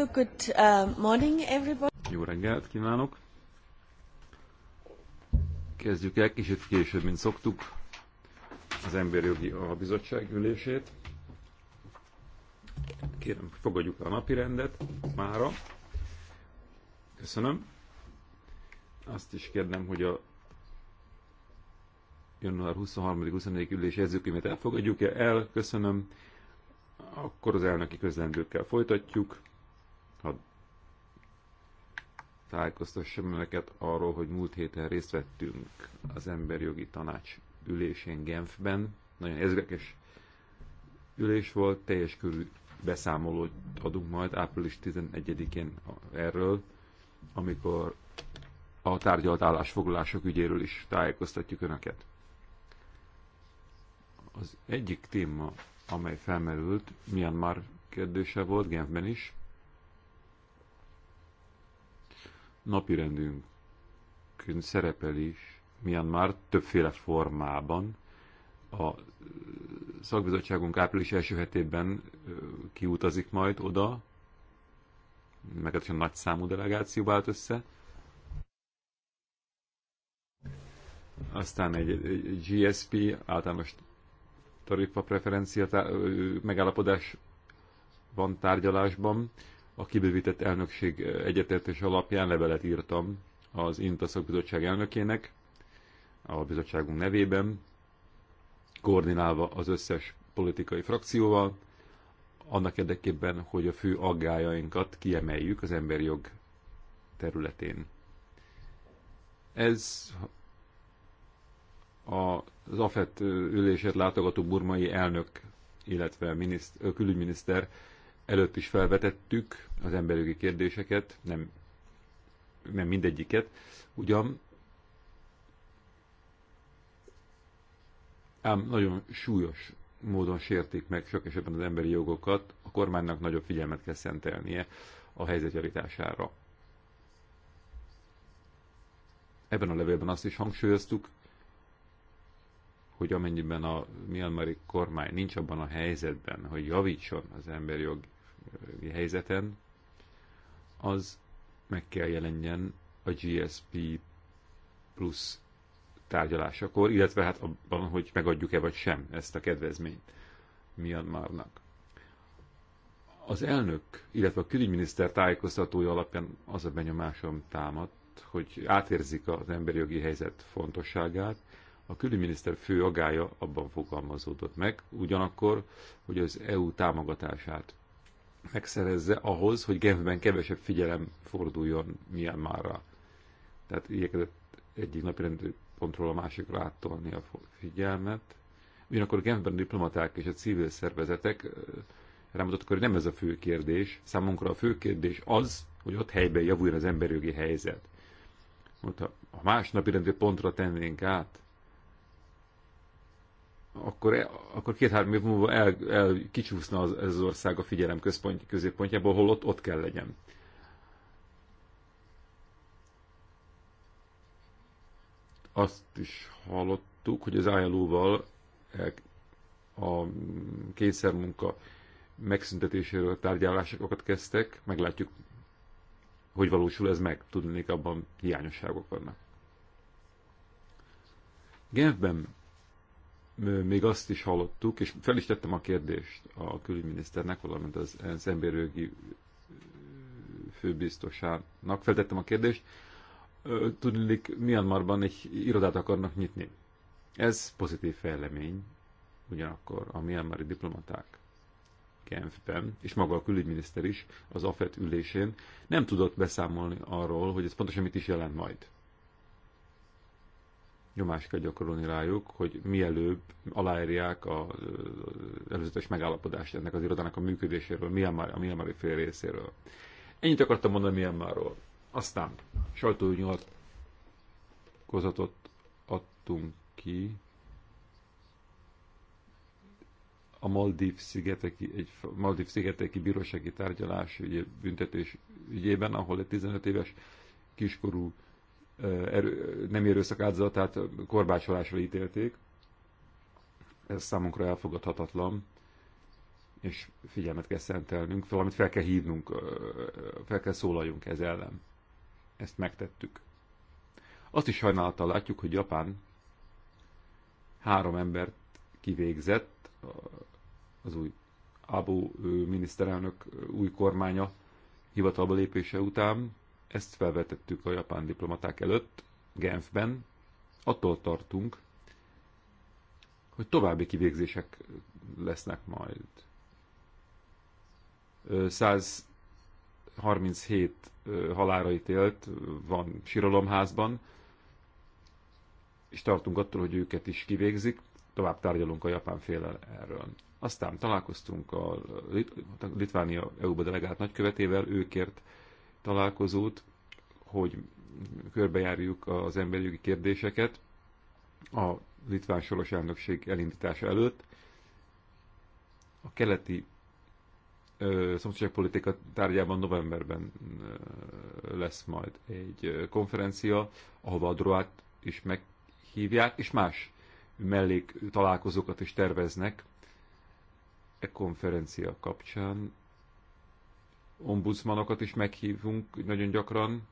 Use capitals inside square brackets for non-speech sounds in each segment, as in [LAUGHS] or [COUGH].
So good uh, morning everybody. Jó reggelt kívánok! Kezdjük el kicsit később, mint szoktuk, az Emberjogi Albizottság ülését. Kérem, fogadjuk a napi rendet mára. Köszönöm. Azt is kérdem, hogy a január 23-24 ülés jegyzőkönyvet elfogadjuk-e el? Köszönöm. Akkor az elnöki közlendőkkel folytatjuk. Hadd tájékoztassam önöket arról, hogy múlt héten részt vettünk az Emberjogi Tanács ülésén Genfben. Nagyon érdekes ülés volt, teljes körű beszámolót adunk majd április 11-én erről, amikor a tárgyalt állásfoglalások ügyéről is tájékoztatjuk Önöket. Az egyik téma, amely felmerült, Myanmar kérdése volt Genfben is, napirendünk szerepel is Myanmar többféle formában. A szakbizottságunk április első hetében kiutazik majd oda, meg egy nagy számú delegáció vált össze. Aztán egy, GSP, általános tarifa preferencia megállapodás van tárgyalásban a kibővített elnökség egyetértés alapján levelet írtam az INTA szakbizottság elnökének, a bizottságunk nevében, koordinálva az összes politikai frakcióval, annak érdekében, hogy a fő aggájainkat kiemeljük az emberi jog területén. Ez az AFET ülését látogató burmai elnök, illetve miniszt, külügyminiszter előtt is felvetettük az emberjogi kérdéseket, nem, nem mindegyiket, ugyan ám nagyon súlyos módon sértik meg sok esetben az emberi jogokat, a kormánynak nagyobb figyelmet kell szentelnie a helyzet javítására. Ebben a levélben azt is hangsúlyoztuk, hogy amennyiben a Myanmari kormány nincs abban a helyzetben, hogy javítson az emberi jog helyzeten, az meg kell jelenjen a GSP plusz tárgyalásakor, illetve hát abban, hogy megadjuk-e vagy sem ezt a kedvezményt Myanmarnak. Az elnök, illetve a külügyminiszter tájékoztatója alapján az a benyomásom támad, hogy átérzik az emberi jogi helyzet fontosságát. A külügyminiszter fő agája abban fogalmazódott meg, ugyanakkor, hogy az EU támogatását megszerezze ahhoz, hogy Genfben kevesebb figyelem forduljon Myanmarra. Tehát igyekezett egyik napi pontról a másikra áttolni a figyelmet. Ugyanakkor Genfben a diplomaták és a civil szervezetek rámutattak, hogy nem ez a fő kérdés. Számunkra a fő kérdés az, hogy ott helyben javuljon az emberjogi helyzet. Mondta, ha más napi pontra tennénk át, akkor, e, akkor két-három év múlva el, el kicsúszna az, ez az ország a figyelem központ, középpontjából, hol ott, ott kell legyen. Azt is hallottuk, hogy az ILO-val a kényszermunka megszüntetéséről tárgyalásokat kezdtek, meglátjuk, hogy valósul ez meg, tudnék abban hiányosságok vannak. Genfben még azt is hallottuk, és fel is tettem a kérdést a külügyminiszternek, valamint az ENSZ emberőgi főbiztosának, feltettem a kérdést, tudnék, marban egy irodát akarnak nyitni. Ez pozitív fejlemény, ugyanakkor a Myanmari diplomaták Genfben, és maga a külügyminiszter is az AFET ülésén nem tudott beszámolni arról, hogy ez pontosan mit is jelent majd nyomást kell gyakorolni rájuk, hogy mielőbb aláírják az előzetes megállapodást ennek az irodának a működéséről, Myanmar, a Myanmari fél részéről. Ennyit akartam mondani Myanmarról. Aztán sajtónyilatkozatot adtunk ki a Maldív szigeteki, egy Maldív szigeteki bírósági tárgyalás ügy, büntetés ügyében, ahol egy 15 éves kiskorú erő, nem erőszak áldozatát korbácsolásra ítélték. Ez számunkra elfogadhatatlan, és figyelmet kell szentelnünk, valamit fel kell hívnunk, fel kell szólaljunk ez ellen. Ezt megtettük. Azt is sajnálattal látjuk, hogy Japán három embert kivégzett, az új Abu miniszterelnök új kormánya hivatalba lépése után, ezt felvetettük a japán diplomaták előtt, Genfben. Attól tartunk, hogy további kivégzések lesznek majd. 137 halára ítélt van síralomházban, és tartunk attól, hogy őket is kivégzik, tovább tárgyalunk a japán félel erről. Aztán találkoztunk a Litvánia EU-ba delegált nagykövetével, ő kért találkozót, hogy körbejárjuk az emberi jogi kérdéseket a litván soros elnökség elindítása előtt. A keleti szomszédságpolitika tárgyában novemberben lesz majd egy konferencia, ahova a Droát is meghívják, és más mellék találkozókat is terveznek e konferencia kapcsán ombudsmanokat is meghívunk nagyon gyakran.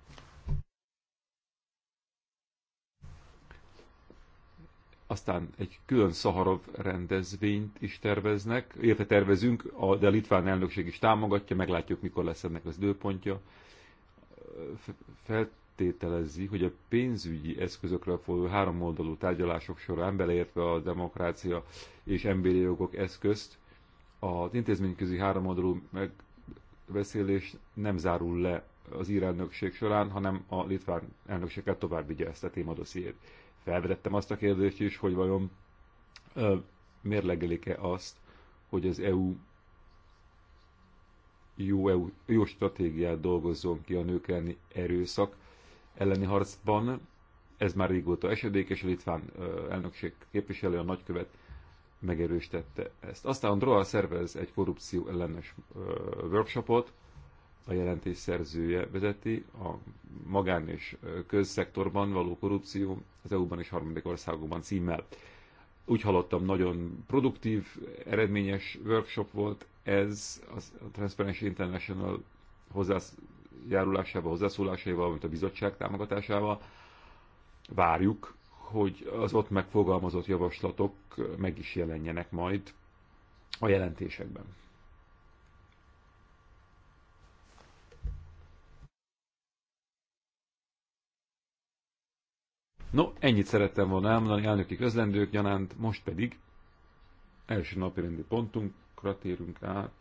Aztán egy külön Szaharov rendezvényt is terveznek, illetve tervezünk, de a litván elnökség is támogatja, meglátjuk, mikor lesz ennek az időpontja. Feltételezi, hogy a pénzügyi eszközökről folyó három oldalú tárgyalások során, beleértve a demokrácia és emberi jogok eszközt, az intézményközi háromoldalú meg beszélés nem zárul le az ír elnökség során, hanem a litván elnökséget tovább vigye ezt a témadossziét. Felvetettem azt a kérdést is, hogy vajon ö, mérlegelik-e azt, hogy az EU jó, EU jó stratégiát dolgozzon ki a nők elleni erőszak elleni harcban. Ez már régóta esedékes, a litván elnökség képviselő, a nagykövet megerősítette ezt. Aztán Androa szervez egy korrupció ellenes workshopot, a jelentés szerzője vezeti, a magán és közszektorban való korrupció az EU-ban és harmadik országokban címmel. Úgy hallottam, nagyon produktív, eredményes workshop volt ez a Transparency International hozzájárulásával, hozzászólásaival, mint a bizottság támogatásával. Várjuk hogy az ott megfogalmazott javaslatok meg is jelenjenek majd a jelentésekben. No, ennyit szerettem volna elmondani elnöki közlendők gyanánt, most pedig első napi rendi pontunkra térünk át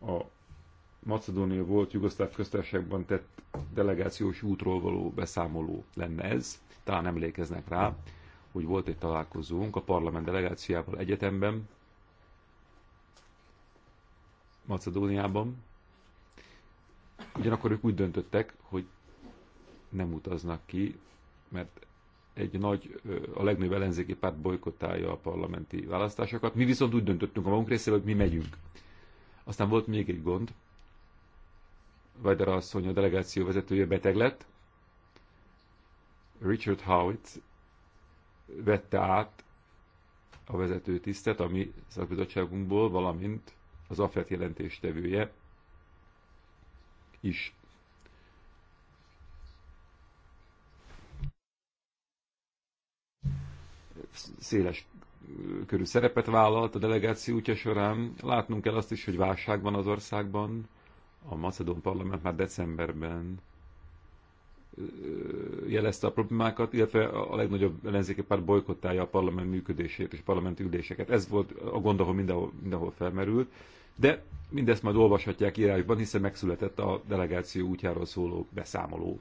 a Macedónia volt Jugoszláv köztársaságban tett delegációs útról való beszámoló lenne ez. Talán emlékeznek rá, hogy volt egy találkozónk a parlament delegáciával egyetemben, Macedóniában. Ugyanakkor ők úgy döntöttek, hogy nem utaznak ki, mert egy nagy, a legnagyobb ellenzéki párt bolykottálja a parlamenti választásokat. Mi viszont úgy döntöttünk a magunk részéről, hogy mi megyünk. Aztán volt még egy gond, Vajdara asszony a delegáció vezetője beteg lett. Richard Howitt vette át a vezető tisztet ami szakbizottságunkból, valamint az AFET jelentéstevője is. Széles körű szerepet vállalt a delegáció útja során. Látnunk kell azt is, hogy válság van az országban, a Macedón Parlament már decemberben jelezte a problémákat, illetve a legnagyobb ellenzéki párt bolykottálja a parlament működését és parlamenti üléseket. Ez volt a gond, ahol mindenhol, mindenhol felmerült. De mindezt majd olvashatják írásban, hiszen megszületett a delegáció útjáról szóló beszámoló.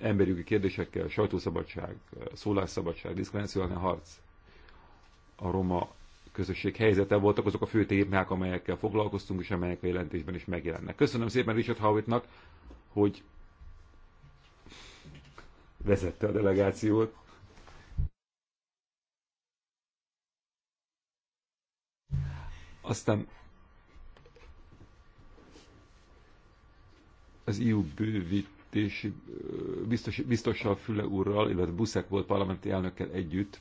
Emberjogi kérdésekkel, sajtószabadság, szólásszabadság, diszkrimináció harc, a roma közösség helyzete voltak azok a fő témák, amelyekkel foglalkoztunk, és amelyek a jelentésben is megjelennek. Köszönöm szépen Richard Howittnak, hogy vezette a delegációt. Aztán az EU bővítési biztos, biztossal Füle úrral, illetve Buszek volt parlamenti elnökkel együtt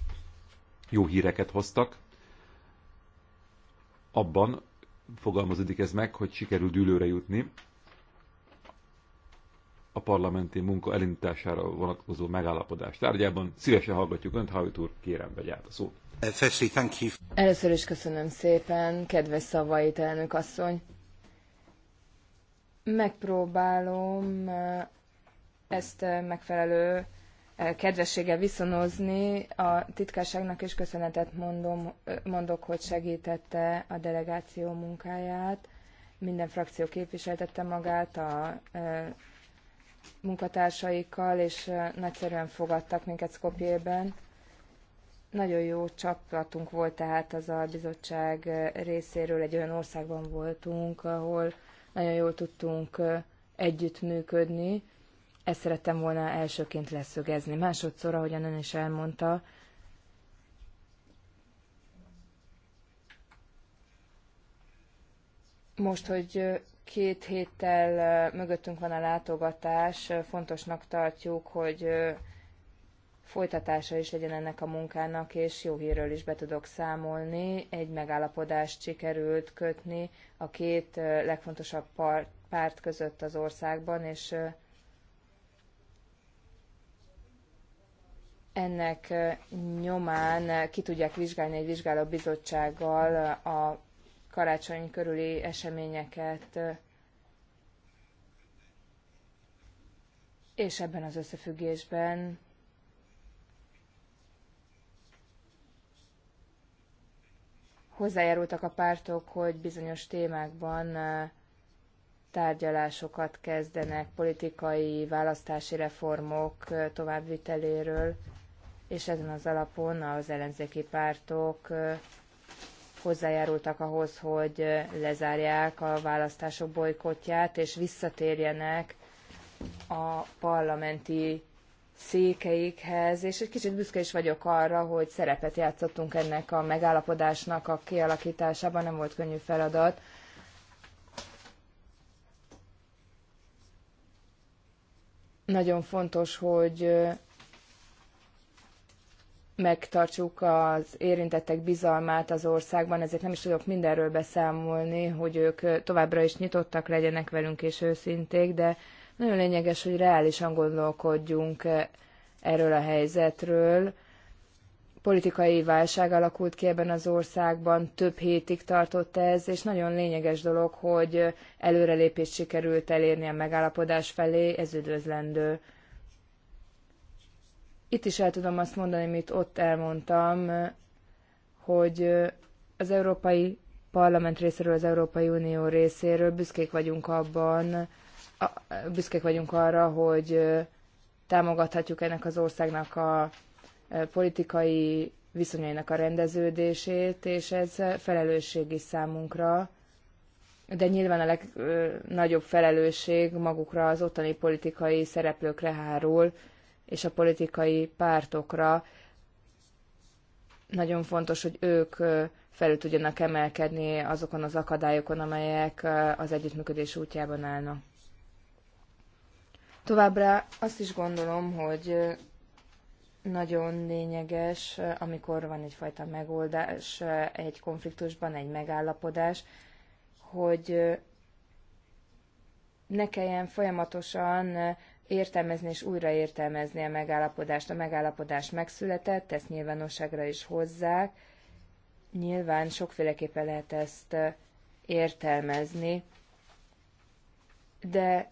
jó híreket hoztak abban fogalmazódik ez meg, hogy sikerül dűlőre jutni a parlamenti munka elindítására vonatkozó megállapodás tárgyában. Szívesen hallgatjuk Önt, Hajt úr, kérem, vegy át a szót. Uh, Először is köszönöm szépen, kedves szavait, elnök asszony. Megpróbálom uh, ezt uh, megfelelő Eh, kedvességgel viszonozni a titkárságnak, és köszönetet mondom, mondok, hogy segítette a delegáció munkáját. Minden frakció képviseltette magát a munkatársaikkal, és nagyszerűen fogadtak minket Skopjében. Nagyon jó csapatunk volt tehát az a bizottság részéről, egy olyan országban voltunk, ahol nagyon jól tudtunk együttműködni, ezt szerettem volna elsőként leszögezni. Másodszor, ahogyan ön is elmondta, most, hogy két héttel mögöttünk van a látogatás, fontosnak tartjuk, hogy folytatása is legyen ennek a munkának, és jó hírről is be tudok számolni. Egy megállapodást sikerült kötni a két legfontosabb párt között az országban, és ennek nyomán ki tudják vizsgálni egy vizsgálóbizottsággal a karácsony körüli eseményeket, és ebben az összefüggésben hozzájárultak a pártok, hogy bizonyos témákban tárgyalásokat kezdenek politikai választási reformok továbbviteléről és ezen az alapon az ellenzéki pártok hozzájárultak ahhoz, hogy lezárják a választások bolykotját, és visszatérjenek a parlamenti székeikhez, és egy kicsit büszke is vagyok arra, hogy szerepet játszottunk ennek a megállapodásnak a kialakításában, nem volt könnyű feladat. Nagyon fontos, hogy megtartsuk az érintettek bizalmát az országban, ezért nem is tudok mindenről beszámolni, hogy ők továbbra is nyitottak legyenek velünk és őszinték, de nagyon lényeges, hogy reálisan gondolkodjunk erről a helyzetről. Politikai válság alakult ki ebben az országban, több hétig tartott ez, és nagyon lényeges dolog, hogy előrelépést sikerült elérni a megállapodás felé, ez üdvözlendő. Itt is el tudom azt mondani, amit ott elmondtam, hogy az Európai Parlament részéről, az Európai Unió részéről büszkék vagyunk abban, büszkék vagyunk arra, hogy támogathatjuk ennek az országnak a politikai viszonyainak a rendeződését, és ez felelősség is számunkra, de nyilván a legnagyobb felelősség magukra az ottani politikai szereplőkre hárul, és a politikai pártokra. Nagyon fontos, hogy ők felül tudjanak emelkedni azokon az akadályokon, amelyek az együttműködés útjában állnak. Továbbra azt is gondolom, hogy nagyon lényeges, amikor van egyfajta megoldás egy konfliktusban, egy megállapodás, hogy ne kelljen folyamatosan értelmezni és újraértelmezni a megállapodást. A megállapodás megszületett, ezt nyilvánosságra is hozzák. Nyilván sokféleképpen lehet ezt értelmezni, de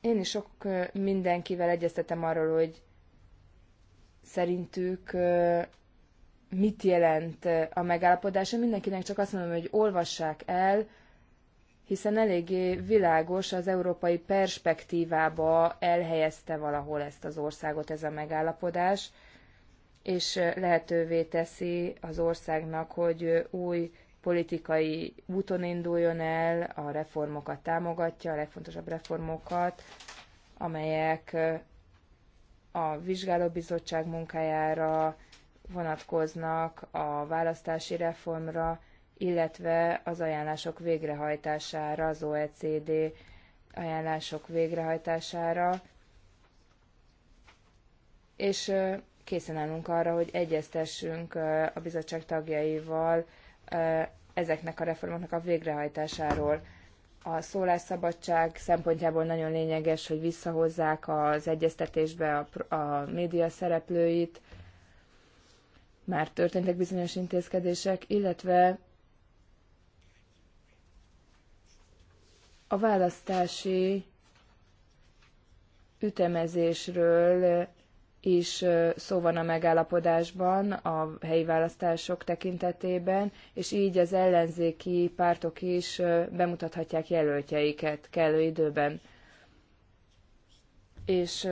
én is sok mindenkivel egyeztetem arról, hogy szerintük mit jelent a megállapodás. mindenkinek csak azt mondom, hogy olvassák el, hiszen eléggé világos az európai perspektívába elhelyezte valahol ezt az országot ez a megállapodás, és lehetővé teszi az országnak, hogy új politikai úton induljon el, a reformokat támogatja, a legfontosabb reformokat, amelyek a vizsgálóbizottság munkájára vonatkoznak, a választási reformra, illetve az ajánlások végrehajtására, az OECD ajánlások végrehajtására, és készen állunk arra, hogy egyeztessünk a bizottság tagjaival ezeknek a reformoknak a végrehajtásáról. A szólásszabadság szempontjából nagyon lényeges, hogy visszahozzák az egyeztetésbe a, a média szereplőit, már történtek bizonyos intézkedések, illetve A választási ütemezésről is szó van a megállapodásban a helyi választások tekintetében, és így az ellenzéki pártok is bemutathatják jelöltjeiket kellő időben. És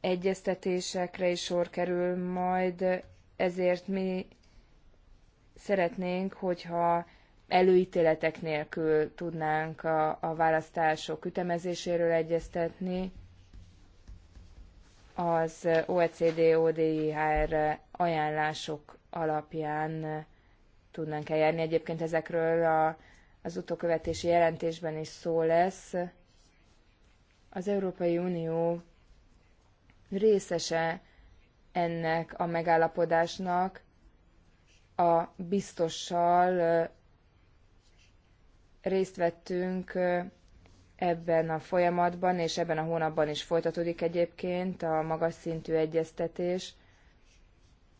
egyeztetésekre is sor kerül majd, ezért mi szeretnénk, hogyha előítéletek nélkül tudnánk a, a választások ütemezéséről egyeztetni. Az OECD, ODIHR ajánlások alapján tudnánk eljárni. Egyébként ezekről a, az utókövetési jelentésben is szó lesz. Az Európai Unió részese ennek a megállapodásnak a biztossal részt vettünk ebben a folyamatban, és ebben a hónapban is folytatódik egyébként a magas szintű egyeztetés.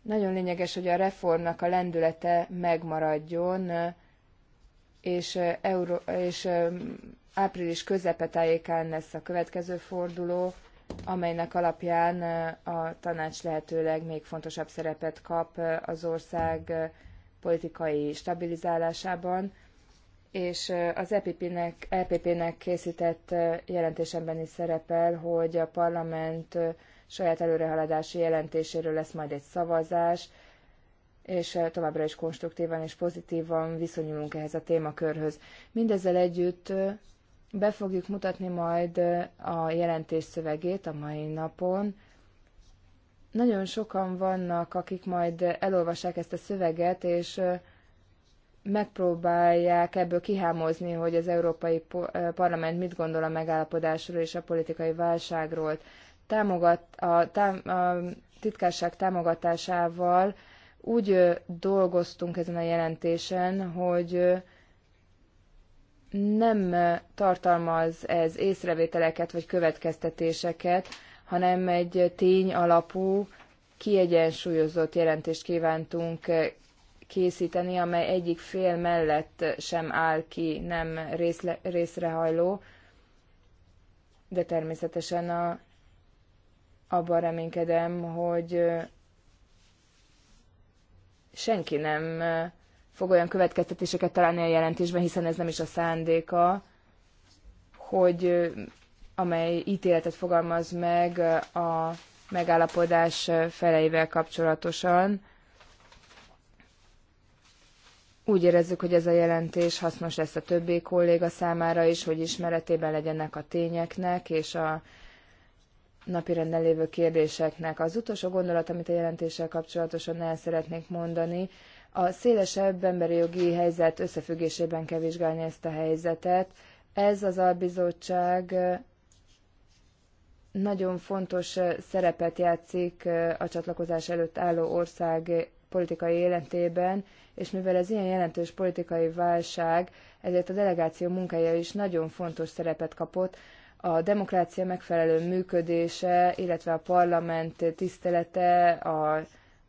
Nagyon lényeges, hogy a reformnak a lendülete megmaradjon, és, Euró- és április tájékán lesz a következő forduló, amelynek alapján a tanács lehetőleg még fontosabb szerepet kap az ország politikai stabilizálásában és az EPP-nek, EPP-nek készített jelentésemben is szerepel, hogy a parlament saját előrehaladási jelentéséről lesz majd egy szavazás, és továbbra is konstruktívan és pozitívan viszonyulunk ehhez a témakörhöz. Mindezzel együtt be fogjuk mutatni majd a jelentés szövegét a mai napon. Nagyon sokan vannak, akik majd elolvassák ezt a szöveget, és megpróbálják ebből kihámozni, hogy az Európai eh, Parlament mit gondol a megállapodásról és a politikai válságról. Támogat, a, tám, a titkárság támogatásával úgy eh, dolgoztunk ezen a jelentésen, hogy eh, nem tartalmaz ez észrevételeket vagy következtetéseket, hanem egy tény alapú, kiegyensúlyozott jelentést kívántunk készíteni, amely egyik fél mellett sem áll ki, nem részle, részrehajló, de természetesen a, abban reménykedem, hogy senki nem fog olyan következtetéseket találni a jelentésben, hiszen ez nem is a szándéka, hogy amely ítéletet fogalmaz meg a megállapodás feleivel kapcsolatosan, úgy érezzük, hogy ez a jelentés hasznos lesz a többi kolléga számára is, hogy ismeretében legyenek a tényeknek és a napirenden lévő kérdéseknek. Az utolsó gondolat, amit a jelentéssel kapcsolatosan el szeretnék mondani, a szélesebb emberi jogi helyzet összefüggésében kell vizsgálni ezt a helyzetet. Ez az albizottság nagyon fontos szerepet játszik a csatlakozás előtt álló ország politikai életében, és mivel ez ilyen jelentős politikai válság, ezért a delegáció munkája is nagyon fontos szerepet kapott, a demokrácia megfelelő működése, illetve a parlament tisztelete, a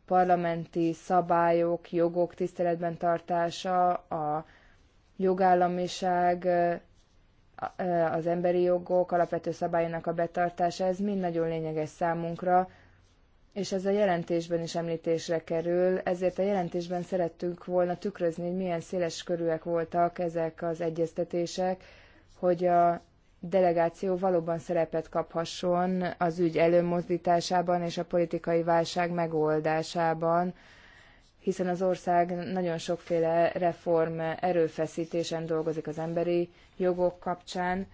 parlamenti szabályok, jogok tiszteletben tartása, a jogállamiság, az emberi jogok alapvető szabályának a betartása, ez mind nagyon lényeges számunkra, és ez a jelentésben is említésre kerül, ezért a jelentésben szerettünk volna tükrözni, hogy milyen széles körűek voltak ezek az egyeztetések, hogy a delegáció valóban szerepet kaphasson az ügy előmozdításában és a politikai válság megoldásában, hiszen az ország nagyon sokféle reform erőfeszítésen dolgozik az emberi jogok kapcsán,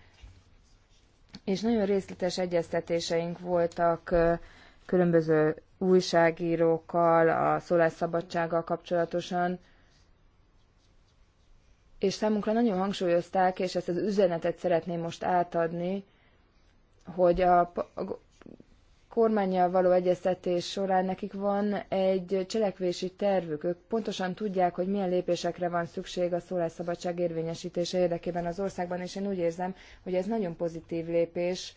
és nagyon részletes egyeztetéseink voltak különböző újságírókkal, a szólásszabadsággal kapcsolatosan, és számunkra nagyon hangsúlyozták, és ezt az üzenetet szeretném most átadni, hogy a kormányjal való egyeztetés során nekik van egy cselekvési tervük. Ők pontosan tudják, hogy milyen lépésekre van szükség a szólásszabadság érvényesítése érdekében az országban, és én úgy érzem, hogy ez nagyon pozitív lépés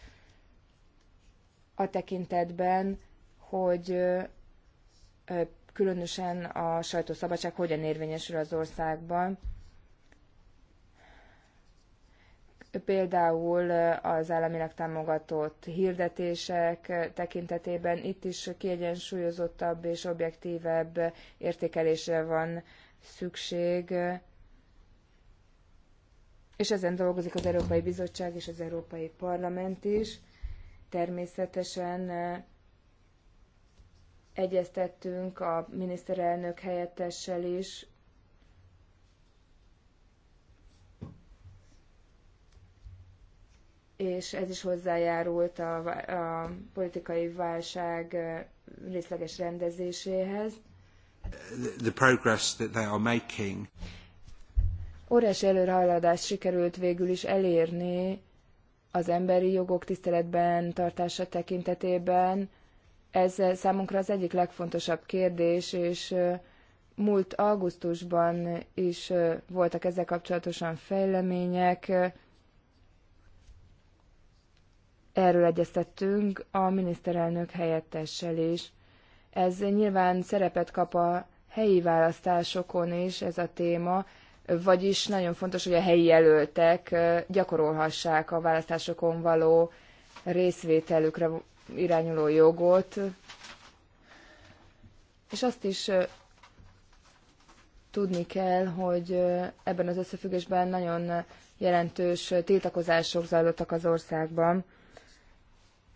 a tekintetben, hogy különösen a sajtószabadság hogyan érvényesül az országban. Például az államilag támogatott hirdetések tekintetében itt is kiegyensúlyozottabb és objektívebb értékelésre van szükség, és ezen dolgozik az Európai Bizottság és az Európai Parlament is. Természetesen egyeztettünk a miniszterelnök helyettessel is, és ez is hozzájárult a, a politikai válság részleges rendezéséhez. The progress that they are making. Óriási előrehaladást sikerült végül is elérni az emberi jogok tiszteletben tartása tekintetében. Ez számunkra az egyik legfontosabb kérdés, és múlt augusztusban is voltak ezzel kapcsolatosan fejlemények. Erről egyeztettünk a miniszterelnök helyettessel is. Ez nyilván szerepet kap a helyi választásokon is ez a téma, vagyis nagyon fontos, hogy a helyi jelöltek gyakorolhassák a választásokon való részvételükre irányuló jogot, és azt is tudni kell, hogy ebben az összefüggésben nagyon jelentős tiltakozások zajlottak az országban,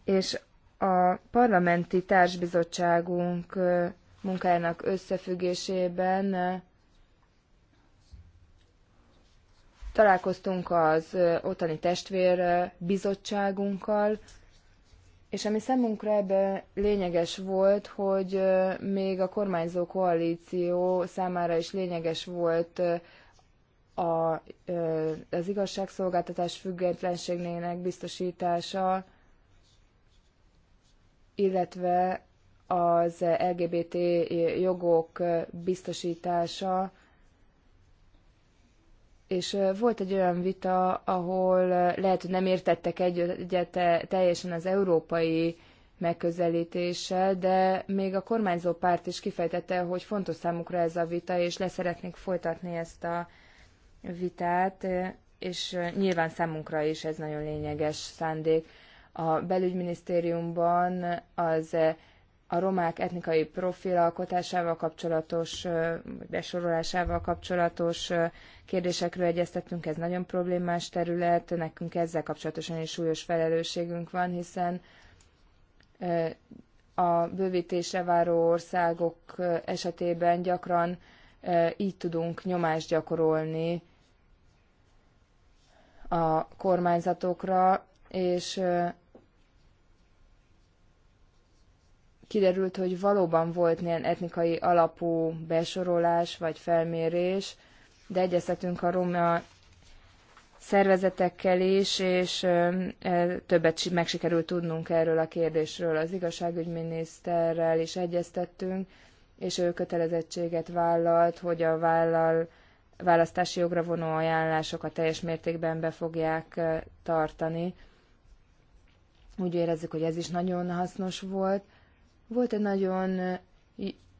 és a parlamenti társbizottságunk munkájának összefüggésében Találkoztunk az ottani testvér bizottságunkkal, és ami számunkra ebben lényeges volt, hogy még a kormányzó koalíció számára is lényeges volt a, az igazságszolgáltatás függetlenségének biztosítása, illetve az LGBT jogok biztosítása, és volt egy olyan vita, ahol lehet, hogy nem értettek egyet teljesen az európai megközelítéssel, de még a kormányzó párt is kifejtette, hogy fontos számukra ez a vita, és leszeretnék folytatni ezt a vitát, és nyilván számunkra is ez nagyon lényeges szándék. A belügyminisztériumban az a romák etnikai profilalkotásával kapcsolatos, besorolásával kapcsolatos kérdésekről egyeztettünk, ez nagyon problémás terület, nekünk ezzel kapcsolatosan is súlyos felelősségünk van, hiszen a bővítése váró országok esetében gyakran így tudunk nyomást gyakorolni a kormányzatokra, és kiderült, hogy valóban volt ilyen etnikai alapú besorolás vagy felmérés, de egyeztetünk a roma szervezetekkel is, és többet meg sikerült tudnunk erről a kérdésről. Az igazságügyminiszterrel is egyeztettünk, és ő kötelezettséget vállalt, hogy a vállal választási jogra vonó ajánlásokat teljes mértékben be fogják tartani. Úgy érezzük, hogy ez is nagyon hasznos volt volt egy nagyon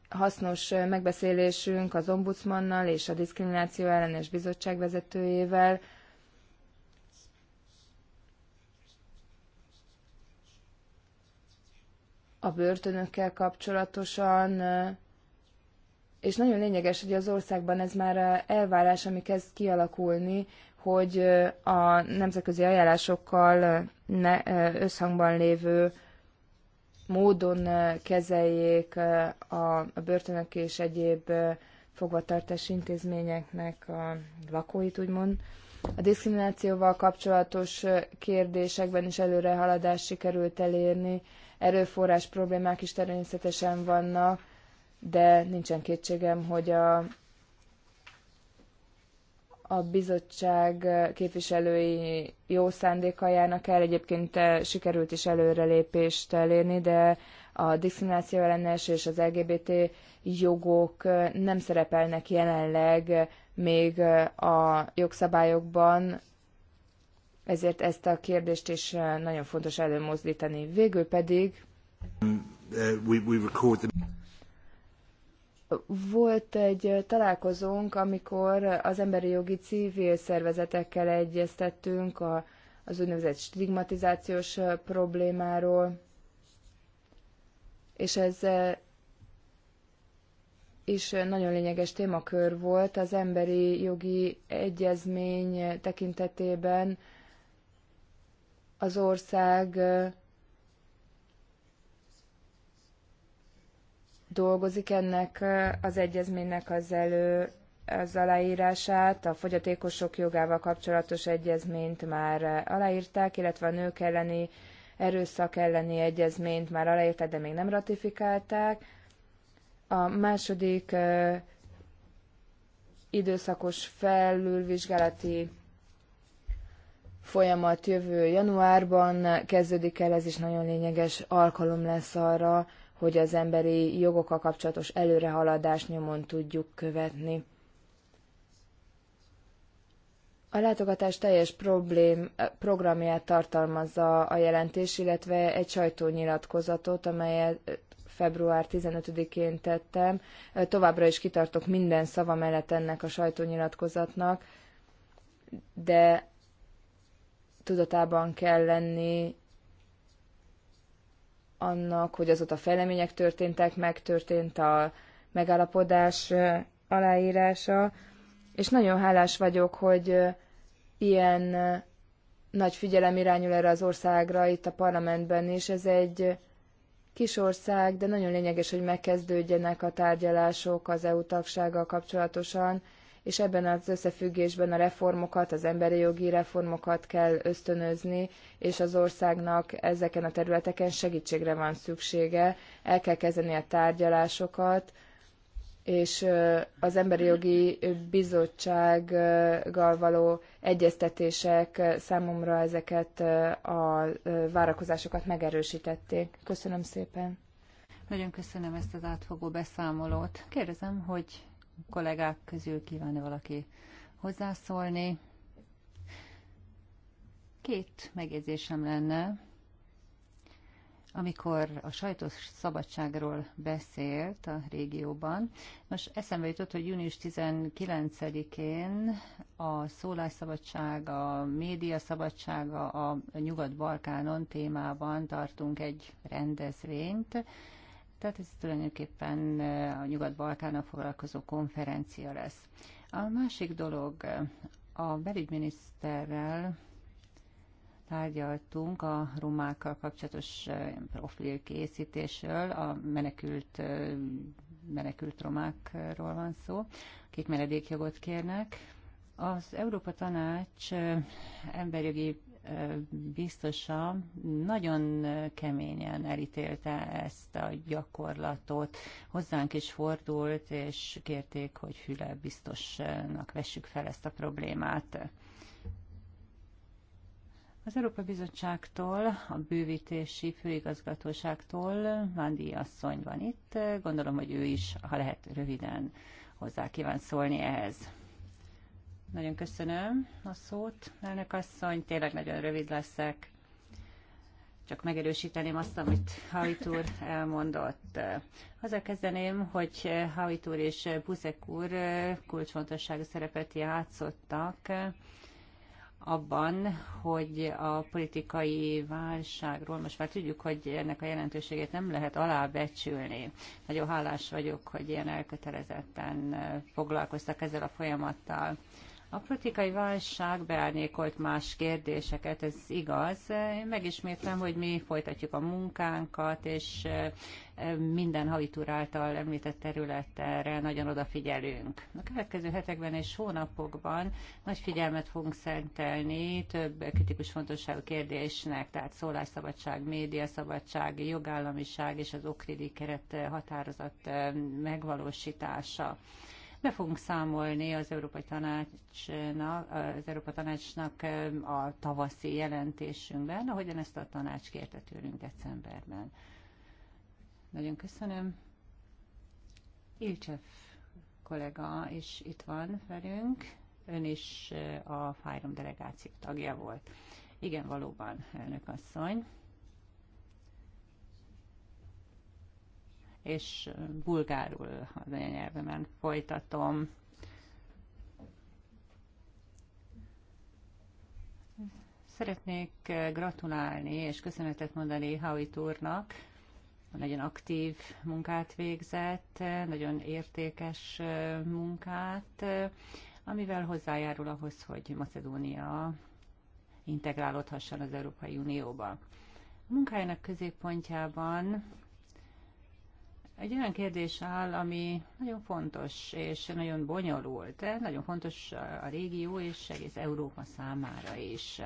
hasznos megbeszélésünk az ombudsmannal és a diszkrimináció ellenes bizottság vezetőjével. A börtönökkel kapcsolatosan, és nagyon lényeges, hogy az országban ez már elvárás, ami kezd kialakulni, hogy a nemzetközi ajánlásokkal ne, összhangban lévő módon kezeljék a börtönök és egyéb fogvatartási intézményeknek a lakóit, úgymond. A diszkriminációval kapcsolatos kérdésekben is előrehaladás sikerült elérni, erőforrás problémák is természetesen vannak, de nincsen kétségem, hogy a a bizottság képviselői jó szándékkal járnak el, egyébként eh, sikerült is előrelépést elérni, de a diszkrimináció ellenes és az LGBT jogok eh, nem szerepelnek jelenleg eh, még a jogszabályokban, ezért ezt a kérdést is nagyon fontos előmozdítani. Végül pedig um, volt egy találkozónk, amikor az emberi jogi civil szervezetekkel egyeztettünk a, az úgynevezett stigmatizációs problémáról, és ez is nagyon lényeges témakör volt az emberi jogi egyezmény tekintetében az ország dolgozik ennek az egyezménynek az elő az aláírását, a fogyatékosok jogával kapcsolatos egyezményt már aláírták, illetve a nők elleni erőszak elleni egyezményt már aláírták, de még nem ratifikálták. A második időszakos felülvizsgálati folyamat jövő januárban kezdődik el, ez is nagyon lényeges alkalom lesz arra, hogy az emberi jogokkal kapcsolatos előrehaladást nyomon tudjuk követni. A látogatás teljes problém, programját tartalmazza a jelentés, illetve egy sajtónyilatkozatot, amelyet február 15-én tettem. Továbbra is kitartok minden szava mellett ennek a sajtónyilatkozatnak, de tudatában kell lenni annak, hogy azóta fejlemények történtek, megtörtént a megállapodás aláírása, és nagyon hálás vagyok, hogy ilyen nagy figyelem irányul erre az országra itt a parlamentben is. Ez egy kis ország, de nagyon lényeges, hogy megkezdődjenek a tárgyalások az EU tagsággal kapcsolatosan, és ebben az összefüggésben a reformokat, az emberi jogi reformokat kell ösztönözni, és az országnak ezeken a területeken segítségre van szüksége, el kell kezdeni a tárgyalásokat, és az Emberi Jogi Bizottsággal való egyeztetések számomra ezeket a várakozásokat megerősítették. Köszönöm szépen! Nagyon köszönöm ezt az átfogó beszámolót. Kérdezem, hogy kollégák közül kívánna valaki hozzászólni. Két megjegyzésem lenne. Amikor a sajtos szabadságról beszélt a régióban, most eszembe jutott, hogy június 19-én a szólásszabadság, a média szabadsága a Nyugat-Balkánon témában tartunk egy rendezvényt, tehát ez tulajdonképpen eh, a Nyugat-Balkánnal foglalkozó konferencia lesz. A másik dolog, a belügyminiszterrel tárgyaltunk a romákkal kapcsolatos eh, profil készítésről, a menekült, eh, menekült romákról van szó, akik menedékjogot kérnek. Az Európa Tanács emberjogi biztosa nagyon keményen elítélte ezt a gyakorlatot. Hozzánk is fordult, és kérték, hogy Füle biztosnak vessük fel ezt a problémát. Az Európa Bizottságtól, a bővítési főigazgatóságtól Vándi asszony van itt. Gondolom, hogy ő is, ha lehet röviden, hozzá kíván szólni ehhez. Nagyon köszönöm a szót, elnök asszony. Tényleg nagyon rövid leszek. Csak megerősíteném azt, amit Hajt úr elmondott. Azzal kezdeném, hogy Hajt úr és Buzek úr kulcsfontosságú szerepet játszottak abban, hogy a politikai válságról most már tudjuk, hogy ennek a jelentőségét nem lehet alábecsülni. Nagyon hálás vagyok, hogy ilyen elkötelezetten foglalkoztak ezzel a folyamattal. A politikai válság beárnyékolt más kérdéseket, ez igaz. Én megismétlem, hogy mi folytatjuk a munkánkat, és e, e, minden havitur által említett területre nagyon odafigyelünk. A következő hetekben és hónapokban nagy figyelmet fogunk szentelni több kritikus fontosságú kérdésnek, tehát szólásszabadság, médiaszabadság, jogállamiság és az okridi keret határozat e, megvalósítása. Be fogunk számolni az Európai Tanácsnak, az Európa Tanácsnak a tavaszi jelentésünkben, ahogyan ezt a tanács kérte tőlünk decemberben. Nagyon köszönöm. Ilcsef kollega is itt van velünk. Ön is a Fájrom delegáció tagja volt. Igen, valóban, elnök asszony. és bulgárul az anyanyelvemen folytatom. Szeretnék gratulálni és köszönetet mondani Howitt úrnak. Nagyon aktív munkát végzett, nagyon értékes munkát, amivel hozzájárul ahhoz, hogy Macedónia integrálódhasson az Európai Unióba. A munkájának középpontjában egy olyan kérdés áll, ami nagyon fontos és nagyon bonyolult, nagyon fontos a régió és egész Európa számára is.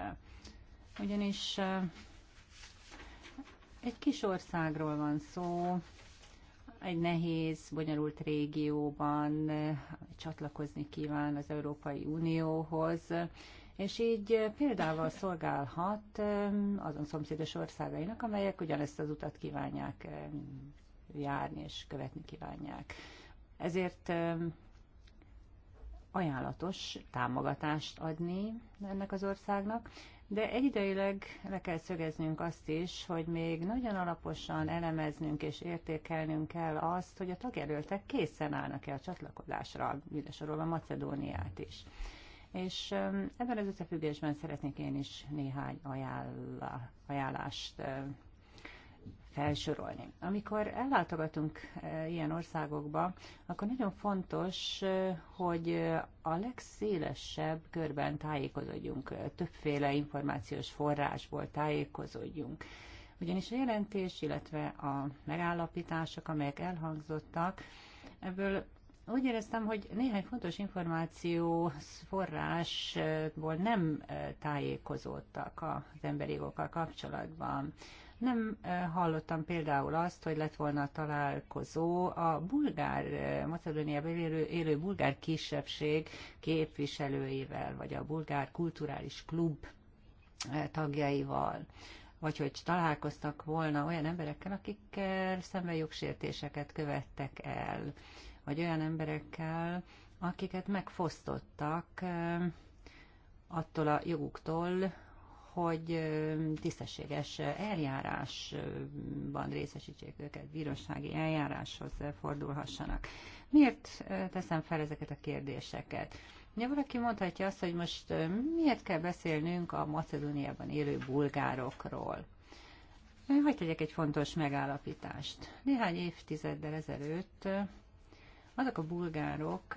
Ugyanis egy kis országról van szó, egy nehéz, bonyolult régióban csatlakozni kíván az Európai Unióhoz, és így példával szolgálhat azon szomszédos országainak, amelyek ugyanezt az utat kívánják járni és követni kívánják. Ezért ajánlatos támogatást adni ennek az országnak, de egyidejileg le kell szögeznünk azt is, hogy még nagyon alaposan elemeznünk és értékelnünk kell azt, hogy a tagjelöltek készen állnak-e a csatlakozásra, mindesorolva Macedóniát is. És ebben az összefüggésben szeretnék én is néhány ajánlást felsorolni. Amikor ellátogatunk eh, ilyen országokba, akkor nagyon fontos, eh, hogy a legszélesebb körben tájékozódjunk, eh, többféle információs forrásból tájékozódjunk. Ugyanis a jelentés, illetve a megállapítások, amelyek elhangzottak, ebből úgy éreztem, hogy néhány fontos információ forrásból nem tájékozódtak az emberi jogokkal kapcsolatban. Nem hallottam például azt, hogy lett volna találkozó a bulgár, Macedóniában élő, élő bulgár kisebbség képviselőivel, vagy a bulgár kulturális klub tagjaival vagy hogy találkoztak volna olyan emberekkel, akikkel szemben jogsértéseket követtek el, vagy olyan emberekkel, akiket megfosztottak attól a joguktól, hogy tisztességes eljárásban részesítsék őket, bírósági eljáráshoz fordulhassanak. Miért teszem fel ezeket a kérdéseket? Ugye valaki mondhatja azt, hogy most miért kell beszélnünk a Macedóniában élő bulgárokról? Hogy tegyek egy fontos megállapítást. Néhány évtizeddel ezelőtt azok a bulgárok,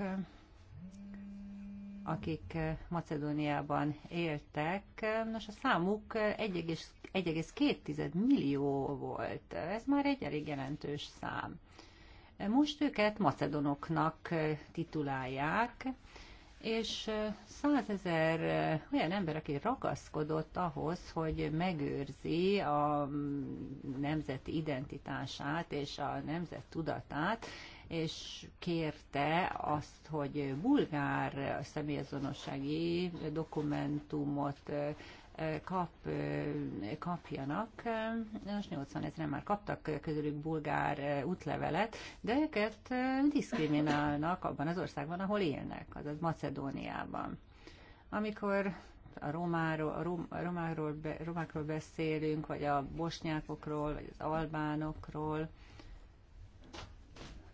akik eh, Macedóniában éltek, nos a számuk 1,2 eh, millió volt. Ez már egy elég jelentős szám. Eh, most őket macedonoknak titulálják, és százezer olyan ember, aki ragaszkodott ahhoz, hogy megőrzi a mm, nemzeti identitását és a nemzet tudatát, és kérte azt, hogy bulgár személyazonossági dokumentumot kap, kapjanak. Most 80 ezeren már kaptak közülük bulgár útlevelet, de őket diszkriminálnak abban az országban, ahol élnek, azaz Macedóniában. Amikor a, romáról, a, rom, a romákról, be, romákról beszélünk, vagy a bosnyákokról, vagy az albánokról,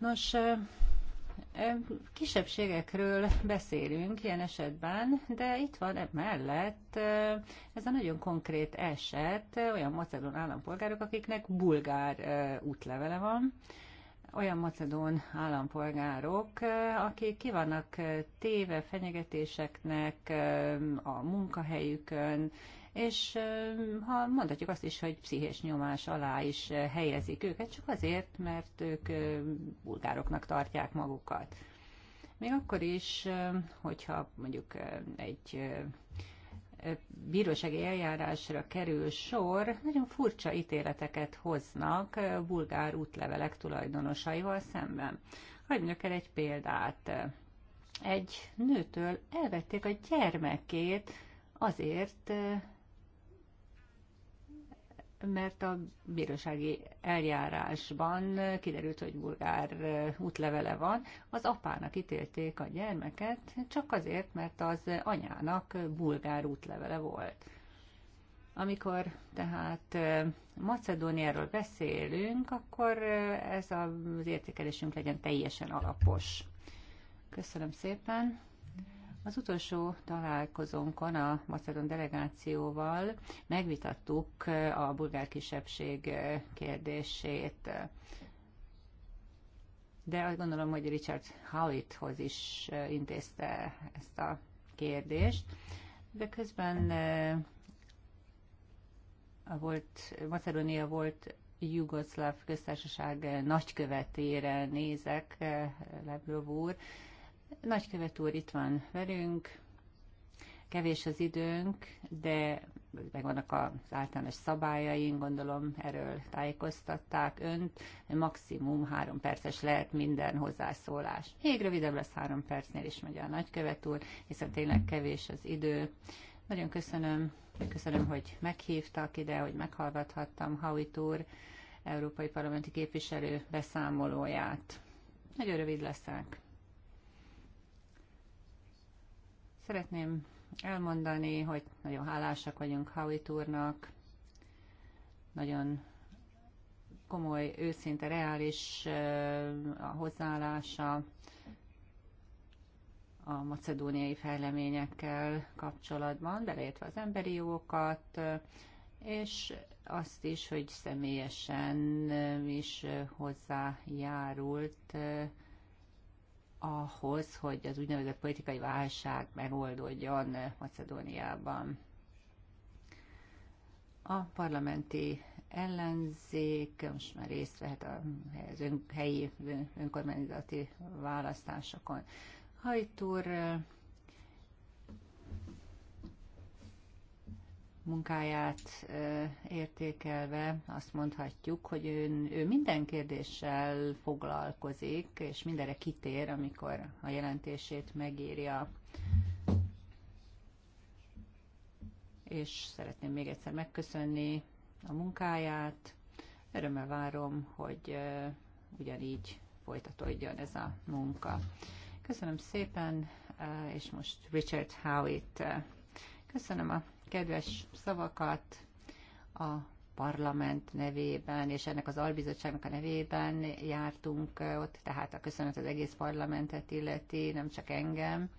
Nos, kisebbségekről beszélünk ilyen esetben, de itt van e mellett ez a nagyon konkrét eset, olyan macedón állampolgárok, akiknek bulgár útlevele van, olyan macedón állampolgárok, akik ki vannak téve fenyegetéseknek a munkahelyükön, és ha mondhatjuk azt is, hogy pszichés nyomás alá is helyezik őket, csak azért, mert ők bulgároknak tartják magukat. Még akkor is, hogyha mondjuk egy bírósági eljárásra kerül sor, nagyon furcsa ítéleteket hoznak bulgár útlevelek tulajdonosaival szemben. Hagy mondjuk el egy példát. Egy nőtől elvették a gyermekét azért, mert a bírósági eljárásban kiderült, hogy bulgár uh, útlevele van, az apának ítélték a gyermeket, csak azért, mert az anyának bulgár útlevele volt. Amikor tehát uh, Macedóniáról beszélünk, akkor uh, ez az értékelésünk legyen teljesen alapos. Köszönöm szépen! Az utolsó találkozónkon a macedon delegációval megvitattuk a bulgár kisebbség kérdését. De azt gondolom, hogy Richard Howitthoz is intézte ezt a kérdést. De közben eh, a volt, Macedónia volt Jugoszláv köztársaság nagykövetére nézek, eh, Lebrov úr, Nagykövet úr itt van velünk, kevés az időnk, de megvannak az általános szabályaink, gondolom erről tájékoztatták önt, maximum három perces lehet minden hozzászólás. Még rövidebb lesz három percnél is, mondja a nagykövet úr, hiszen tényleg kevés az idő. Nagyon köszönöm, köszönöm, hogy meghívtak ide, hogy meghallgathattam Howitt úr, európai parlamenti képviselő beszámolóját. Nagyon rövid leszek. Szeretném elmondani, hogy nagyon hálásak vagyunk Howie úrnak, nagyon komoly, őszinte, reális a hozzáállása a macedóniai fejleményekkel kapcsolatban, beleértve az emberi jogokat, és azt is, hogy személyesen is hozzájárult ahhoz, hogy az úgynevezett politikai válság megoldódjon Macedóniában. A parlamenti ellenzék most már részt vehet az ön, helyi önkormányzati választásokon. Hajtúr munkáját értékelve azt mondhatjuk, hogy ő, ő minden kérdéssel foglalkozik, és mindenre kitér, amikor a jelentését megírja. És szeretném még egyszer megköszönni a munkáját. Örömmel várom, hogy ugyanígy folytatódjon ez a munka. Köszönöm szépen, és most Richard Howitt. Köszönöm a kedves szavakat a parlament nevében, és ennek az albizottságnak a nevében jártunk eh, ott, tehát a köszönet az egész parlamentet illeti, nem csak engem.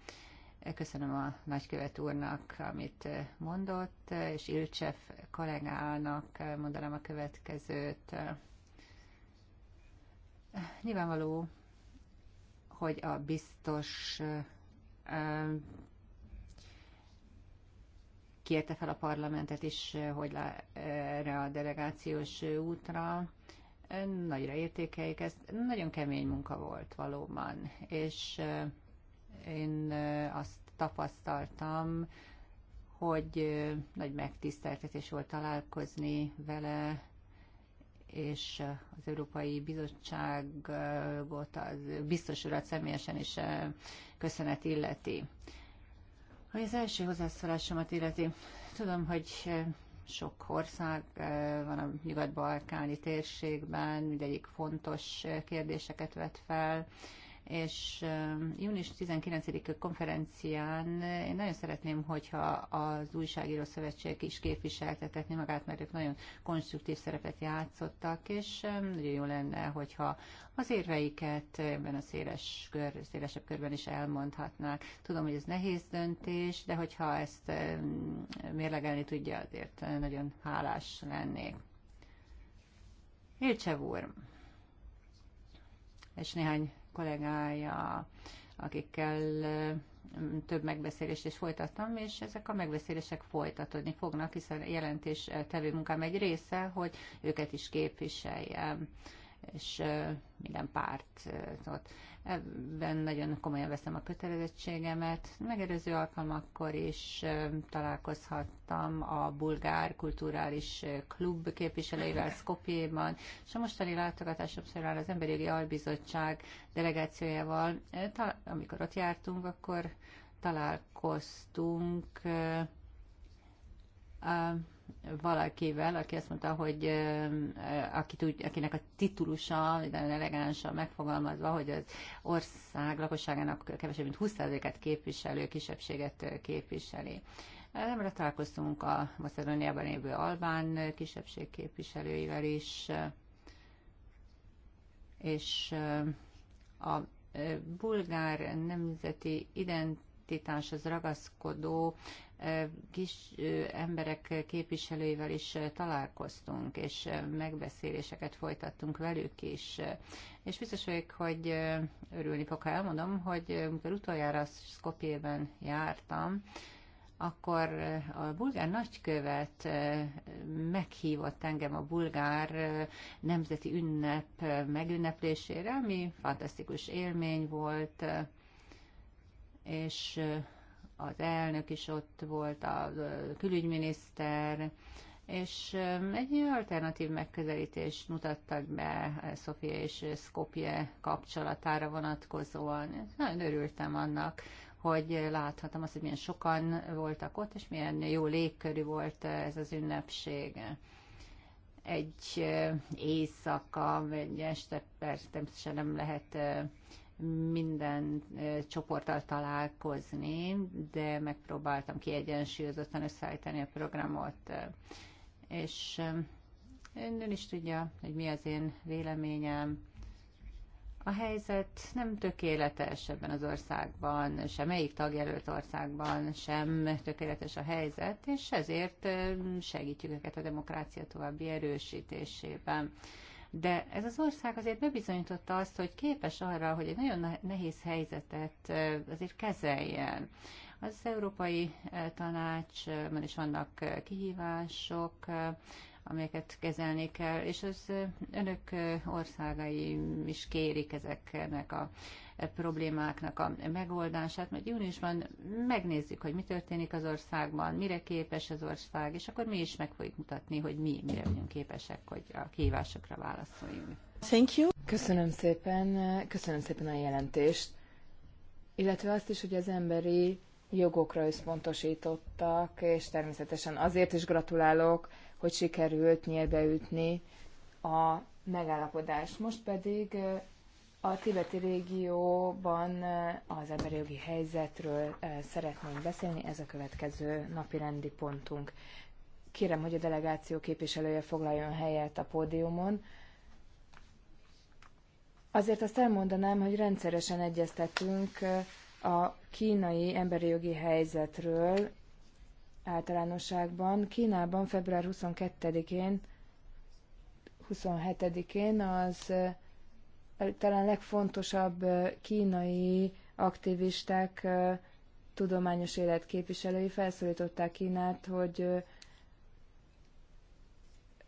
Köszönöm a nagykövet úrnak, amit eh, mondott, eh, és Ilcsef kollégának mondanám a következőt. Nyilvánvaló, hogy a biztos kérte fel a parlamentet is, hogy erre a delegációs útra. Nagyra értékeljük ezt. Nagyon kemény munka volt valóban, és én azt tapasztaltam, hogy nagy megtiszteltetés volt találkozni vele, és az Európai Bizottságot, az biztos urat személyesen is köszönet illeti. Hogy az első hozzászólásomat illeti, tudom, hogy eh, sok ország eh, van a nyugat-balkáni térségben, mindegyik fontos eh, kérdéseket vet fel, és június 19-i konferencián én nagyon szeretném, hogyha az újságíró szövetség is képviseltetetni magát, mert ők nagyon konstruktív szerepet játszottak, és nagyon jó lenne, hogyha az érveiket ebben a széles kör, szélesebb körben is elmondhatnák. Tudom, hogy ez nehéz döntés, de hogyha ezt mérlegelni tudja, azért nagyon hálás lennék. Ilcsev úr, és néhány kollégája, akikkel több megbeszélést is folytattam, és ezek a megbeszélések folytatódni fognak, hiszen jelentés tevő munkám egy része, hogy őket is képviseljem, és minden pártot. Ebben nagyon komolyan veszem a kötelezettségemet. Megelőző alkalmakkor is találkozhattam a bulgár kulturális klub képviselőivel Skopjéban, és a mostani látogatásom során az Emberi Jogi Albizottság delegációjával, amikor ott jártunk, akkor találkoztunk valakivel, aki azt mondta, hogy aki tud, akinek a titulusa, nagyon elegánsan megfogalmazva, hogy az ország lakosságának kevesebb mint 20%-et képviselő kisebbséget képviseli. Nemre találkoztunk a Macedóniában élő albán kisebbség képviselőivel is, és a bulgár nemzeti identitáshoz ragaszkodó kis emberek képviselőivel is találkoztunk, és megbeszéléseket folytattunk velük is. És biztos vagyok, hogy örülni fog, ha elmondom, hogy amikor utoljára Skopjében jártam, akkor a bulgár nagykövet meghívott engem a bulgár nemzeti ünnep megünneplésére, ami fantasztikus élmény volt, és az elnök is ott volt, a külügyminiszter, és egy alternatív megközelítést mutattak be Szofia és Skopje kapcsolatára vonatkozóan. Nagyon örültem annak, hogy láthatom azt, hogy milyen sokan voltak ott, és milyen jó légkörű volt ez az ünnepség. Egy éjszaka, egy este persze nem lehet minden csoporttal találkozni, de megpróbáltam kiegyensúlyozottan összeállítani a programot. És ön is tudja, hogy mi az én véleményem. A helyzet nem tökéletes ebben az országban, sem melyik tagjelölt országban sem tökéletes a helyzet, és ezért segítjük őket a demokrácia további erősítésében de ez az ország azért bebizonyította azt, hogy képes arra, hogy egy nagyon nehéz helyzetet azért kezeljen. Az Európai Tanácsban is vannak kihívások, amelyeket kezelni kell, és az önök országai is kérik ezeknek a e, problémáknak a megoldását, mert júniusban megnézzük, hogy mi történik az országban, mire képes az ország, és akkor mi is meg fogjuk mutatni, hogy mi mire vagyunk képesek, hogy a kihívásokra válaszoljunk. Thank you. Köszönöm szépen, köszönöm szépen a jelentést, illetve azt is, hogy az emberi jogokra összpontosítottak, és természetesen azért is gratulálok, hogy sikerült nyílbeütni a megállapodást. Most pedig eh, a tibeti régióban eh, az emberi jogi helyzetről eh, szeretnénk beszélni, ez a következő napi rendi pontunk. Kérem, hogy a delegáció képviselője foglaljon helyet a pódiumon. Azért azt elmondanám, hogy rendszeresen egyeztetünk a kínai emberi jogi helyzetről általánosságban. Kínában február 22-én, 27-én az talán legfontosabb kínai aktivisták, tudományos élet képviselői felszólították Kínát, hogy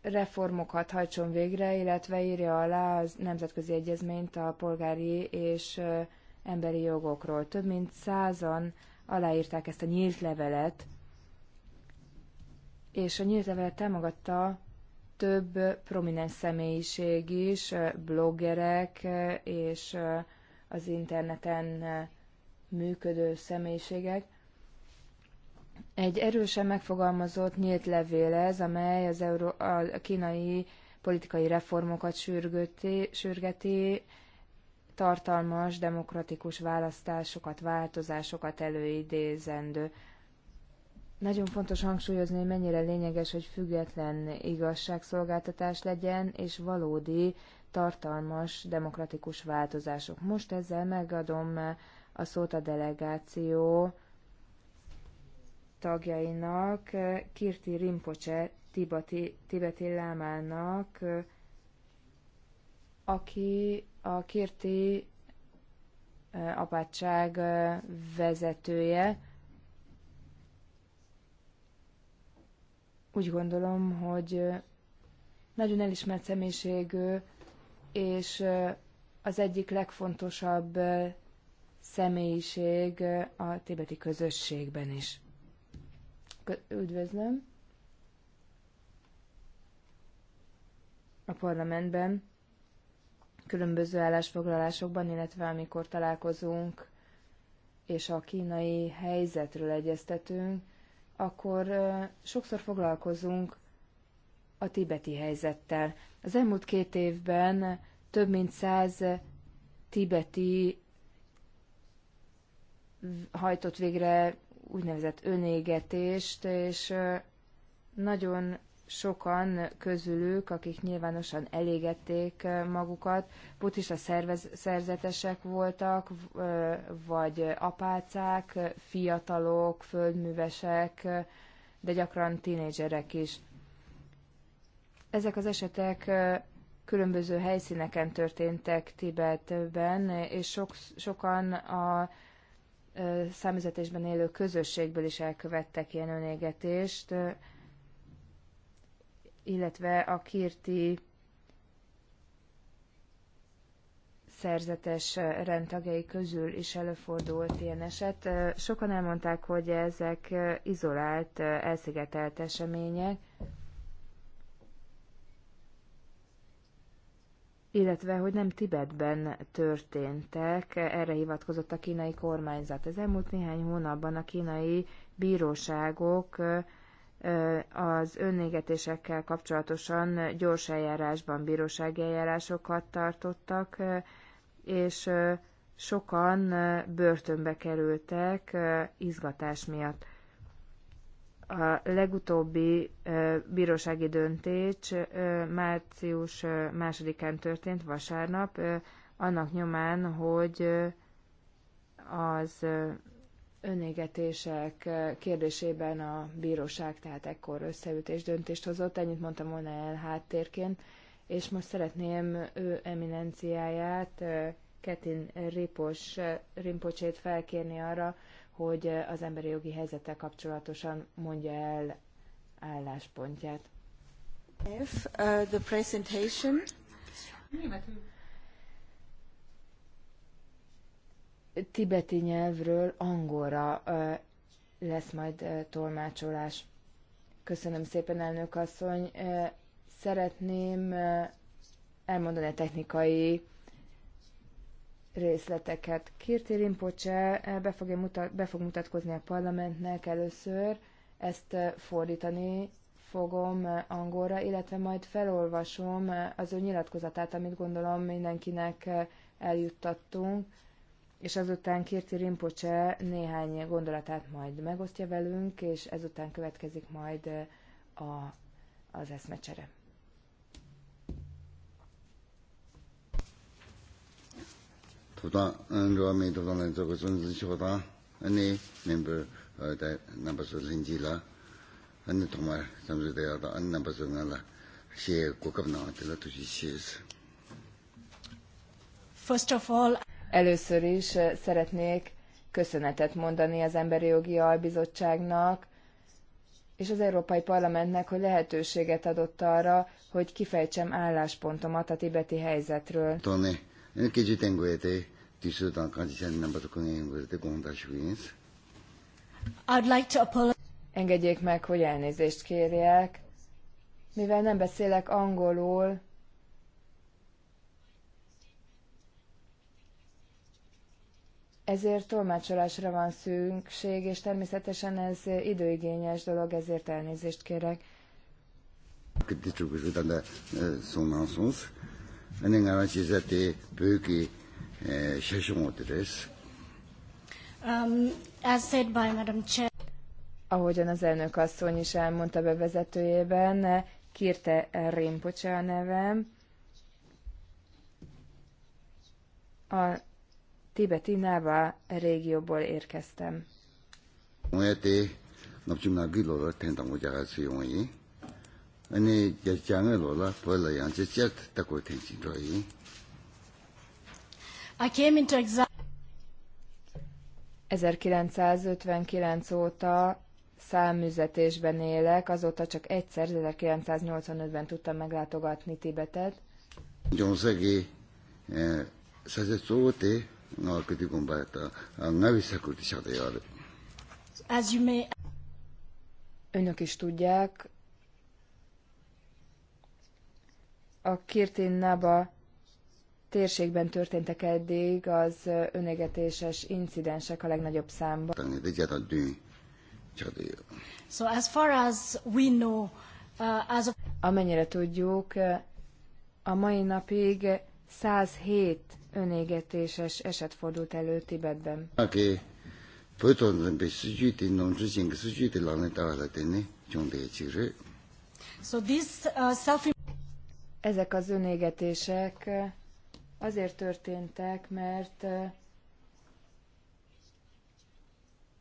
reformokat hajtson végre, illetve írja alá az nemzetközi egyezményt a polgári és emberi jogokról. Több mint százan aláírták ezt a nyílt levelet, és a nyílt levelet támogatta több prominens személyiség is, bloggerek és az interneten működő személyiségek. Egy erősen megfogalmazott nyílt levél ez, amely az Euró- a kínai politikai reformokat sürgöti, sürgeti, tartalmas, demokratikus választásokat, változásokat előidézendő. Nagyon fontos hangsúlyozni, hogy mennyire lényeges, hogy független igazságszolgáltatás legyen, és valódi, tartalmas, demokratikus változások. Most ezzel megadom a szót a delegáció tagjainak, Kirti Rimpocse tibati, tibeti lámának, aki a Kirti apátság vezetője, Úgy gondolom, hogy nagyon elismert személyiségű, és az egyik legfontosabb személyiség a tibeti közösségben is. Üdvözlöm! A parlamentben, különböző állásfoglalásokban, illetve amikor találkozunk és a kínai helyzetről egyeztetünk, akkor sokszor foglalkozunk a tibeti helyzettel. Az elmúlt két évben több mint száz tibeti hajtott végre úgynevezett önégetést, és nagyon sokan közülük, akik nyilvánosan elégették eh, magukat, putista szervez, szerzetesek voltak, eh, vagy apácák, fiatalok, földművesek, eh, de gyakran tinédzserek is. Ezek az esetek különböző helyszíneken történtek Tibetben, és sok, sokan a számüzetésben élő közösségből is elkövettek ilyen önégetést illetve a kirti szerzetes rendtagjai közül is előfordult ilyen eset. Sokan elmondták, hogy ezek izolált, elszigetelt események, illetve hogy nem Tibetben történtek, erre hivatkozott a kínai kormányzat. Az elmúlt néhány hónapban a kínai bíróságok az önégetésekkel kapcsolatosan gyors eljárásban bírósági eljárásokat tartottak, és sokan börtönbe kerültek izgatás miatt. A legutóbbi bírósági döntés március másodikán történt vasárnap, annak nyomán, hogy az önégetések eh, kérdésében a bíróság tehát ekkor és döntést hozott, ennyit mondtam volna el háttérként, és most szeretném ő eminenciáját, eh, Ketin Ripos eh, Rimpocsét felkérni arra, hogy az emberi jogi helyzettel kapcsolatosan mondja el álláspontját. If, uh, the presentation. Németül. tibeti nyelvről angolra lesz majd tolmácsolás. Köszönöm szépen, elnök asszony. Szeretném elmondani a technikai részleteket. Kirti Rimpocse be, fogja mutat, be fog mutatkozni a parlamentnek először, ezt fordítani fogom angolra, illetve majd felolvasom az ő nyilatkozatát, amit gondolom mindenkinek eljuttattunk és azután Kirti Rimpocse néhány gondolatát majd megosztja velünk, és ezután következik majd eh, a, az eszmecsere. Tuda, ruwa mi tuda na zogo zunzi shoda, ennyi nimbu eh, da nambaso zinji la, ani tomar samzu daya da, ani nem nga la, xie kukab na, tila tushi First of all, Először is szeretnék köszönetet mondani az Emberi Jogi Albizottságnak és az Európai Parlamentnek, hogy lehetőséget adott arra, hogy kifejtsem álláspontomat a tibeti helyzetről. Tone, kicsit engedély, tisztultan kancsisán nem batok I'd like to apologize. Engedjék meg, hogy elnézést kérjek. Mivel nem beszélek angolul, ezért tolmácsolásra van szükség, és természetesen ez időigényes dolog, ezért elnézést kérek. Um, Madam Ahogyan az elnök asszony is elmondta bevezetőjében, Kirte Rimpocse a nevem. A tibeti Nába régióból érkeztem. I came into exile 1959 óta számüzetésben élek, azóta csak egyszer, 1985-ben tudtam meglátogatni Tibetet. Gyonszegi, eh, szerzett narkotik bombáta neviszakultisadéjar. Önök is tudják, a Kirtin Naba térségben történtek eddig az önégetéses incidensek a legnagyobb számban. So as far as we know, uh, as of... Amennyire tudjuk, a mai napig 107 önégetéses eset fordult elő Tibetben. Okay. So uh, self Ezek az önégetések uh, azért történtek, mert uh,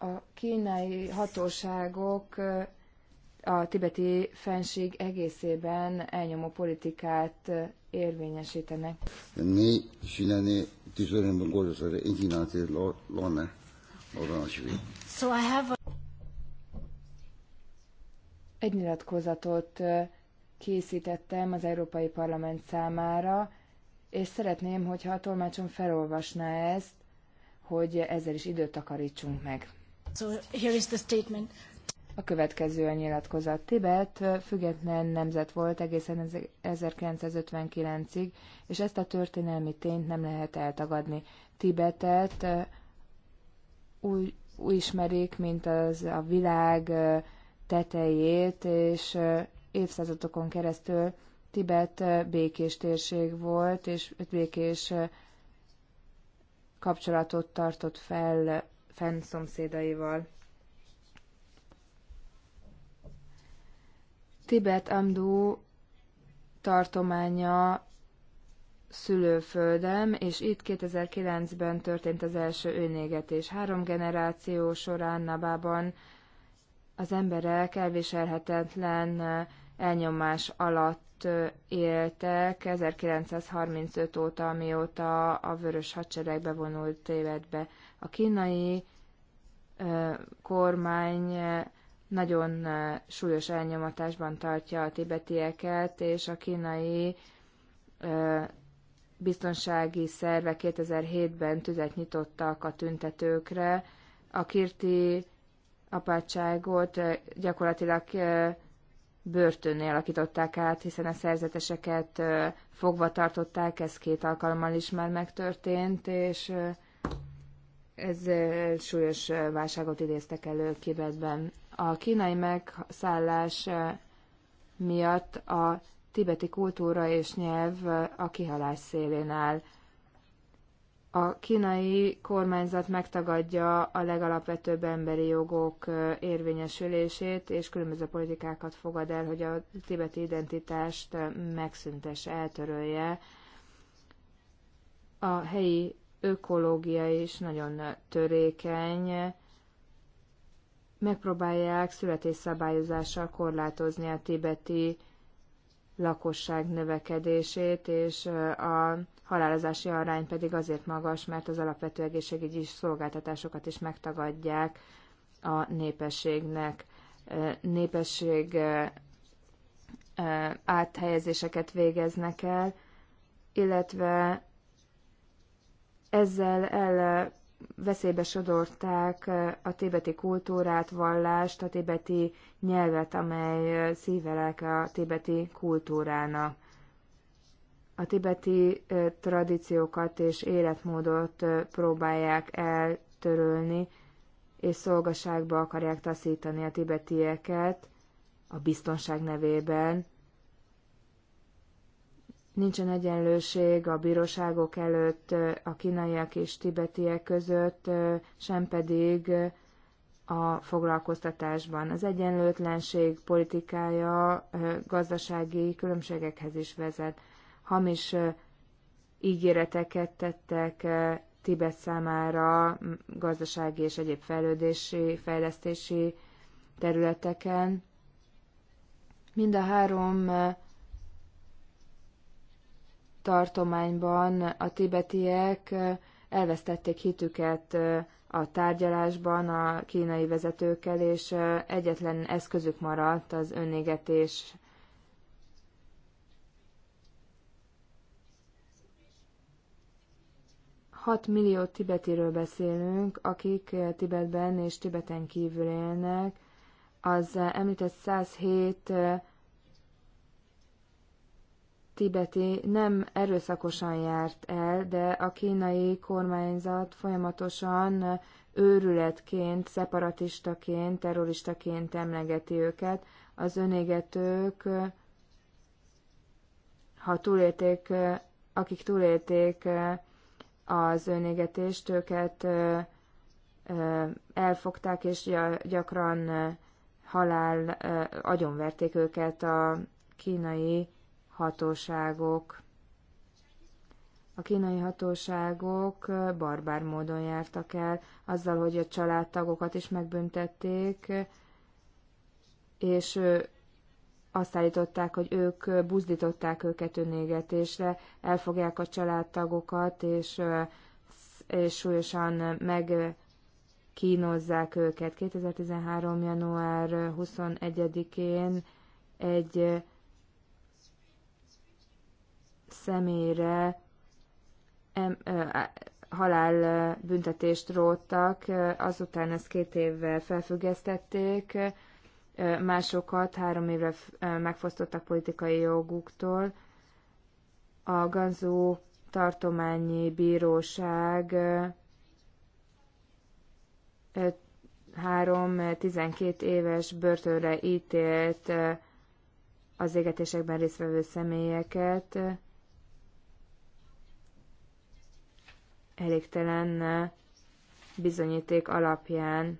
a kínai hatóságok a tibeti fenség egészében elnyomó politikát érvényesítenek. So I have Egy nyilatkozatot készítettem az Európai Parlament számára, és szeretném, hogyha a tolmácsom felolvasná ezt, hogy ezzel is időt takarítsunk meg. So here is the statement. A következő a nyilatkozat. Tibet független nemzet volt egészen 1959-ig, és ezt a történelmi tényt nem lehet eltagadni. Tibetet úgy, úgy ismerik, mint az a világ tetejét, és évszázadokon keresztül Tibet békés térség volt, és békés kapcsolatot tartott fel fenn szomszédaival. Tibet Amdú tartománya szülőföldem, és itt 2009-ben történt az első önégetés. Három generáció során Nabában az emberek elviselhetetlen elnyomás alatt éltek 1935 óta, amióta a vörös hadsereg bevonult évetbe. A kínai kormány nagyon eh, súlyos elnyomatásban tartja a tibetieket, és a kínai eh, biztonsági szervek 2007-ben tüzet nyitottak a tüntetőkre. A kirti apátságot eh, gyakorlatilag börtönnél alakították át, hiszen a szerzeteseket fogva tartották, ez két alkalommal is már megtörtént, és ez súlyos válságot idéztek elő Kibetben. A kínai megszállás miatt a tibeti kultúra és nyelv a kihalás szélén áll. A kínai kormányzat megtagadja a legalapvetőbb emberi jogok érvényesülését, és különböző politikákat fogad el, hogy a tibeti identitást megszüntesse, eltörölje. A helyi ökológia is nagyon törékeny, megpróbálják születésszabályozással korlátozni a tibeti lakosság növekedését, és a halálozási arány pedig azért magas, mert az alapvető egészségügyi szolgáltatásokat is megtagadják a népességnek. Népesség áthelyezéseket végeznek el, illetve ezzel el veszélybe sodorták a tibeti kultúrát, vallást, a tibeti nyelvet, amely szívelek a tibeti kultúrának. A tibeti tradíciókat és életmódot próbálják eltörölni, és szolgaságba akarják taszítani a tibetieket a biztonság nevében, nincsen egyenlőség a bíróságok előtt a kínaiak és tibetiek között, sem pedig a foglalkoztatásban. Az egyenlőtlenség politikája gazdasági különbségekhez is vezet. Hamis ígéreteket tettek Tibet számára gazdasági és egyéb fejlődési, fejlesztési területeken. Mind a három tartományban a tibetiek elvesztették hitüket a tárgyalásban a kínai vezetőkkel, és egyetlen eszközük maradt az önégetés. Hat millió tibetiről beszélünk, akik Tibetben és Tibeten kívül élnek. Az említett 107 tibeti nem erőszakosan járt el, de a kínai kormányzat folyamatosan őrületként, szeparatistaként, terroristaként emlegeti őket. Az önégetők, ha túlélték, akik túlélték az önégetést, őket elfogták, és gyakran halál, agyonverték őket a kínai hatóságok. A kínai hatóságok barbár módon jártak el, azzal, hogy a családtagokat is megbüntették, és azt állították, hogy ők buzdították őket önégetésre, elfogják a családtagokat, és, és súlyosan megkínozzák őket. 2013. január 21-én egy személyre em, ö, büntetést róttak, azután ezt két évvel felfüggesztették, másokat három évre megfosztottak politikai joguktól. A Ganzó tartományi bíróság három 12 éves börtönre ítélt az égetésekben résztvevő személyeket, elégtelen bizonyíték alapján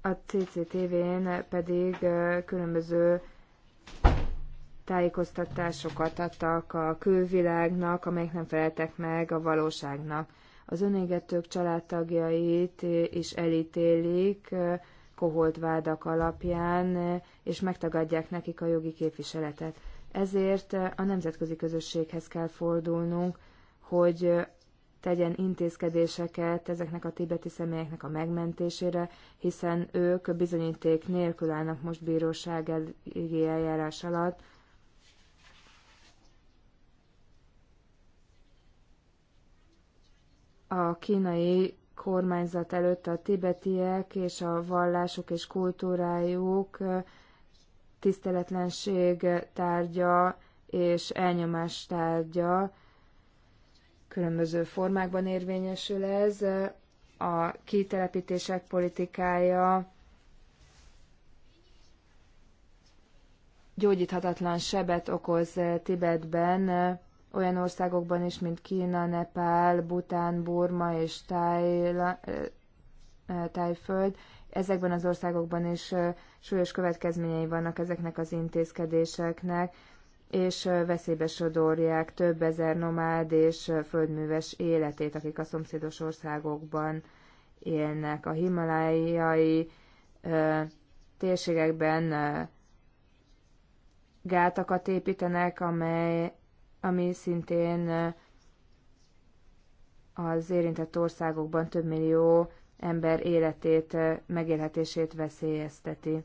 a CCTV-n pedig különböző tájékoztatásokat adtak a külvilágnak, amelyek nem feleltek meg a valóságnak. Az önégetők családtagjait is elítélik, koholt vádak alapján, eh, és megtagadják nekik a jogi képviseletet. Ezért eh, a nemzetközi közösséghez kell fordulnunk, hogy eh, tegyen intézkedéseket ezeknek a tibeti személyeknek a megmentésére, hiszen ők bizonyíték nélkül állnak most bíróság eljárás alatt, a kínai kormányzat előtt a tibetiek és a vallások és kultúrájuk tiszteletlenség tárgya és elnyomás tárgya különböző formákban érvényesül ez. A kitelepítések politikája gyógyíthatatlan sebet okoz Tibetben, olyan országokban is, mint Kína, Nepál, Bután, Burma és Tájla, Tájföld. Ezekben az országokban is súlyos következményei vannak ezeknek az intézkedéseknek, és veszélybe sodorják több ezer nomád és földműves életét, akik a szomszédos országokban élnek. A himalájai térségekben gátakat építenek, amely ami szintén eh, az érintett országokban több millió ember életét, eh, megélhetését veszélyezteti.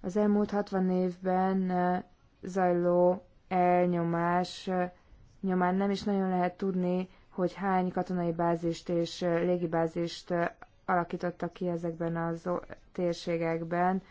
Az elmúlt 60 évben eh, zajló elnyomás nyomán nem is nagyon lehet tudni, hogy hány katonai bázist és légibázist alakítottak ki ezekben az térségekben,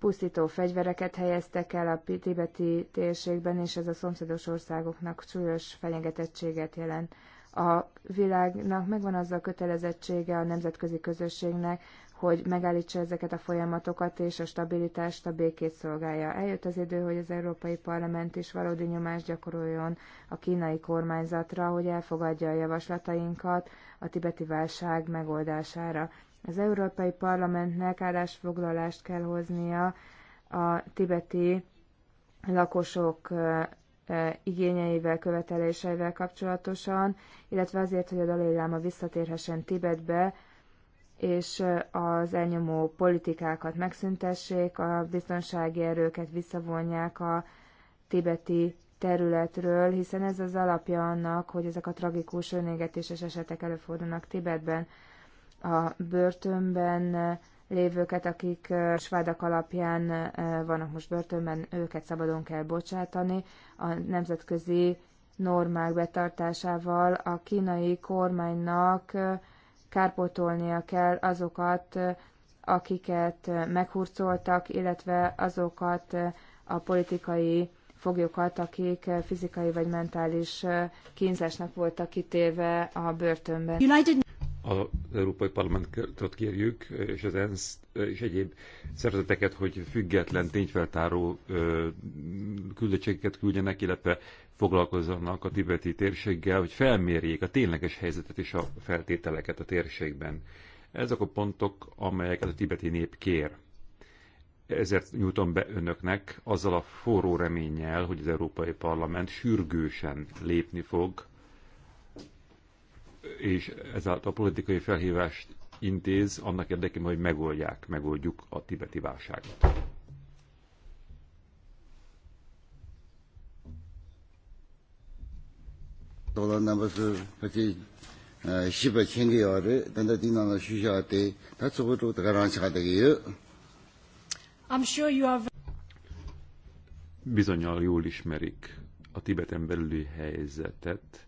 pusztító fegyvereket helyeztek el a tibeti térségben, és ez a szomszédos országoknak súlyos fenyegetettséget jelent. A világnak megvan az a kötelezettsége a nemzetközi közösségnek, hogy megállítsa ezeket a folyamatokat, és a stabilitást, a békét szolgálja. Eljött az idő, hogy az Európai Parlament is valódi nyomást gyakoroljon a kínai kormányzatra, hogy elfogadja a javaslatainkat a tibeti válság megoldására. Az Európai Parlamentnek állásfoglalást kell hoznia a tibeti lakosok igényeivel, követeléseivel kapcsolatosan, illetve azért, hogy a Dalai Lama visszatérhessen Tibetbe, és az elnyomó politikákat megszüntessék, a biztonsági erőket visszavonják a tibeti területről, hiszen ez az alapja annak, hogy ezek a tragikus önégetéses esetek előfordulnak Tibetben a börtönben lévőket, akik svádak alapján vannak most börtönben, őket szabadon kell bocsátani. A nemzetközi normák betartásával a kínai kormánynak kárpótolnia kell azokat, akiket meghurcoltak, illetve azokat a politikai foglyokat, akik fizikai vagy mentális kínzásnak voltak kitéve a börtönben. United az Európai Parlamentet kérjük, és az ENSZ és egyéb szervezeteket, hogy független tényfeltáró küldöttségeket küldjenek, illetve foglalkozzanak a tibeti térséggel, hogy felmérjék a tényleges helyzetet és a feltételeket a térségben. Ezek a pontok, amelyeket a tibeti nép kér. Ezért nyújtom be önöknek azzal a forró reménnyel, hogy az Európai Parlament sürgősen lépni fog és ezáltal a politikai felhívást intéz annak érdekében, hogy megoldják, megoldjuk a tibeti válságot. E, hát szóval I'm sure you Bizonyal jól ismerik a Tibeten belüli helyzetet,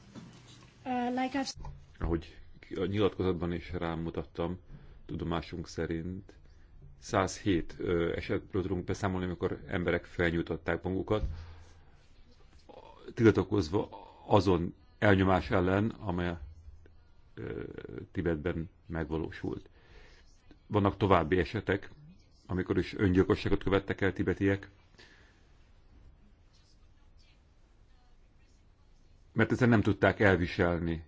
Uh, Ahogy a nyilatkozatban is rámutattam, tudomásunk szerint 107 esetről tudunk beszámolni, amikor emberek felnyújtották magukat, tiltakozva azon elnyomás ellen, amely Tibetben megvalósult. Vannak további esetek, amikor is öngyilkosságot követtek el tibetiek, mert ezzel nem tudták elviselni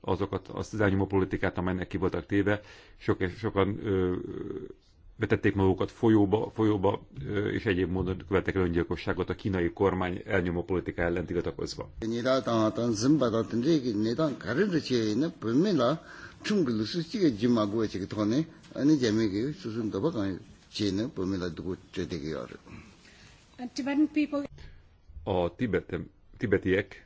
azokat, azt az elnyomó politikát, amelynek ki voltak téve. Sok, sokan ö, vetették magukat folyóba, folyóba ö, és egyéb módon követtek el öngyilkosságot a kínai kormány elnyomó politika ellen tiltakozva. A tibetiek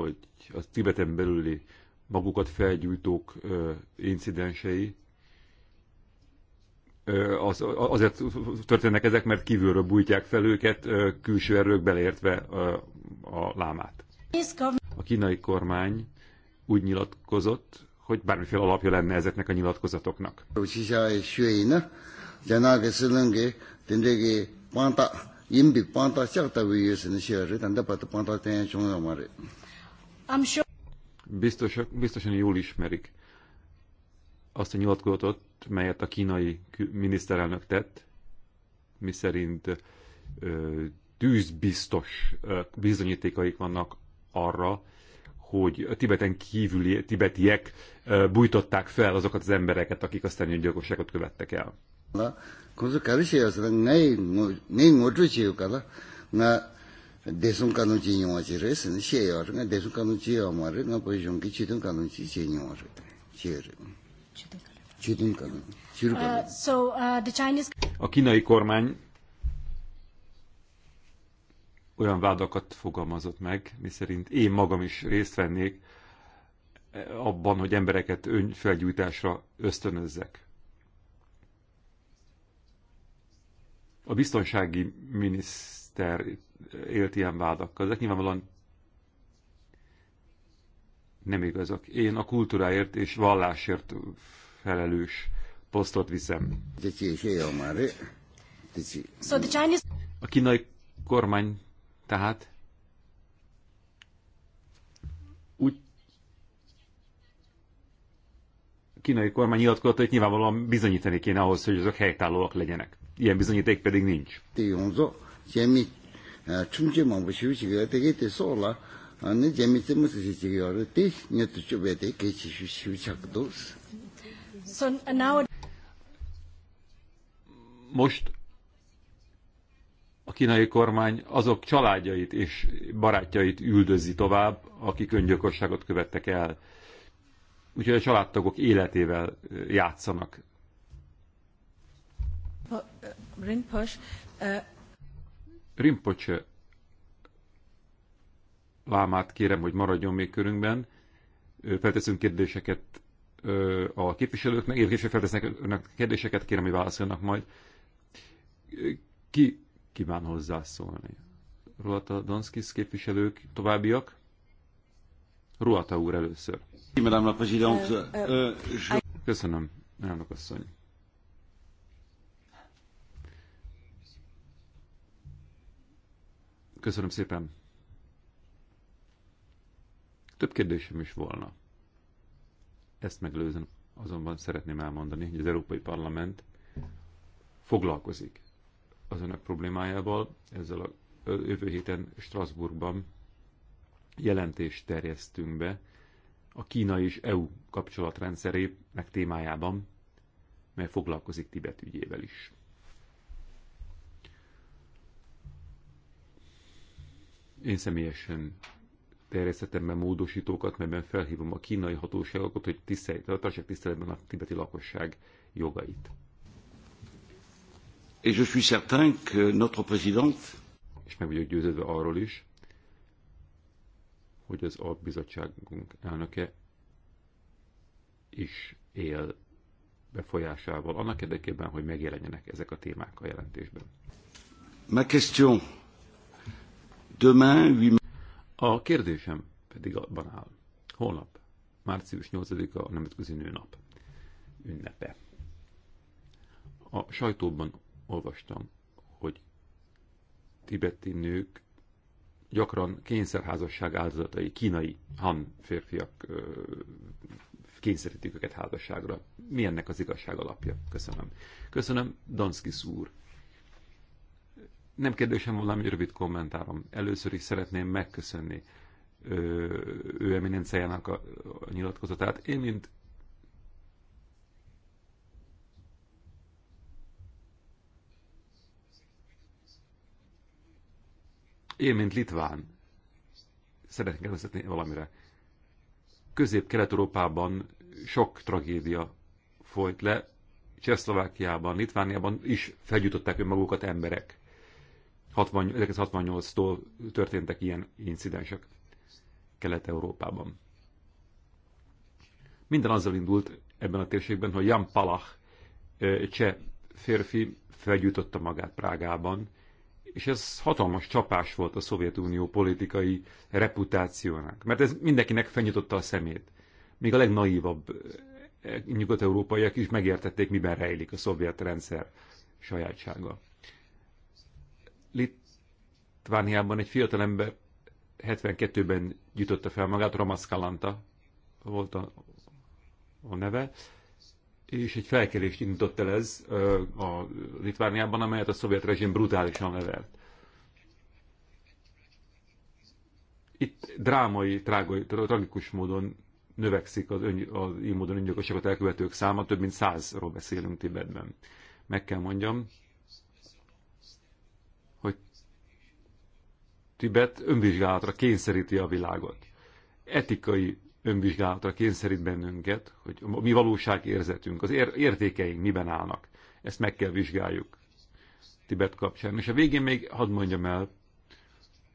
hogy a Tibeten belüli magukat felgyújtók incidensei az, azért történnek ezek, mert kívülről bújtják fel őket, külső erők beleértve a lámát. A kínai kormány úgy nyilatkozott, hogy bármiféle alapja lenne ezeknek a nyilatkozatoknak. Biztosak Biztos, biztosan jól ismerik azt a nyilatkozatot, melyet a kínai miniszterelnök tett, miszerint ö, tűzbiztos bizonyítékaik vannak arra, hogy a Tibeten kívüli tibetiek bújtották fel azokat az embereket, akik aztán a gyilkosságot követtek el. 대선 가능지 영화지를 쓰는 시에요. 그 대선 가능지 영화를 나 보여준 게 지든 가능지 영화를 지를. 지든 가능. 지를 가능. So uh, the Chinese a kínai kormány olyan vádakat fogalmazott meg, miszerint én magam is részt vennék eh, abban, hogy embereket önfelgyújtásra ösztönözzek. A biztonsági miniszter élt ilyen vádakkal. Ezek nyilvánvalóan nem igazak. Én a kultúráért és vallásért felelős posztot viszem. A kínai kormány tehát úgy a kínai kormány nyilatkozott, hogy nyilvánvalóan bizonyítani kéne ahhoz, hogy azok helytállóak legyenek. Ilyen bizonyíték pedig nincs. 춤지 망부 쉬우지게 되게 됐어라 아니 재밌지 못이 지게 어때 녀도 좀 해야 돼 개치 쉬우착도 so now most a kínai kormány azok családjait és barátjait üldözi tovább, akik öngyilkosságot követtek el. Úgyhogy a családtagok életével játszanak. Rinpoche, uh... Rimpocse lámát kérem, hogy maradjon még körünkben. Felteszünk kérdéseket a képviselőknek, én később feltesznek önnek kérdéseket, kérem, hogy válaszolnak majd. Ki kíván hozzászólni? Rolata Donskis képviselők, továbbiak? Ruata úr először. Euh, Köszönöm, elnök asszony. Köszönöm szépen. Több kérdésem is volna. Ezt meglőzöm. azonban szeretném elmondani, hogy az Európai Parlament foglalkozik az önök problémájával. Ezzel a jövő héten Strasbourgban jelentést terjesztünk be a Kína és EU kapcsolatrendszerének témájában, mely foglalkozik Tibet ügyével is. Én személyesen terjesztettem be módosítókat, melyben felhívom a kínai hatóságokat, hogy tartsák tiszteletben a tibeti lakosság jogait. Et je suis certain que notre présidente... És meg vagyok győződve arról is, hogy az bizottságunk elnöke is él befolyásával annak érdekében, hogy megjelenjenek ezek a témák a jelentésben. Ma question Demain, oui. A kérdésem pedig abban áll. Holnap, március 8-a a Nemzetközi Nőnap ünnepe. A sajtóban olvastam, hogy tibeti nők gyakran kényszerházasság áldozatai, kínai han férfiak kényszerítik őket házasságra. Mi ennek az igazság alapja? Köszönöm. Köszönöm, Danszki úr. Nem kérdésem, hogy rövid kommentárom. Először is szeretném megköszönni ö, ő eminenciának a, a nyilatkozatát. Én, mint Én, mint Litván, szeretnék emlékezni valamire. Közép-Kelet-Európában sok tragédia folyt le, Csehszlovákiában, Litvániában is felgyújtották önmagukat emberek. 1968-tól történtek ilyen incidensek Kelet-Európában. Minden azzal indult ebben a térségben, hogy Jan Palach cseh férfi felgyújtotta magát Prágában, és ez hatalmas csapás volt a Szovjetunió politikai reputációnak, mert ez mindenkinek felnyitotta a szemét. Még a legnaívabb nyugat-európaiak is megértették, miben rejlik a szovjet rendszer sajátsága. Litvániában egy fiatalember 72-ben gyűjtötte fel magát, Ramaszkalanta volt a, a neve, és egy felkelést indított el ez a Litvániában, amelyet a szovjet rezsim brutálisan levelt. Itt drámai, trágai, tragikus módon növekszik az, ön, az így módon öngyilkosságot elkövetők száma, több mint százról beszélünk Tibetben. Meg kell mondjam, Tibet önvizsgálatra kényszeríti a világot. Etikai önvizsgálatra kényszerít bennünket, hogy mi valóságérzetünk, az értékeink miben állnak. Ezt meg kell vizsgáljuk Tibet kapcsán. És a végén még hadd mondjam el,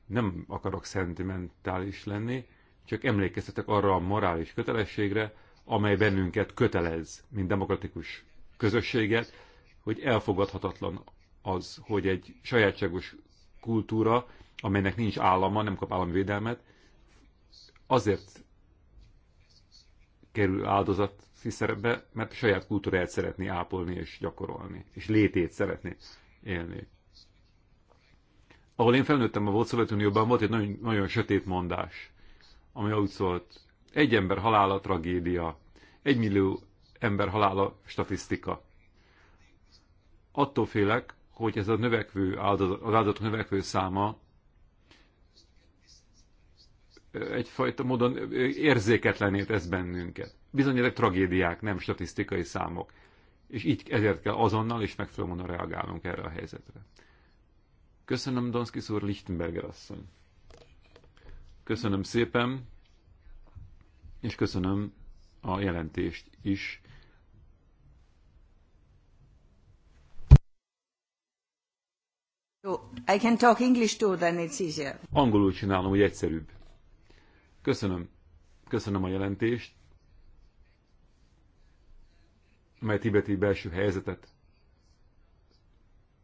nem akarok szentimentális lenni, csak emlékeztetek arra a morális kötelességre, amely bennünket kötelez, mint demokratikus közösséget, hogy elfogadhatatlan az, hogy egy sajátságos kultúra amelynek nincs állama, nem kap állami védelmet, azért kerül áldozat szerepbe, mert saját kultúráját szeretné ápolni és gyakorolni, és létét szeretné élni. Ahol én felnőttem a volt Szovjetunióban, volt egy nagyon, nagyon sötét mondás, ami úgy szólt, egy ember halála tragédia, egy millió ember halála statisztika. Attól félek, hogy ez a növekvő áldozat, az áldozatok növekvő száma egyfajta módon érzéketlenét ez bennünket. Bizony ezek tragédiák, nem statisztikai számok. És így ezért kell azonnal és megfelelően reagálnunk erre a helyzetre. Köszönöm Donszki úr, Lichtenberger asszony. Köszönöm szépen, és köszönöm a jelentést is. I can talk English too, then it's easier. Angolul csinálom, úgy egyszerűbb. Köszönöm. Köszönöm a jelentést, mely tibeti belső helyzetet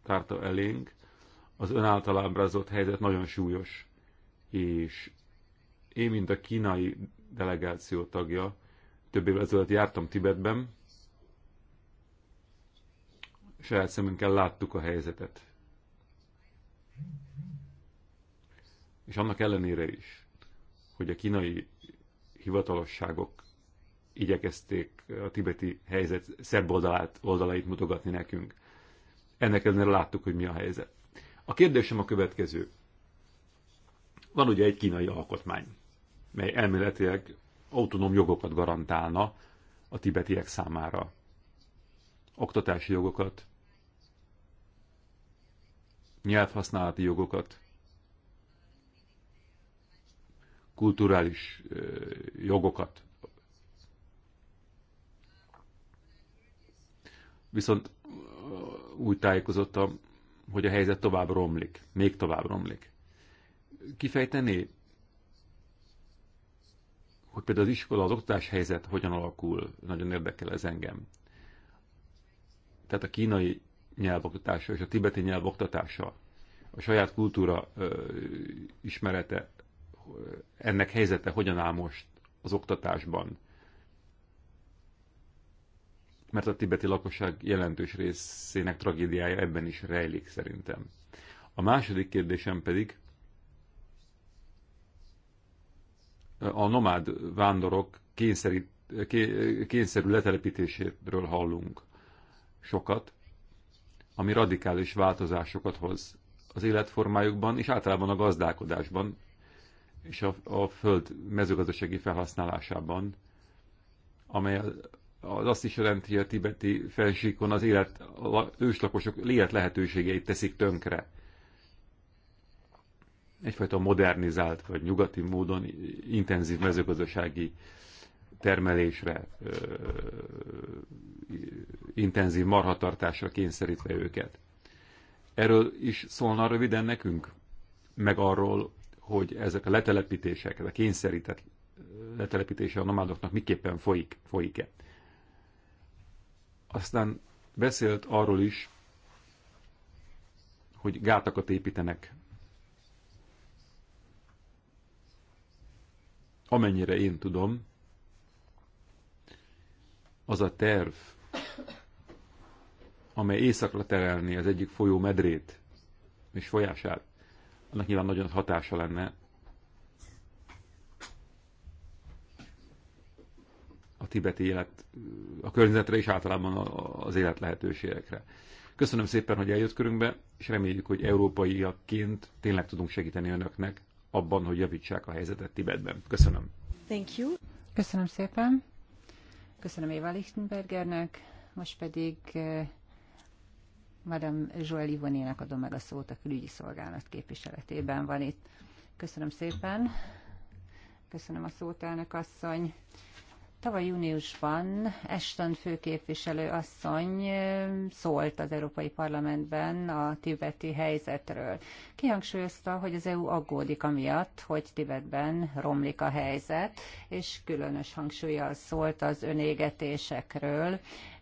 tárta elénk. Az ön által ábrázolt helyzet nagyon súlyos, és én, mint a kínai delegáció tagja, több évvel ezelőtt jártam Tibetben, saját szemünkkel láttuk a helyzetet. És annak ellenére is, hogy a kínai hivatalosságok igyekezték a tibeti helyzet szebb oldalát, oldalait mutogatni nekünk. Ennek ellenére láttuk, hogy mi a helyzet. A kérdésem a következő. Van ugye egy kínai alkotmány, mely elméletileg autonóm jogokat garantálna a tibetiek számára. Oktatási jogokat, nyelvhasználati jogokat, kulturális jogokat. Viszont úgy tájékozottam, hogy a helyzet tovább romlik, még tovább romlik. Kifejteni, hogy például az iskola, az oktatás helyzet hogyan alakul, nagyon érdekel ez engem. Tehát a kínai nyelvoktatása és a tibeti nyelvoktatása, a saját kultúra ö, ismerete ennek helyzete hogyan áll most az oktatásban. Mert a tibeti lakosság jelentős részének tragédiája ebben is rejlik szerintem. A második kérdésem pedig a nomád vándorok kényszerít, kényszerű letelepítéséről hallunk sokat, ami radikális változásokat hoz az életformájukban és általában a gazdálkodásban, és a, a föld mezőgazdasági felhasználásában, amely az azt is jelenti, hogy a tibeti felsíkon az élet, az őslakosok élet lehetőségeit teszik tönkre. Egyfajta modernizált vagy nyugati módon intenzív mezőgazdasági termelésre, ö, intenzív marhatartásra kényszerítve őket. Erről is szólna röviden nekünk, meg arról, hogy ezek a letelepítések, a kényszerített letelepítése a nomádoknak miképpen folyik, folyik-e. Aztán beszélt arról is, hogy gátakat építenek. Amennyire én tudom, az a terv, amely északra terelni az egyik folyó medrét és folyását, annak nyilván nagyon hatása lenne a tibeti élet, a környezetre és általában az élet lehetőségekre. Köszönöm szépen, hogy eljött körünkbe, és reméljük, hogy európaiaként tényleg tudunk segíteni önöknek abban, hogy javítsák a helyzetet Tibetben. Köszönöm. Thank you. Köszönöm szépen. Köszönöm Éva Lichtenbergernek. Most pedig eh, Madame Joël Ivonének adom meg a szót, a külügyi szolgálat képviseletében van itt. Köszönöm szépen. Köszönöm a szót, elnök asszony. Tavaly júniusban Eston főképviselő asszony szólt az Európai Parlamentben a tibeti helyzetről. Kihangsúlyozta, hogy az EU aggódik amiatt, hogy Tibetben romlik a helyzet, és különös hangsúlyjal szólt az önégetésekről,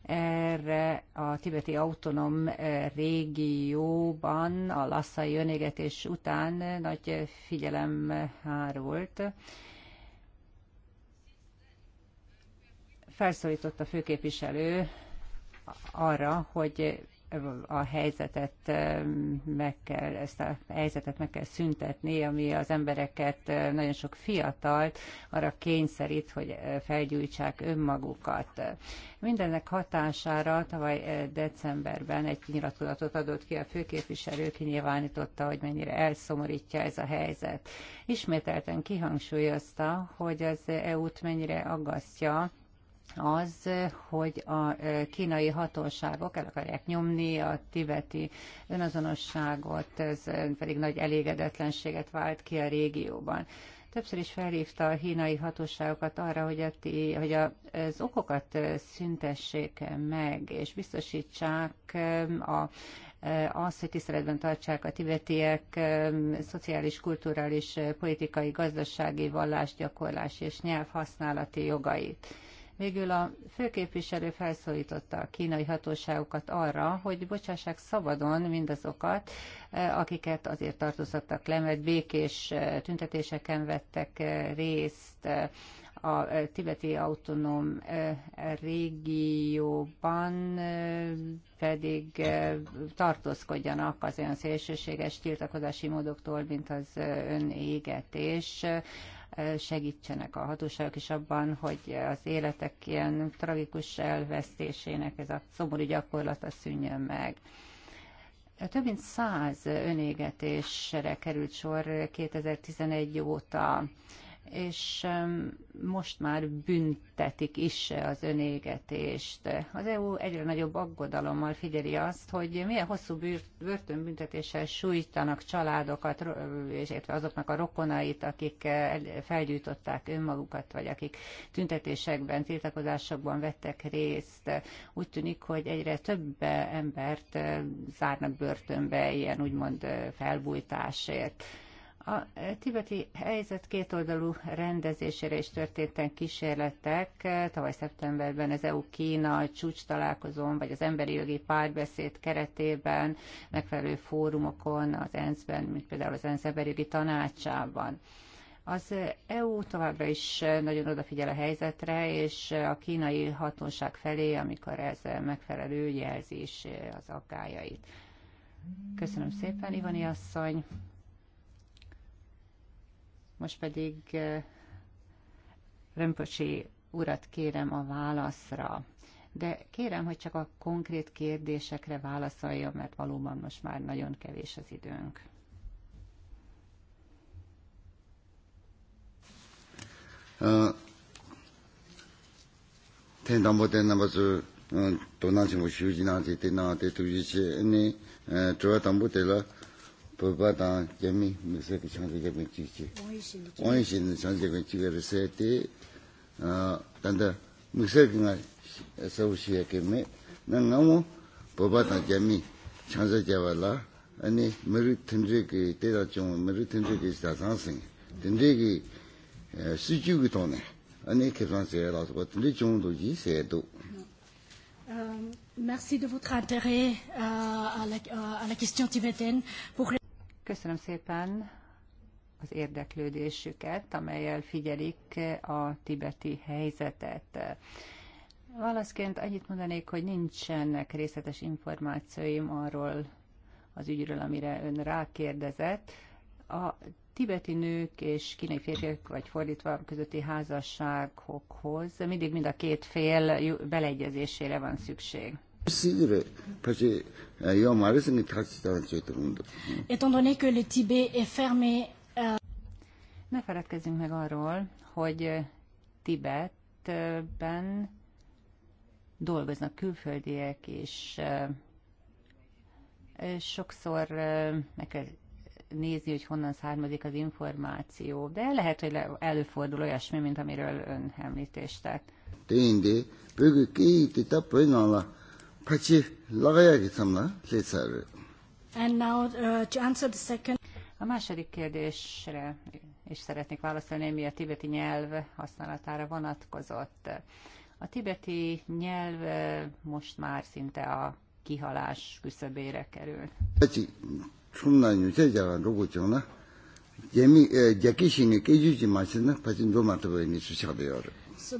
erre a tibeti autonóm eh, régióban a lasszai önégetés után eh, nagy figyelem eh, hárult. Felszólított a főképviselő arra, hogy a helyzetet meg kell, ezt a helyzetet meg kell szüntetni, ami az embereket, nagyon sok fiatalt arra kényszerít, hogy felgyújtsák önmagukat. Mindennek hatására tavaly decemberben egy nyilatkozatot adott ki a főképviselő, kinyilvánította, hogy mennyire elszomorítja ez a helyzet. Ismételten kihangsúlyozta, hogy az EU-t mennyire aggasztja az, hogy a kínai hatóságok el akarják nyomni a tibeti önazonosságot, ez pedig nagy elégedetlenséget vált ki a régióban többször is felhívta a kínai hatóságokat arra, hogy, a, hogy a, az okokat szüntessék meg, és biztosítsák a, az, hogy tiszteletben tartsák a tibetiek szociális, kulturális, politikai, gazdasági, vallásgyakorlás és nyelvhasználati jogait. Végül a főképviselő felszólította a kínai hatóságokat arra, hogy bocsássák szabadon mindazokat, e, akiket azért tartóztattak le, mert békés e, tüntetéseken vettek e, részt a tibeti autonóm régióban pedig tartózkodjanak az olyan szélsőséges tiltakozási módoktól, mint az önégetés, segítsenek a hatóságok is abban, hogy az életek ilyen tragikus elvesztésének ez a szomorú gyakorlata szűnjön meg. Több mint száz önégetésre került sor 2011 óta és most már büntetik is az önégetést. Az EU egyre nagyobb aggodalommal figyeli azt, hogy milyen hosszú börtönbüntetéssel sújtanak családokat, és azoknak a rokonait, akik eh, felgyújtották önmagukat, vagy akik tüntetésekben, tiltakozásokban vettek részt. Úgy tűnik, hogy egyre több embert eh, zárnak börtönbe ilyen úgymond eh, felbújtásért a tibeti helyzet kétoldalú rendezésére is történten kísérletek. Tavaly szeptemberben az EU-Kína csúcs találkozón, vagy az emberi jogi párbeszéd keretében, megfelelő fórumokon, az ENSZ-ben, mint például az ENSZ emberi jogi tanácsában. Az EU továbbra is nagyon odafigyel a helyzetre, és a kínai hatóság felé, amikor ez megfelelő jelzés az aggájait. Köszönöm szépen, Ivani asszony! Most pedig eh, Römpöcsi urat kérem a válaszra. De kérem, hogy csak a konkrét kérdésekre válaszoljon, mert valóban most már nagyon kevés az időnk. Ten dambo ten namba su donan chimu shuji na te te na te tuji chi pōpa tāng kiamī mī sēki chāngzī kiamī chīk chī wāñī shīndi chāngzī kiamī chīk arī sēti tānda mī sēki ngā sāhu shīyā kiamī nā ngā mō pōpa tāng kiamī chāngzī kiawā lā anī mī rī tīndrī kī tētā chōng mī rī tīndrī kī sā sāng sīng tīndrī kī sī chū kī tōne Merci de votre intérêt uh, uh, à la question tibétaine. Köszönöm szépen az érdeklődésüket, amelyel figyelik a tibeti helyzetet. Válaszként annyit mondanék, hogy nincsenek részletes információim arról az ügyről, amire ön rákérdezett. A tibeti nők és kínai férfiak, vagy fordítva közötti házasságokhoz mindig mind a két fél beleegyezésére van szükség. Étant donné que le Tibet est fermé, euh, ne feledkezzünk meg arról, hogy euh, Tibetben dolgoznak külföldiek, és euh, sokszor meg kell nézni, hogy honnan származik az információ, de lehet, hogy előfordul olyasmi, mint amiről ön említést tett. Tényleg, bőgő kiíti tapajnala, And now uh, to answer the second... A második kérdésre is szeretnék válaszolni, ami a tibeti nyelv használatára vonatkozott. A tibeti nyelv most már szinte a kihalás küszöbére kerül. So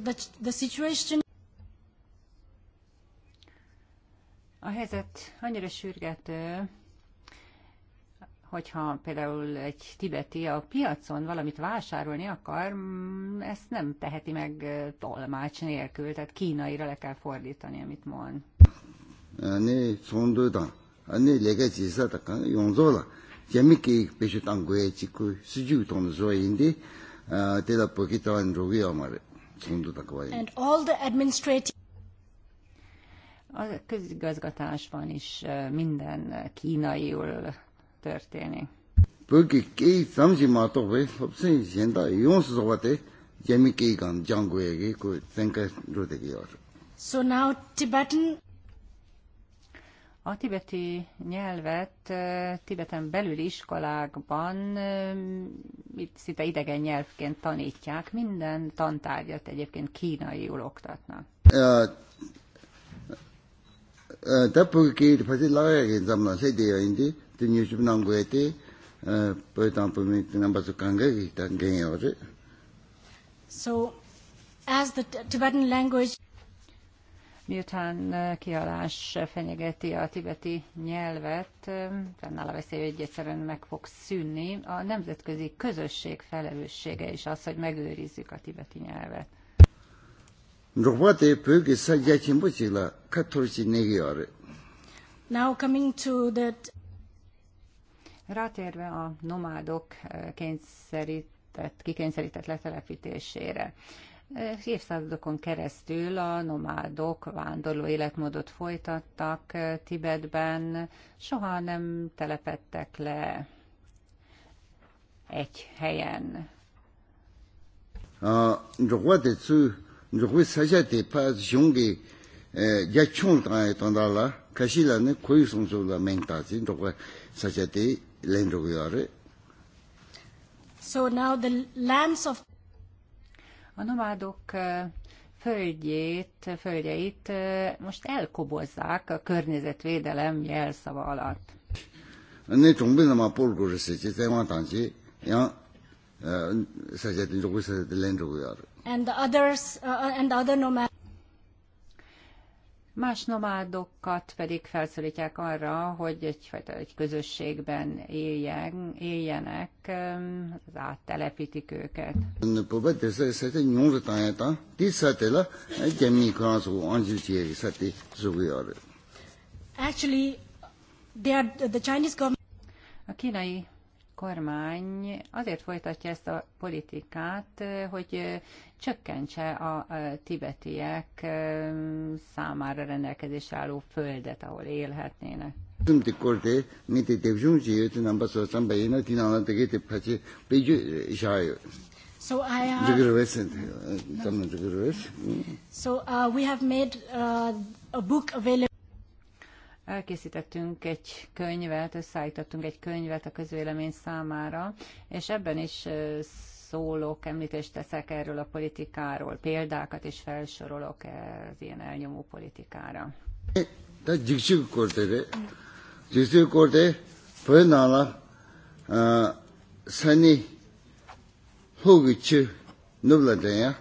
the, the situation A helyzet annyira sürgető, hogyha például egy tibeti a piacon valamit vásárolni akar, mm, ezt nem teheti meg tolmács nélkül, tehát kínaira le kell fordítani, amit mond. Né, szondóda, né, legeci szataka, jonzóla, jemiké pési tangoé csikú, szügyű tonzó indi, teda pokitán rúgja már, szondóda kvájé. And all the administrative a közigazgatásban is minden kínaiul történik. So now Tibetan a tibeti nyelvet Tibeten belül iskolákban szinte idegen nyelvként tanítják, minden tantárgyat egyébként kínaiul oktatnak. Uh, Tapu ki pasi lawaya ki zamla se dewa indi, tu nyushib So, as the Tibetan language... Miután eh, kialás fenyegeti a tibeti nyelvet, eh, fennáll a veszély, hogy egyszerűen meg fog szűnni, a nemzetközi közösség felelőssége is az, hogy megőrizzük a tibeti nyelvet. Nukbate sa chikla negi yore. Now coming to that Rátérve a nomádok eh, kényszerített, kikényszerített letelepítésére. Eh, évszázadokon keresztül a nomádok vándorló életmódot folytattak eh, Tibetben, soha nem telepettek le egy helyen. A te shiongi ya chung tanga tanda la kashi la ne koi song song la meng te len rukwe So now the lands of a nomádok földjét, földjeit most elkobozzák a környezetvédelem jelszava alatt. Ne csongben nem a polgóra szétjét, nem a táncsi, ja, szétjét, len rukwe and the others, uh, and the other Más nomádokat pedig felszólítják arra, hogy egyfajta egy közösségben éljen, éljenek, um, az áttelepítik őket. Actually, they are, the Chinese government a kínai kormány azért folytatja ezt a politikát, hogy csökkentse a tibetiek számára rendelkezésre álló földet, ahol élhetnének. so I have... So uh, we have made uh, a book available elkészítettünk egy könyvet, összeállítottunk egy könyvet a közvélemény számára, és ebben is szólok, említést teszek erről a politikáról, példákat is felsorolok az ilyen elnyomó politikára. Hogy hógücső nubladanya,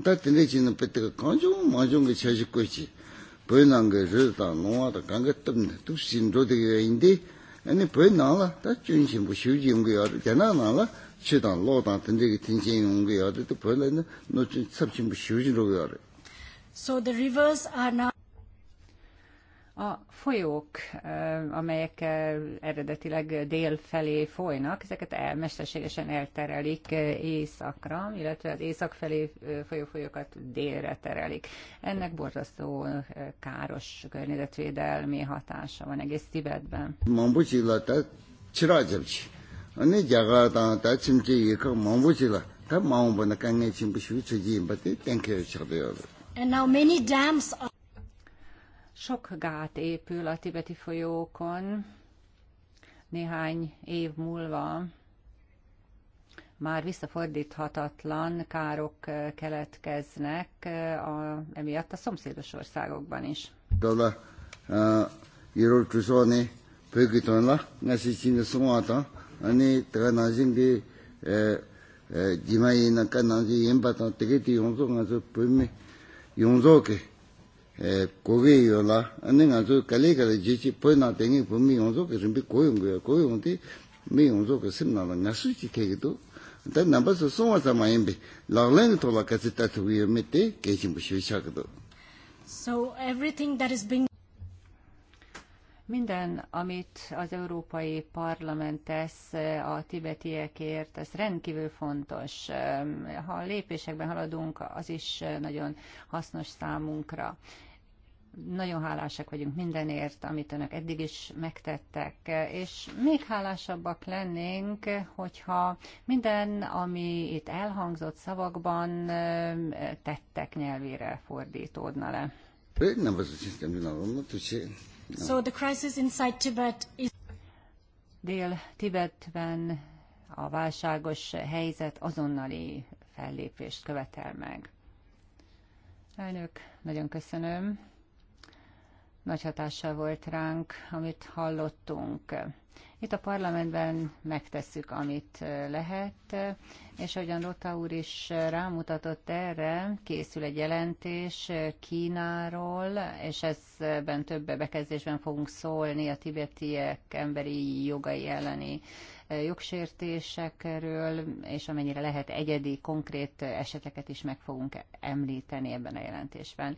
だってね、ちのぺってか、かんじょう、まんじょうがしゃしっこいし、ぽいなんがるだ、のわだ、かんがったんだ、としんどでがいんで、ね、ぽいなんら、だ、ちゅんしんぼ、しゅうじんがやる、じゃななんら、しゅだん、ろうだん、てんできてんしんがやる、とぽいなんら、のちゅん、さぶしんぼ、しゅうじんがやる。So the rivers are now a folyók, eh, amelyek eh, eredetileg dél felé folynak, ezeket el, mesterségesen elterelik eh, északra, illetve az észak felé folyó folyókat délre terelik. Ennek borzasztó káros környezetvédelmi hatása van egész Tibetben. And now many dams are sok gát épül a tibeti folyókon, néhány év múlva már visszafordíthatatlan károk eh, keletkeznek, eh, a, emiatt a szomszédos országokban is. jimayi na ka nangzi yinpa tang tegi ti yongzo nga zo pimi yongzo ke kowe yo la, ane nga zo kale kare jechi po na mi yonzo ke rinpi koyo mi yonzo ke simna la nga su chi kegi to, ta namba su songwa sama yinpi, la lang So everything that is being minden, amit az Európai Parlament tesz a tibetiekért, ez rendkívül fontos. Ha lépésekben haladunk, az is nagyon hasznos számunkra. Nagyon hálásak vagyunk mindenért, amit önök eddig is megtettek, és még hálásabbak lennénk, hogyha minden, ami itt elhangzott szavakban tettek nyelvére fordítódna le. Nem az a So the crisis inside Tibet is... Dél-Tibetben a válságos helyzet azonnali fellépést követel meg. Elnök, nagyon köszönöm. Nagy hatással volt ránk, amit hallottunk. Itt a parlamentben megtesszük, amit lehet, és ahogyan Rota úr is rámutatott erre, készül egy jelentés Kínáról, és ezben több bekezdésben fogunk szólni a tibetiek emberi jogai elleni jogsértésekről, és amennyire lehet egyedi, konkrét eseteket is meg fogunk említeni ebben a jelentésben.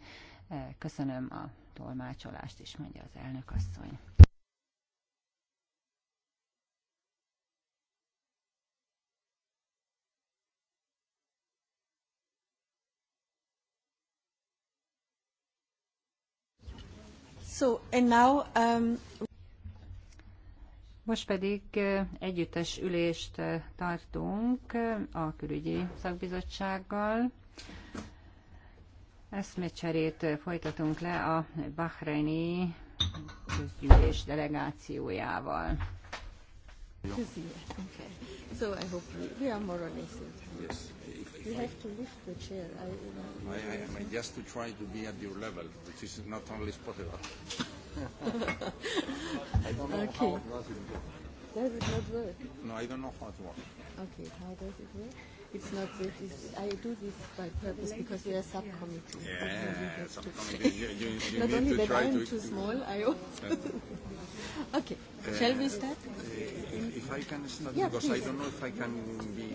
Köszönöm a tolmácsolást is, mondja az elnök asszony. So, and now, um... Most pedig együttes ülést tartunk a külügyi szakbizottsággal. Eszmecserét folytatunk le a Bahreini közgyűlés delegációjával. To zero. Okay. So I hope we, we are more or less in time. Yes. If, if you I, have to lift the chair. I, you know, I, I, I mean, just to try to be at your level, which is not only possible. [LAUGHS] I don't know okay. how it was Does it not work? No, I don't know how it works. Okay, how does it work? It's not this. It's, I do this by purpose because we are subcommittee. Yeah, subcommittee. not only that I am to too small, I also. [LAUGHS] okay. Uh, shall we start? Uh, eh, if, if I can start, yeah, because please. I don't know if I can be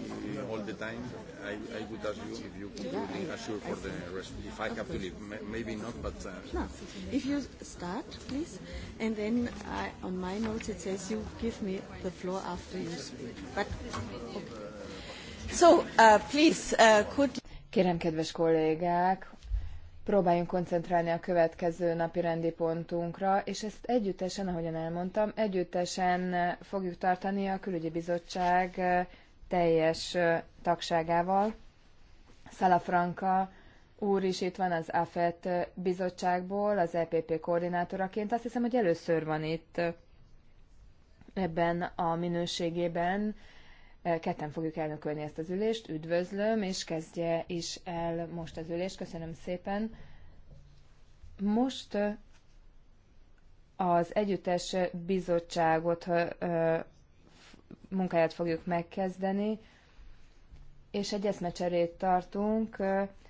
all the time, I, I would ask you if you could yeah, be assure for the rest, if I have to leave. maybe not, but... Uh, no, if you start, please, and then I, on my notes it says you give me the floor after you speak. But, okay. Uh, uh, Kérem, kedves kollégák, próbáljunk koncentrálni a következő napi rendi pontunkra, és ezt együttesen, ahogyan elmondtam, együttesen fogjuk tartani a külügyi bizottság uh, teljes tagságával. Salafranca úr is itt van az AFET bizottságból, az EPP koordinátoraként. Azt hiszem, hogy először van itt ebben a minőségében Ketten fogjuk elnökölni ezt az ülést. Üdvözlöm, és kezdje is el most az ülést. Köszönöm szépen. Most az együttes bizottságot munkáját fogjuk megkezdeni, és egy eszmecserét tartunk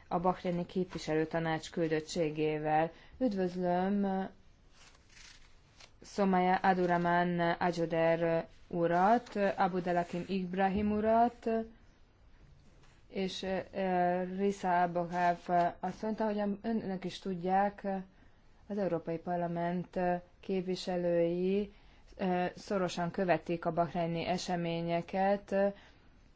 a Bahreini képviselőtanács küldöttségével. Üdvözlöm Szomája Aduraman Ajoder urat, Abu Delakim Ibrahim urat, és eh, Risa Abokáv azt mondta, hogy önök is tudják, az Európai Parlament képviselői eh, szorosan követik a bahreini eseményeket,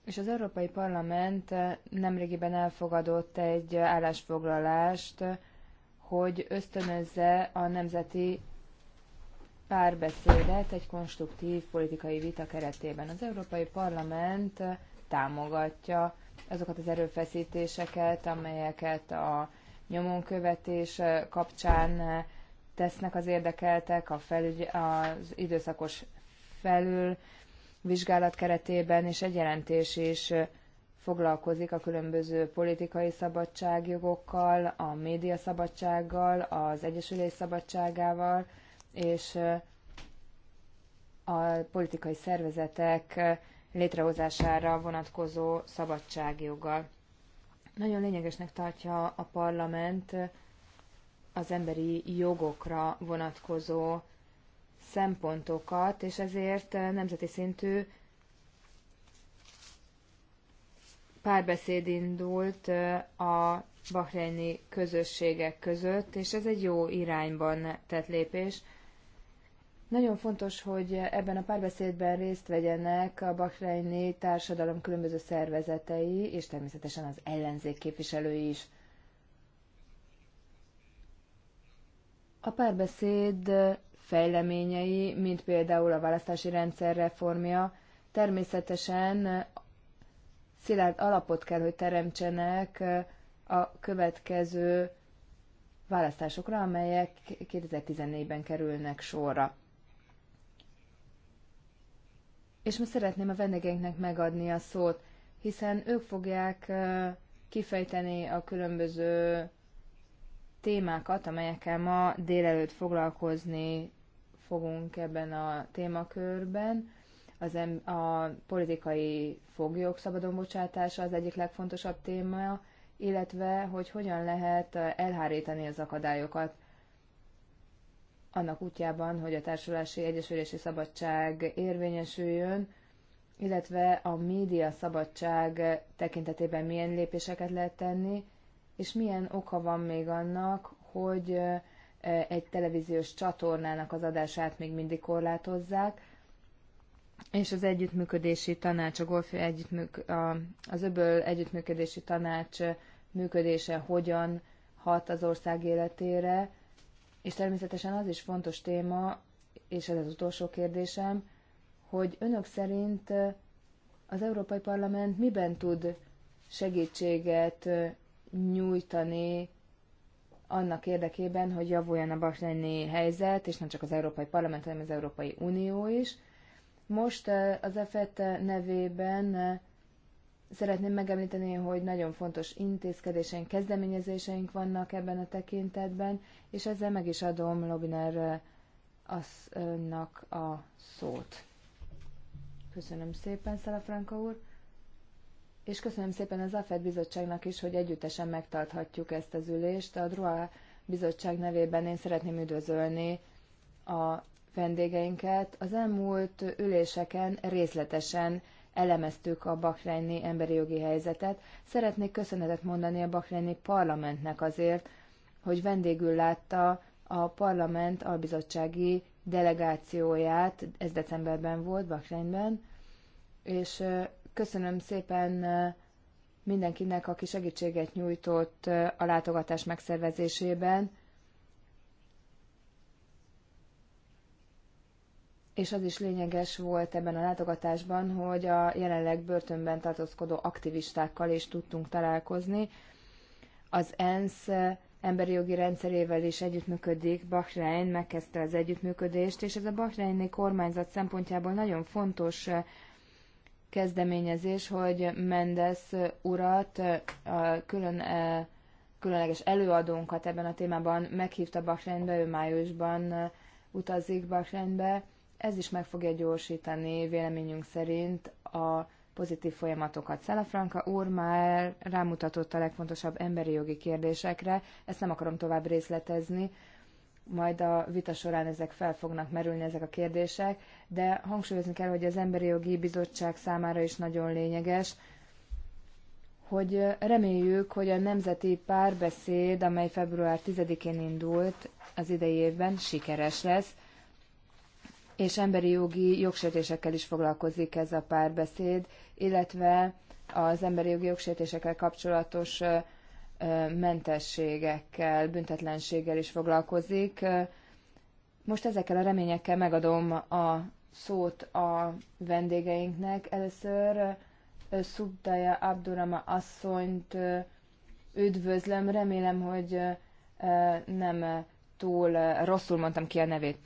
és az Európai Parlament eh, nemrégiben elfogadott egy állásfoglalást, hogy ösztönözze a nemzeti párbeszédet egy konstruktív politikai vita keretében. Az Európai Parlament támogatja azokat az erőfeszítéseket, amelyeket a nyomonkövetés kapcsán tesznek az érdekeltek a felügy, az időszakos felül vizsgálat keretében, és egy jelentés is foglalkozik a különböző politikai szabadságjogokkal, a médiaszabadsággal, az egyesülés szabadságával, és a politikai szervezetek létrehozására vonatkozó szabadságjoggal. Nagyon lényegesnek tartja a parlament az emberi jogokra vonatkozó szempontokat, és ezért nemzeti szintű párbeszéd indult a bahreini közösségek között, és ez egy jó irányban tett lépés. Nagyon fontos, hogy ebben a párbeszédben részt vegyenek a bakrejni társadalom különböző szervezetei, és természetesen az ellenzék képviselői is. A párbeszéd fejleményei, mint például a választási rendszer reformja, természetesen szilárd alapot kell, hogy teremtsenek a következő választásokra, amelyek 2014-ben kerülnek sorra. És most szeretném a vendégeinknek megadni a szót, hiszen ők fogják kifejteni a különböző témákat, amelyekkel ma délelőtt foglalkozni fogunk ebben a témakörben. Az em- a politikai foglyok szabadon bocsátása az egyik legfontosabb téma, illetve hogy hogyan lehet elhárítani az akadályokat annak útjában, hogy a társulási egyesülési szabadság érvényesüljön, illetve a média szabadság tekintetében milyen lépéseket lehet tenni, és milyen oka van még annak, hogy egy televíziós csatornának az adását még mindig korlátozzák, és az együttműködési tanács, a golf együttműk, a, az öböl együttműködési tanács működése hogyan hat az ország életére, és természetesen az is fontos téma, és ez az utolsó kérdésem, hogy önök szerint az Európai Parlament miben tud segítséget nyújtani annak érdekében, hogy javuljon a bahreini helyzet, és nem csak az Európai Parlament, hanem az Európai Unió is. Most az EFET nevében Szeretném megemlíteni, hogy nagyon fontos intézkedéseink, kezdeményezéseink vannak ebben a tekintetben, és ezzel meg is adom Lobiner eh, aznak a szót. Köszönöm szépen, Franka úr, és köszönöm szépen az AFED bizottságnak is, hogy együttesen megtarthatjuk ezt az ülést. A DROA bizottság nevében én szeretném üdvözölni a vendégeinket. Az elmúlt üléseken részletesen elemeztük a bakreini emberi jogi helyzetet. Szeretnék köszönetet mondani a bakreini parlamentnek azért, hogy vendégül látta a parlament albizottsági delegációját, ez decemberben volt Bakreinben, és köszönöm szépen mindenkinek, aki segítséget nyújtott a látogatás megszervezésében, és az is lényeges volt ebben a látogatásban, hogy a jelenleg börtönben tartózkodó aktivistákkal is tudtunk találkozni. Az ENSZ eh, emberi jogi rendszerével is együttműködik, Bahrein megkezdte az együttműködést, és ez a bahreini kormányzat szempontjából nagyon fontos eh, kezdeményezés, hogy Mendes eh, urat, a külön, különleges előadónkat ebben a témában meghívta Bahreinbe, ő májusban utazik Bahreinbe, ez is meg fogja gyorsítani véleményünk szerint a pozitív folyamatokat. Szelafranka úr már rámutatott a legfontosabb emberi jogi kérdésekre, ezt nem akarom tovább részletezni, majd a vita során ezek fel fognak merülni, ezek a kérdések, de hangsúlyozni kell, hogy az Emberi Jogi Bizottság számára is nagyon lényeges, hogy reméljük, hogy a nemzeti párbeszéd, amely február 10-én indult az idei évben, sikeres lesz, és emberi jogi jogsértésekkel is foglalkozik ez a párbeszéd, illetve az emberi jogi jogsértésekkel kapcsolatos mentességekkel, büntetlenséggel is foglalkozik. Most ezekkel a reményekkel megadom a szót a vendégeinknek. Először Szubdaya Abdurama asszonyt üdvözlöm, remélem, hogy nem túl rosszul mondtam ki a nevét.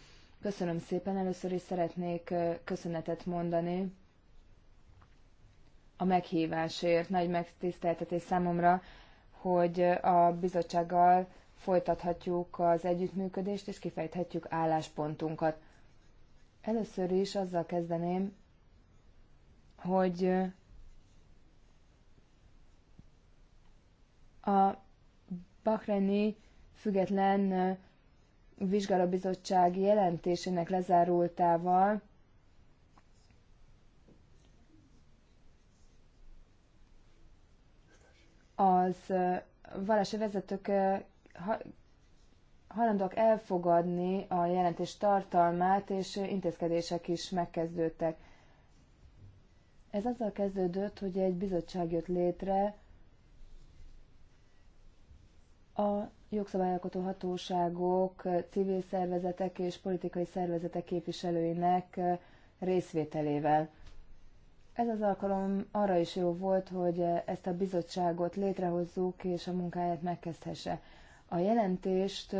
Köszönöm szépen, először is szeretnék köszönetet mondani a meghívásért. Nagy megtiszteltetés számomra, hogy a bizottsággal folytathatjuk az együttműködést, és kifejthetjük álláspontunkat. Először is azzal kezdeném, hogy a Bahreini független vizsgálóbizottság jelentésének lezárultával az vallási vezetők hajlandóak elfogadni a jelentés tartalmát, és intézkedések is megkezdődtek. Ez azzal kezdődött, hogy egy bizottság jött létre a jogszabályalkotó hatóságok, civil szervezetek és politikai szervezetek képviselőinek részvételével. Ez az alkalom arra is jó volt, hogy ezt a bizottságot létrehozzuk és a munkáját megkezdhesse. A jelentést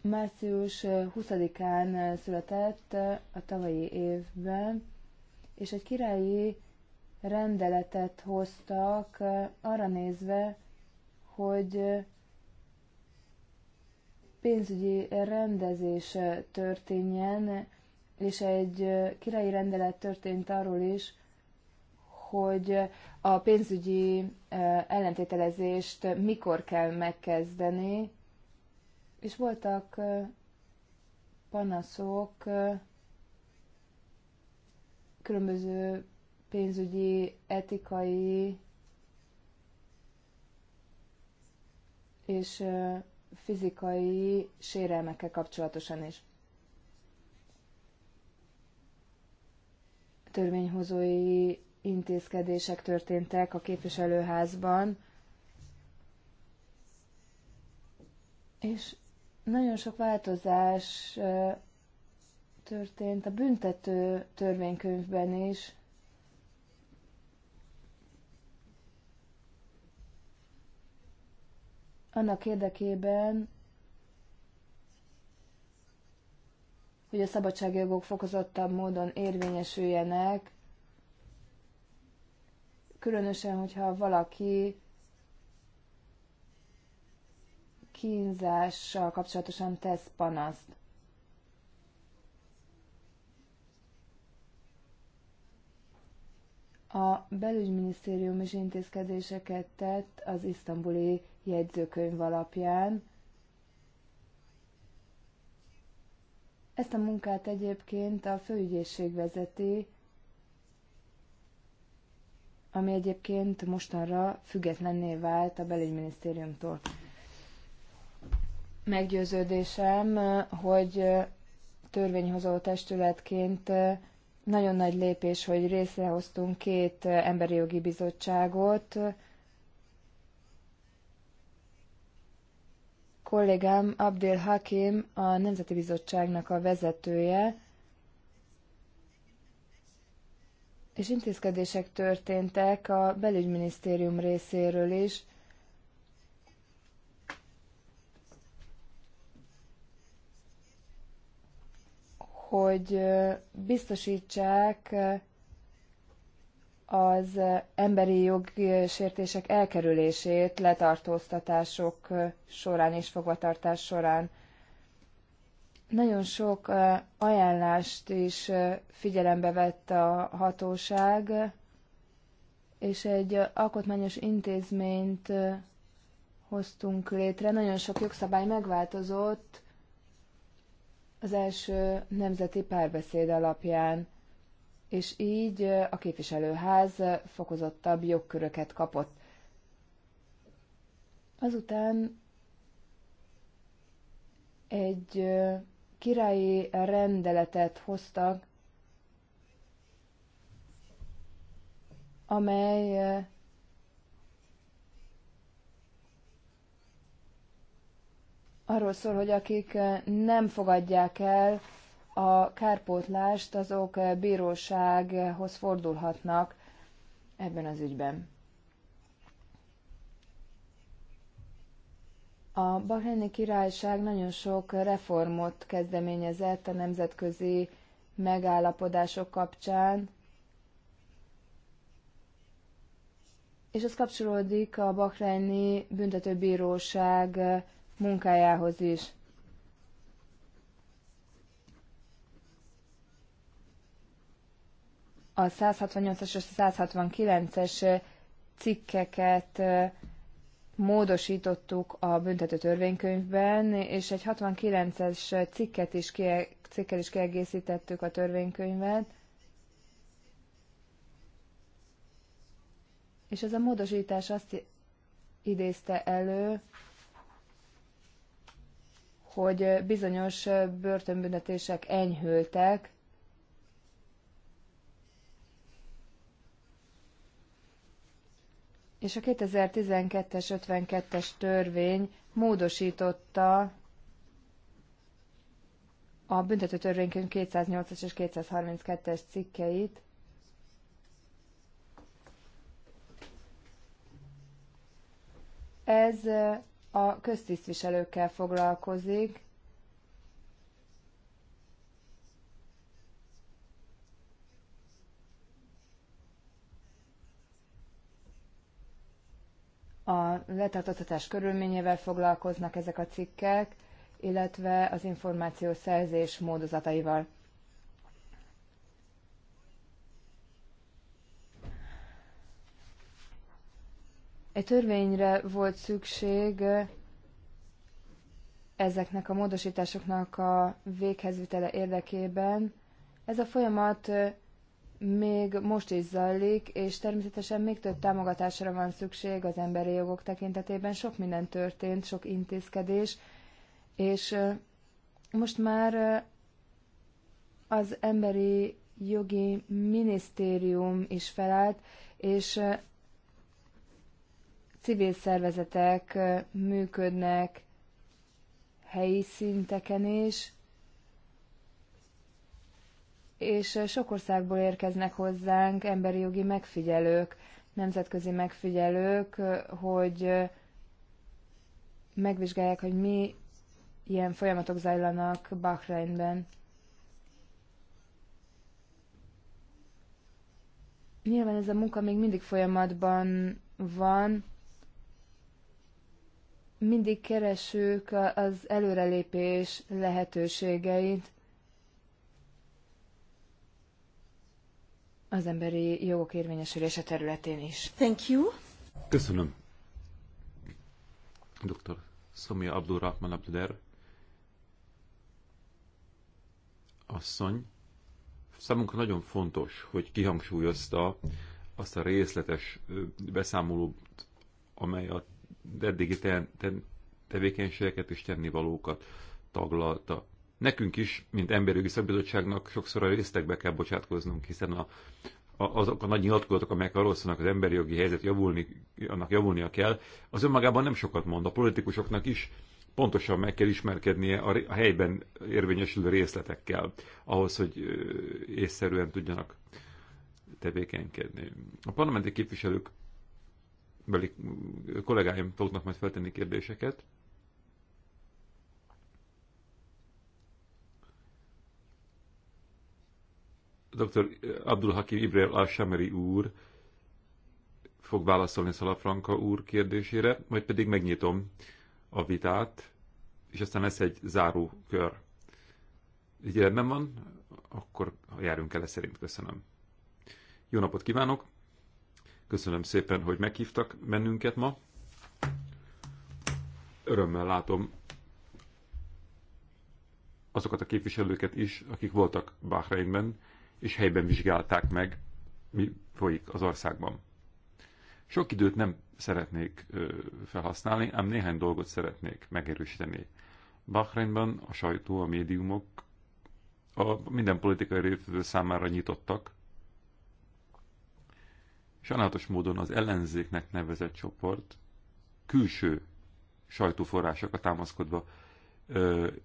március 20-án született a tavalyi évben, és egy királyi rendeletet hoztak arra nézve, hogy pénzügyi rendezés történjen, és egy királyi rendelet történt arról is, hogy a pénzügyi ellentételezést mikor kell megkezdeni, és voltak panaszok különböző pénzügyi, etikai és fizikai sérelmekkel kapcsolatosan is. Törvényhozói intézkedések történtek a képviselőházban, és nagyon sok változás történt a büntető törvénykönyvben is, annak érdekében, hogy a szabadságjogok fokozottabb módon érvényesüljenek, különösen, hogyha valaki kínzással kapcsolatosan tesz panaszt. A belügyminisztérium is intézkedéseket tett az isztambuli jegyzőkönyv alapján. Ezt a munkát egyébként a főügyészség vezeti, ami egyébként mostanra függetlenné vált a belügyminisztériumtól. Meggyőződésem, hogy törvényhozó testületként nagyon nagy lépés, hogy részrehoztunk két emberi jogi bizottságot, kollégám Abdel Hakim, a Nemzeti Bizottságnak a vezetője, és intézkedések történtek a belügyminisztérium részéről is, hogy biztosítsák az emberi jogsértések elkerülését letartóztatások során és fogvatartás során. Nagyon sok ajánlást is figyelembe vett a hatóság, és egy alkotmányos intézményt hoztunk létre. Nagyon sok jogszabály megváltozott az első nemzeti párbeszéd alapján és így a képviselőház fokozottabb jogköröket kapott. Azután egy királyi rendeletet hoztak, amely arról szól, hogy akik nem fogadják el a kárpótlást, azok bírósághoz fordulhatnak ebben az ügyben. A Bahreini Királyság nagyon sok reformot kezdeményezett a nemzetközi megállapodások kapcsán, és ez kapcsolódik a Bahreini Büntetőbíróság munkájához is. a 168-as és a 169-es cikkeket módosítottuk a büntető törvénykönyvben, és egy 69-es cikket is, kie, is kiegészítettük a törvénykönyvet. És ez a módosítás azt idézte elő, hogy bizonyos börtönbüntetések enyhültek, és a 2012-es 52-es törvény módosította a büntető törvénykönyv 208-as és 232-es cikkeit, Ez a köztisztviselőkkel foglalkozik, A letartóztatás körülményével foglalkoznak ezek a cikkek, illetve az szerzés módozataival. Egy törvényre volt szükség ezeknek a módosításoknak a véghezvitele érdekében. Ez a folyamat még most is zajlik, és természetesen még több támogatásra van szükség az emberi jogok tekintetében. Sok minden történt, sok intézkedés, és most már az emberi jogi minisztérium is felállt, és civil szervezetek működnek helyi szinteken is, és eh, sok országból érkeznek hozzánk emberi jogi megfigyelők, nemzetközi megfigyelők, eh, hogy eh, megvizsgálják, hogy mi ilyen folyamatok zajlanak Bahreinben. Nyilván ez a munka még mindig folyamatban van, mindig keresünk az előrelépés lehetőségeit. az emberi jogok érvényesülése területén is. Thank you. Köszönöm. Dr. Szomia Abdul Rahman asszony számunkra nagyon fontos, hogy kihangsúlyozta azt a részletes beszámolót, amely a eddigi te, te, tevékenységeket és tennivalókat taglalta. Nekünk is, mint emberi szakbizottságnak sokszor a résztekbe kell bocsátkoznunk, hiszen a, a, azok a nagy nyilatkozatok, amelyek arról szólnak, az emberi jogi helyzet javulni, annak javulnia kell, az önmagában nem sokat mond. A politikusoknak is pontosan meg kell ismerkednie a helyben érvényesülő részletekkel, ahhoz, hogy észszerűen tudjanak tevékenykedni. A parlamenti képviselők beli kollégáim fognak majd feltenni kérdéseket. dr. Abdul Hakim Ibrahim al úr fog válaszolni Szalafranka úr kérdésére, majd pedig megnyitom a vitát, és aztán lesz egy záró kör. Így rendben van, akkor járunk el szerint. Köszönöm. Jó napot kívánok! Köszönöm szépen, hogy meghívtak bennünket ma. Örömmel látom azokat a képviselőket is, akik voltak Bahreinben, és helyben vizsgálták meg, mi folyik az országban. Sok időt nem szeretnék felhasználni, ám néhány dolgot szeretnék megerősíteni. Bahreinben a sajtó, a médiumok a minden politikai résztvevő számára nyitottak. Sajnálatos módon az ellenzéknek nevezett csoport külső sajtóforrásokat támaszkodva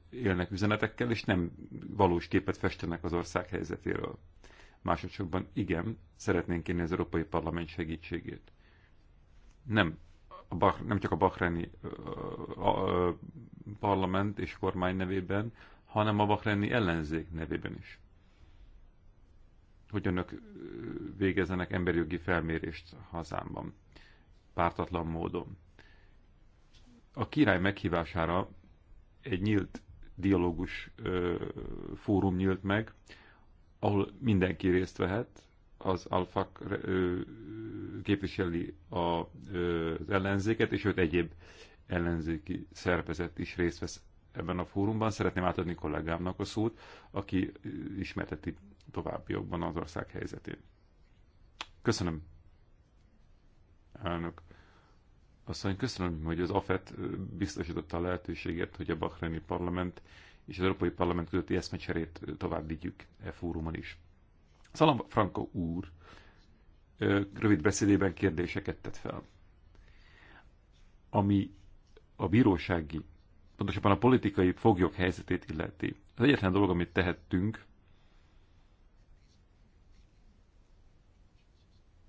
élnek üzenetekkel, és nem valós képet festenek az ország helyzetéről. Másodszorban igen, szeretnénk kérni az Európai Parlament segítségét. Nem, a Bach, nem csak a bahreini parlament és kormány nevében, hanem a bahreini ellenzék nevében is. Hogy önök végezzenek emberjogi felmérést hazámban, pártatlan módon. A király meghívására egy nyílt dialógus fórum nyílt meg, ahol mindenki részt vehet, az Alfak képviseli a, az ellenzéket, és őt egyéb ellenzéki szervezet is részt vesz ebben a fórumban. Szeretném átadni kollégámnak a szót, aki ismerteti továbbiakban az ország helyzetét. Köszönöm, elnök mondja, köszönöm, hogy az AFET biztosította a lehetőséget, hogy a Bahreini Parlament és az Európai Parlament közötti eszmecserét tovább vigyük e fórumon is. Szalam Franco úr rövid beszédében kérdéseket tett fel, ami a bírósági, pontosabban a politikai foglyok helyzetét illeti. Az egyetlen dolog, amit tehettünk,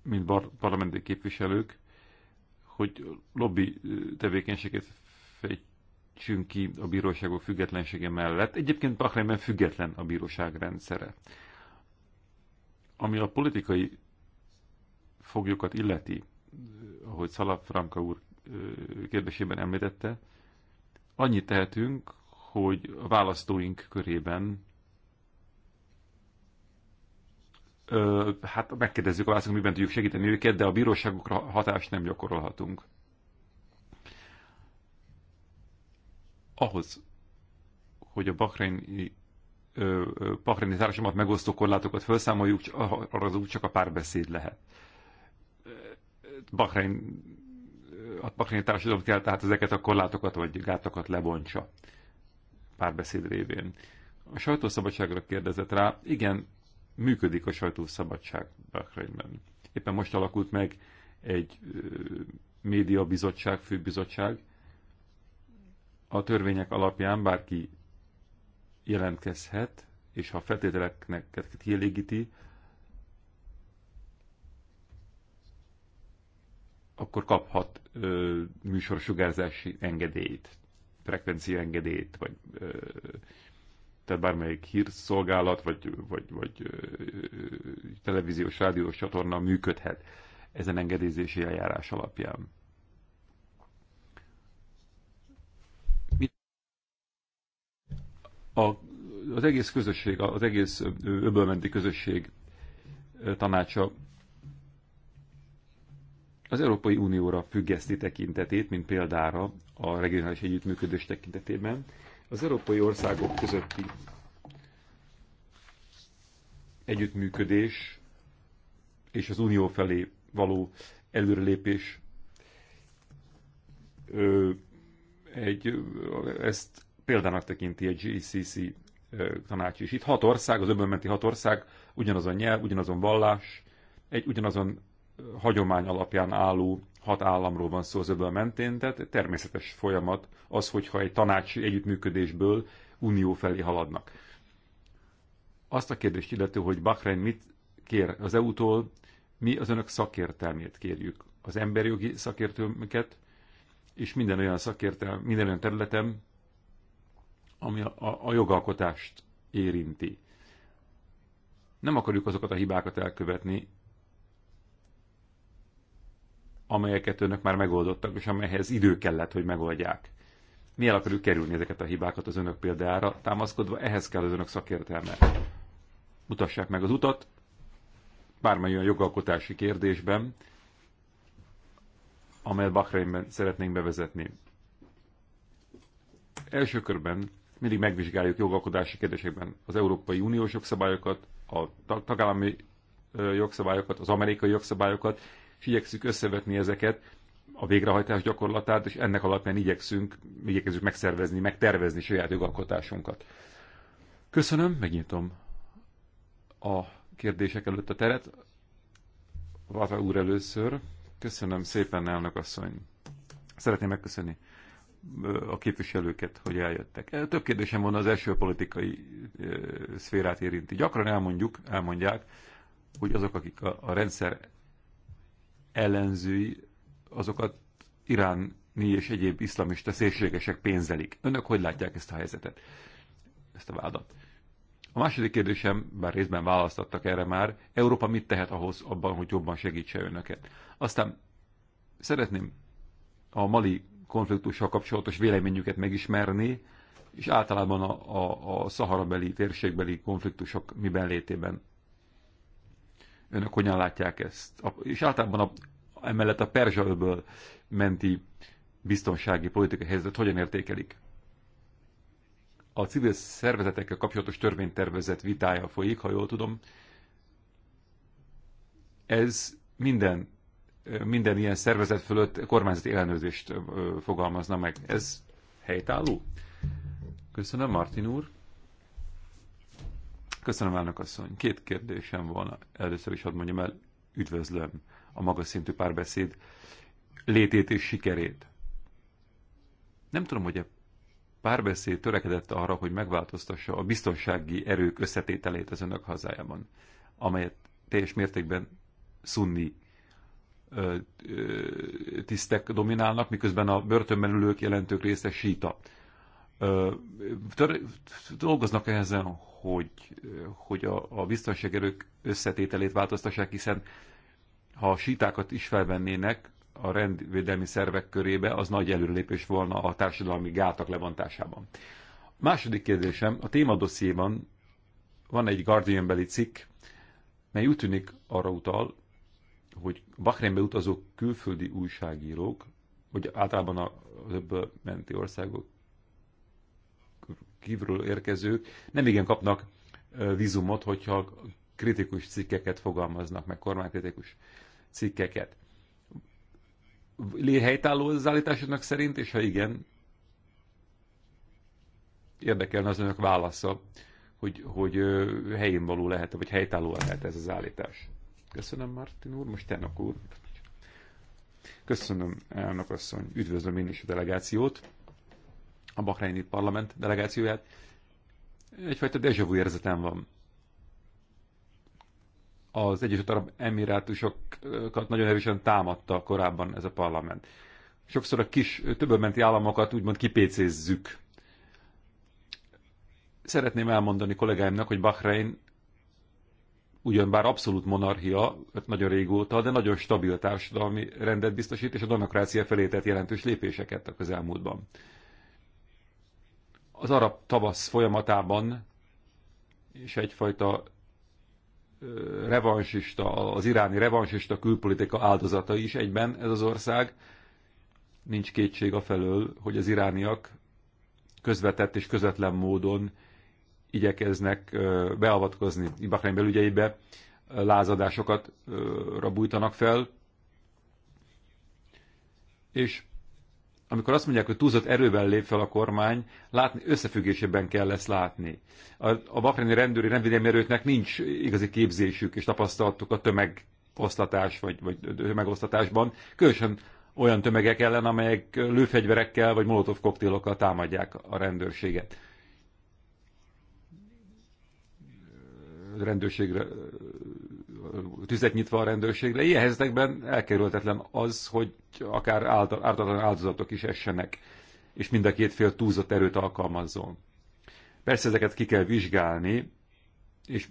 mint parlamenti képviselők, hogy lobby tevékenységet fejtsünk ki a bíróságok függetlensége mellett. Egyébként Bahreinben független a bíróság rendszere. Ami a politikai foglyokat illeti, ahogy Franka úr kérdésében említette, annyit tehetünk, hogy a választóink körében ö, hát megkérdezzük a válaszokat, miben tudjuk segíteni őket, de a bíróságokra hatást nem gyakorolhatunk. Ahhoz, hogy a bakreini Pakreni társamat megosztó korlátokat felszámoljuk, ah, arra úgy csak a párbeszéd lehet. Bahrein, a Bahreini társadalom kell tehát ezeket a korlátokat vagy gátakat lebontsa párbeszéd révén. A sajtószabadságra kérdezett rá, igen, működik a sajtószabadság Bahreinben. Éppen most alakult meg egy médiabizottság, főbizottság. A törvények alapján bárki jelentkezhet, és ha feltételeknek kielégíti, akkor kaphat ö, műsorsugárzási engedélyt, frekvencia engedélyt, vagy ö, tehát bármelyik hírszolgálat, vagy, vagy, vagy televíziós, rádiós csatorna működhet ezen engedélyzési eljárás alapján. A, az egész közösség, az egész öbölmenti közösség tanácsa az Európai Unióra függeszti tekintetét, mint példára a regionális együttműködés tekintetében, az európai országok közötti együttműködés és az unió felé való előrelépés ö, egy, ezt példának tekinti egy GCC tanács is. Itt hat ország, az menti hat ország, ugyanazon nyelv, ugyanazon vallás, egy ugyanazon hagyomány alapján álló hat államról van szó az öböl mentén, tehát természetes folyamat az, hogyha egy tanácsi együttműködésből unió felé haladnak. Azt a kérdést illető, hogy Bahrein mit kér az EU-tól, mi az önök szakértelmét kérjük, az emberi jogi szakértőmöket, és minden olyan szakértelm, minden olyan területem, ami a, a, a jogalkotást érinti. Nem akarjuk azokat a hibákat elkövetni, amelyeket önök már megoldottak, és amelyhez idő kellett, hogy megoldják. Mi el akarjuk kerülni ezeket a hibákat az önök példára, támaszkodva ehhez kell az önök szakértelme. Mutassák meg az utat, bármely olyan jogalkotási kérdésben, amelyet Bahreinben szeretnénk bevezetni. Első körben mindig megvizsgáljuk jogalkotási kérdésekben az Európai Uniós jogszabályokat, a tagállami jogszabályokat, az amerikai jogszabályokat, igyekszük összevetni ezeket, a végrehajtás gyakorlatát, és ennek alapján igyekszünk, igyekezünk megszervezni, megtervezni saját jogalkotásunkat. Köszönöm, megnyitom a kérdések előtt a teret. Vata úr először. Köszönöm szépen, elnök asszony. Szeretném megköszönni a képviselőket, hogy eljöttek. Több kérdésem van az első politikai szférát érinti. Gyakran elmondjuk, elmondják, hogy azok, akik a, a rendszer ellenzői, azokat iráni és egyéb iszlamista szélségesek pénzelik. Önök hogy látják ezt a helyzetet, ezt a vádat? A második kérdésem, bár részben választattak erre már, Európa mit tehet ahhoz abban, hogy jobban segítse önöket? Aztán szeretném a mali konfliktussal kapcsolatos véleményüket megismerni, és általában a, a, a szaharabeli térségbeli konfliktusok miben létében Önök hogyan látják ezt? A, és általában a, emellett a Perzsa-öböl menti biztonsági politikai helyzetet hogyan értékelik? A civil szervezetekkel kapcsolatos törvénytervezet vitája folyik, ha jól tudom. Ez minden, minden ilyen szervezet fölött kormányzati ellenőrzést fogalmazna meg. Ez helytálló? Köszönöm, Martin úr. Köszönöm, elnök asszony. Két kérdésem van. Először is hadd mondjam el, üdvözlöm a magas szintű párbeszéd létét és sikerét. Nem tudom, hogy a párbeszéd törekedett arra, hogy megváltoztassa a biztonsági erők összetételét az önök hazájában, amelyet teljes mértékben szunni tisztek dominálnak, miközben a börtönben ülők jelentők része síta dolgoznak ezen, hogy, hogy a, a biztonság erők összetételét változtassák, hiszen ha a sítákat is felvennének a rendvédelmi szervek körébe, az nagy előrelépés volna a társadalmi gátak lebontásában. második kérdésem, a témadosszéban van egy Guardian beli cikk, mely úgy tűnik arra utal, hogy Bahreinbe utazó külföldi újságírók, vagy általában a öbből menti országok kívülről érkezők nem igen kapnak vízumot, hogyha kritikus cikkeket fogalmaznak, meg kormánykritikus cikkeket. Lér helytálló az állításodnak szerint, és ha igen, érdekelne az önök válasza, hogy, hogy helyén való lehet, vagy helytálló lehet ez az állítás. Köszönöm, Martin úr, most Tenok úr. Köszönöm, elnök asszony, üdvözlöm én is a delegációt a Bahreini parlament delegációját. Egyfajta deja vu érzetem van. Az Egyesült Arab Emirátusokat nagyon erősen támadta korábban ez a parlament. Sokszor a kis többömenti államokat úgymond kipécézzük. Szeretném elmondani kollégáimnak, hogy Bahrein ugyanbár abszolút monarchia hát nagyon régóta, de nagyon stabil társadalmi rendet biztosít, és a demokrácia felé tett jelentős lépéseket a közelmúltban az arab tavasz folyamatában és egyfajta revansista, az iráni revansista külpolitika áldozata is egyben ez az ország. Nincs kétség a felől, hogy az irániak közvetett és közvetlen módon igyekeznek beavatkozni Bahrein belügyeibe, lázadásokat rabújtanak fel, és amikor azt mondják, hogy túlzott erővel lép fel a kormány, látni, összefüggésében kell lesz látni. A, a bahreini rendőri erőknek nincs igazi képzésük és tapasztalatuk a tömegosztatás vagy, vagy tömegosztatásban, különösen olyan tömegek ellen, amelyek lőfegyverekkel vagy molotov koktélokkal támadják a rendőrséget. Rendőrségre tüzet nyitva a rendőrségre. Ilyen helyzetekben elkerülhetetlen az, hogy akár ártatlan áldozatok is essenek, és mind a két fél túlzott erőt alkalmazzon. Persze ezeket ki kell vizsgálni, és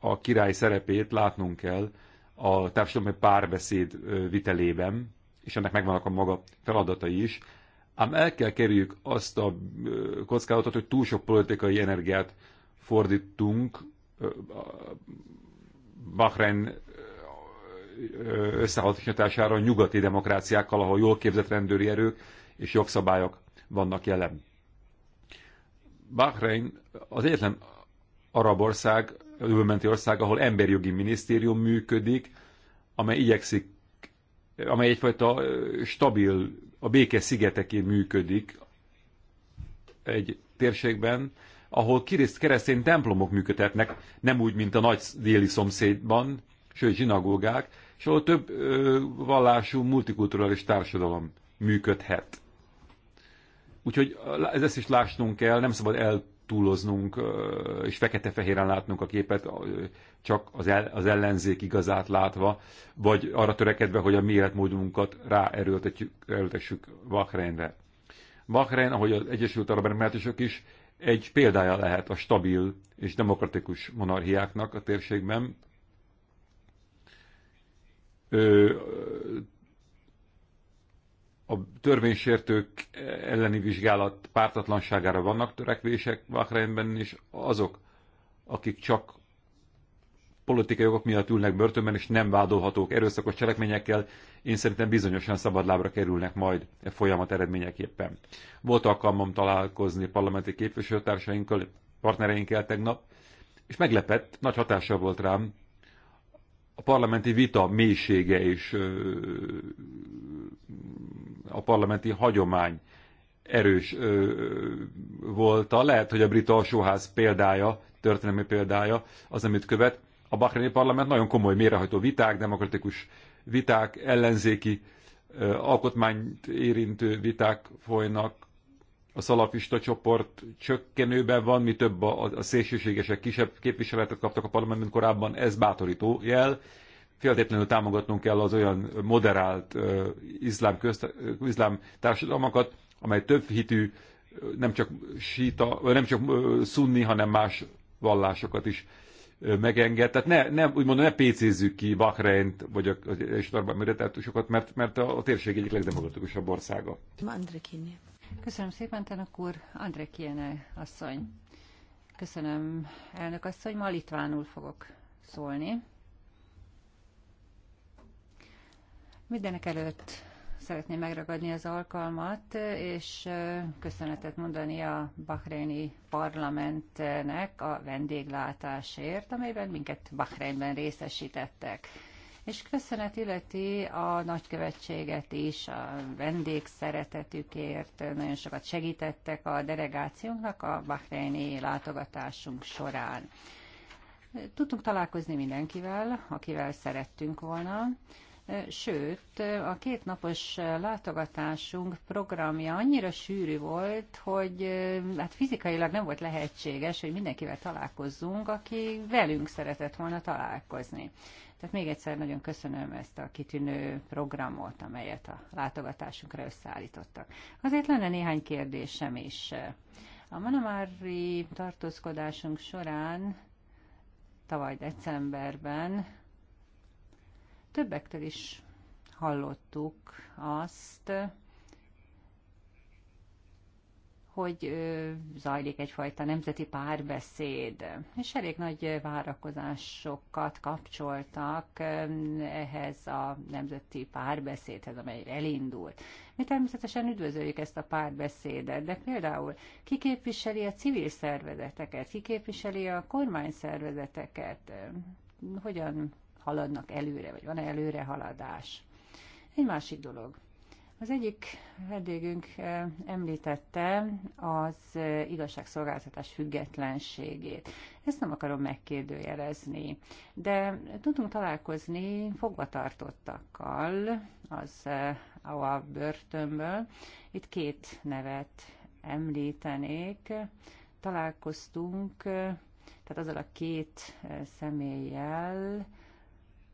a király szerepét látnunk kell a társadalmi párbeszéd vitelében, és ennek megvannak a maga feladatai is, ám el kell kerüljük azt a kockázatot, hogy túl sok politikai energiát fordítunk Bahrein összehasonlítására a nyugati demokráciákkal, ahol jól képzett rendőri erők és jogszabályok vannak jelen. Bahrein az egyetlen arab ország, öbölmenti ország, ahol emberjogi minisztérium működik, amely igyekszik, amely egyfajta stabil, a béke szigeteké működik egy térségben, ahol keresztény templomok működhetnek, nem úgy, mint a nagy déli szomszédban, sőt zsinagógák, és ahol több ö, vallású, multikulturális társadalom működhet. Úgyhogy ezt is lásnunk kell, nem szabad eltúloznunk, és fekete-fehéren látnunk a képet, csak az, el, az ellenzék igazát látva, vagy arra törekedve, hogy a mi életmódunkat ráerőltessük Bahreinre. Bahrein, ahogy az Egyesült Arab Emirátusok is, egy példája lehet a stabil és demokratikus monarchiáknak a térségben. Ö, a törvénysértők elleni vizsgálat pártatlanságára vannak törekvések Bahreinben is, azok, akik csak politikai jogok miatt ülnek börtönben, és nem vádolhatók erőszakos cselekményekkel, én szerintem bizonyosan szabadlábra kerülnek majd e folyamat eredményeképpen. Volt alkalmam találkozni parlamenti képviselőtársainkkal, partnereinkkel tegnap, és meglepett, nagy hatással volt rám a parlamenti vita mélysége és a parlamenti hagyomány erős volt. Lehet, hogy a brit alsóház példája, történelmi példája az, amit követ, a bahreini parlament nagyon komoly mérehajtó viták, demokratikus viták, ellenzéki alkotmányt érintő viták folynak, a szalafista csoport csökkenőben van, mi több a, a szélsőségesek kisebb képviseletet kaptak a parlamentben korábban, ez bátorító jel. Feltétlenül támogatnunk kell az olyan moderált uh, iszlám, közt, uh, iszlám társadalmakat, amely több hitű, nem csak, síta, nem csak uh, szunni, hanem más vallásokat is uh, megenged. Tehát ne, úgy úgymond ne pécézzük ki Bahreint, vagy a, a, a Starban Emirátusokat, mert, mert a, a térség egyik legdemokratikusabb országa. Andrikini. Köszönöm szépen, Tanak úr. André Kiene asszony. Köszönöm, elnök asszony. Ma litvánul fogok szólni. Mindenek előtt szeretném megragadni az alkalmat, és köszönetet mondani a Bahreini parlamentnek a vendéglátásért, amelyben minket Bahreinben részesítettek. És köszönet illeti a nagykövetséget is, a vendégszeretetükért, nagyon sokat segítettek a delegációnknak a Bahreini látogatásunk során. Tudtunk találkozni mindenkivel, akivel szerettünk volna, Sőt, a két napos látogatásunk programja annyira sűrű volt, hogy hát fizikailag nem volt lehetséges, hogy mindenkivel találkozzunk, aki velünk szeretett volna találkozni. Tehát még egyszer nagyon köszönöm ezt a kitűnő programot, amelyet a látogatásunkra összeállítottak. Azért lenne néhány kérdésem is. A Manamári tartózkodásunk során tavaly decemberben Többektől is hallottuk azt, hogy zajlik egyfajta nemzeti párbeszéd, és elég nagy várakozásokat kapcsoltak ehhez a nemzeti párbeszédhez, amely elindult. Mi természetesen üdvözöljük ezt a párbeszédet, de például ki képviseli a civil szervezeteket, ki képviseli a szervezeteket, hogyan haladnak előre, vagy van-e előre haladás. Egy másik dolog. Az egyik vendégünk eh, említette az eh, igazságszolgáltatás függetlenségét. Ezt nem akarom megkérdőjelezni, de tudunk találkozni fogvatartottakkal az eh, a börtönből. Itt két nevet említenék. Találkoztunk tehát azzal a két személlyel,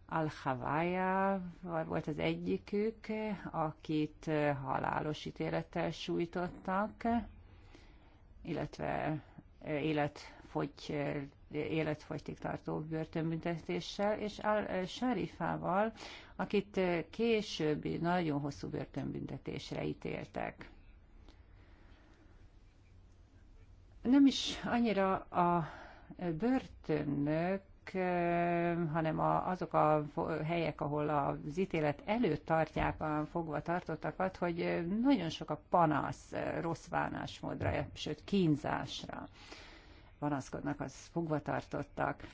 al Hawaja volt az egyikük, akit halálos ítélettel sújtottak, illetve életfogy, életfogytig tartó börtönbüntetéssel, és Al-Sharifával, akit későbbi nagyon hosszú börtönbüntetésre ítéltek. Nem is annyira a börtönök hanem a, azok a helyek, ahol az ítélet előtt tartják a fogva tartottakat, hogy nagyon sok a panasz rossz bánásmódra, sőt kínzásra panaszkodnak az fogvatartottak.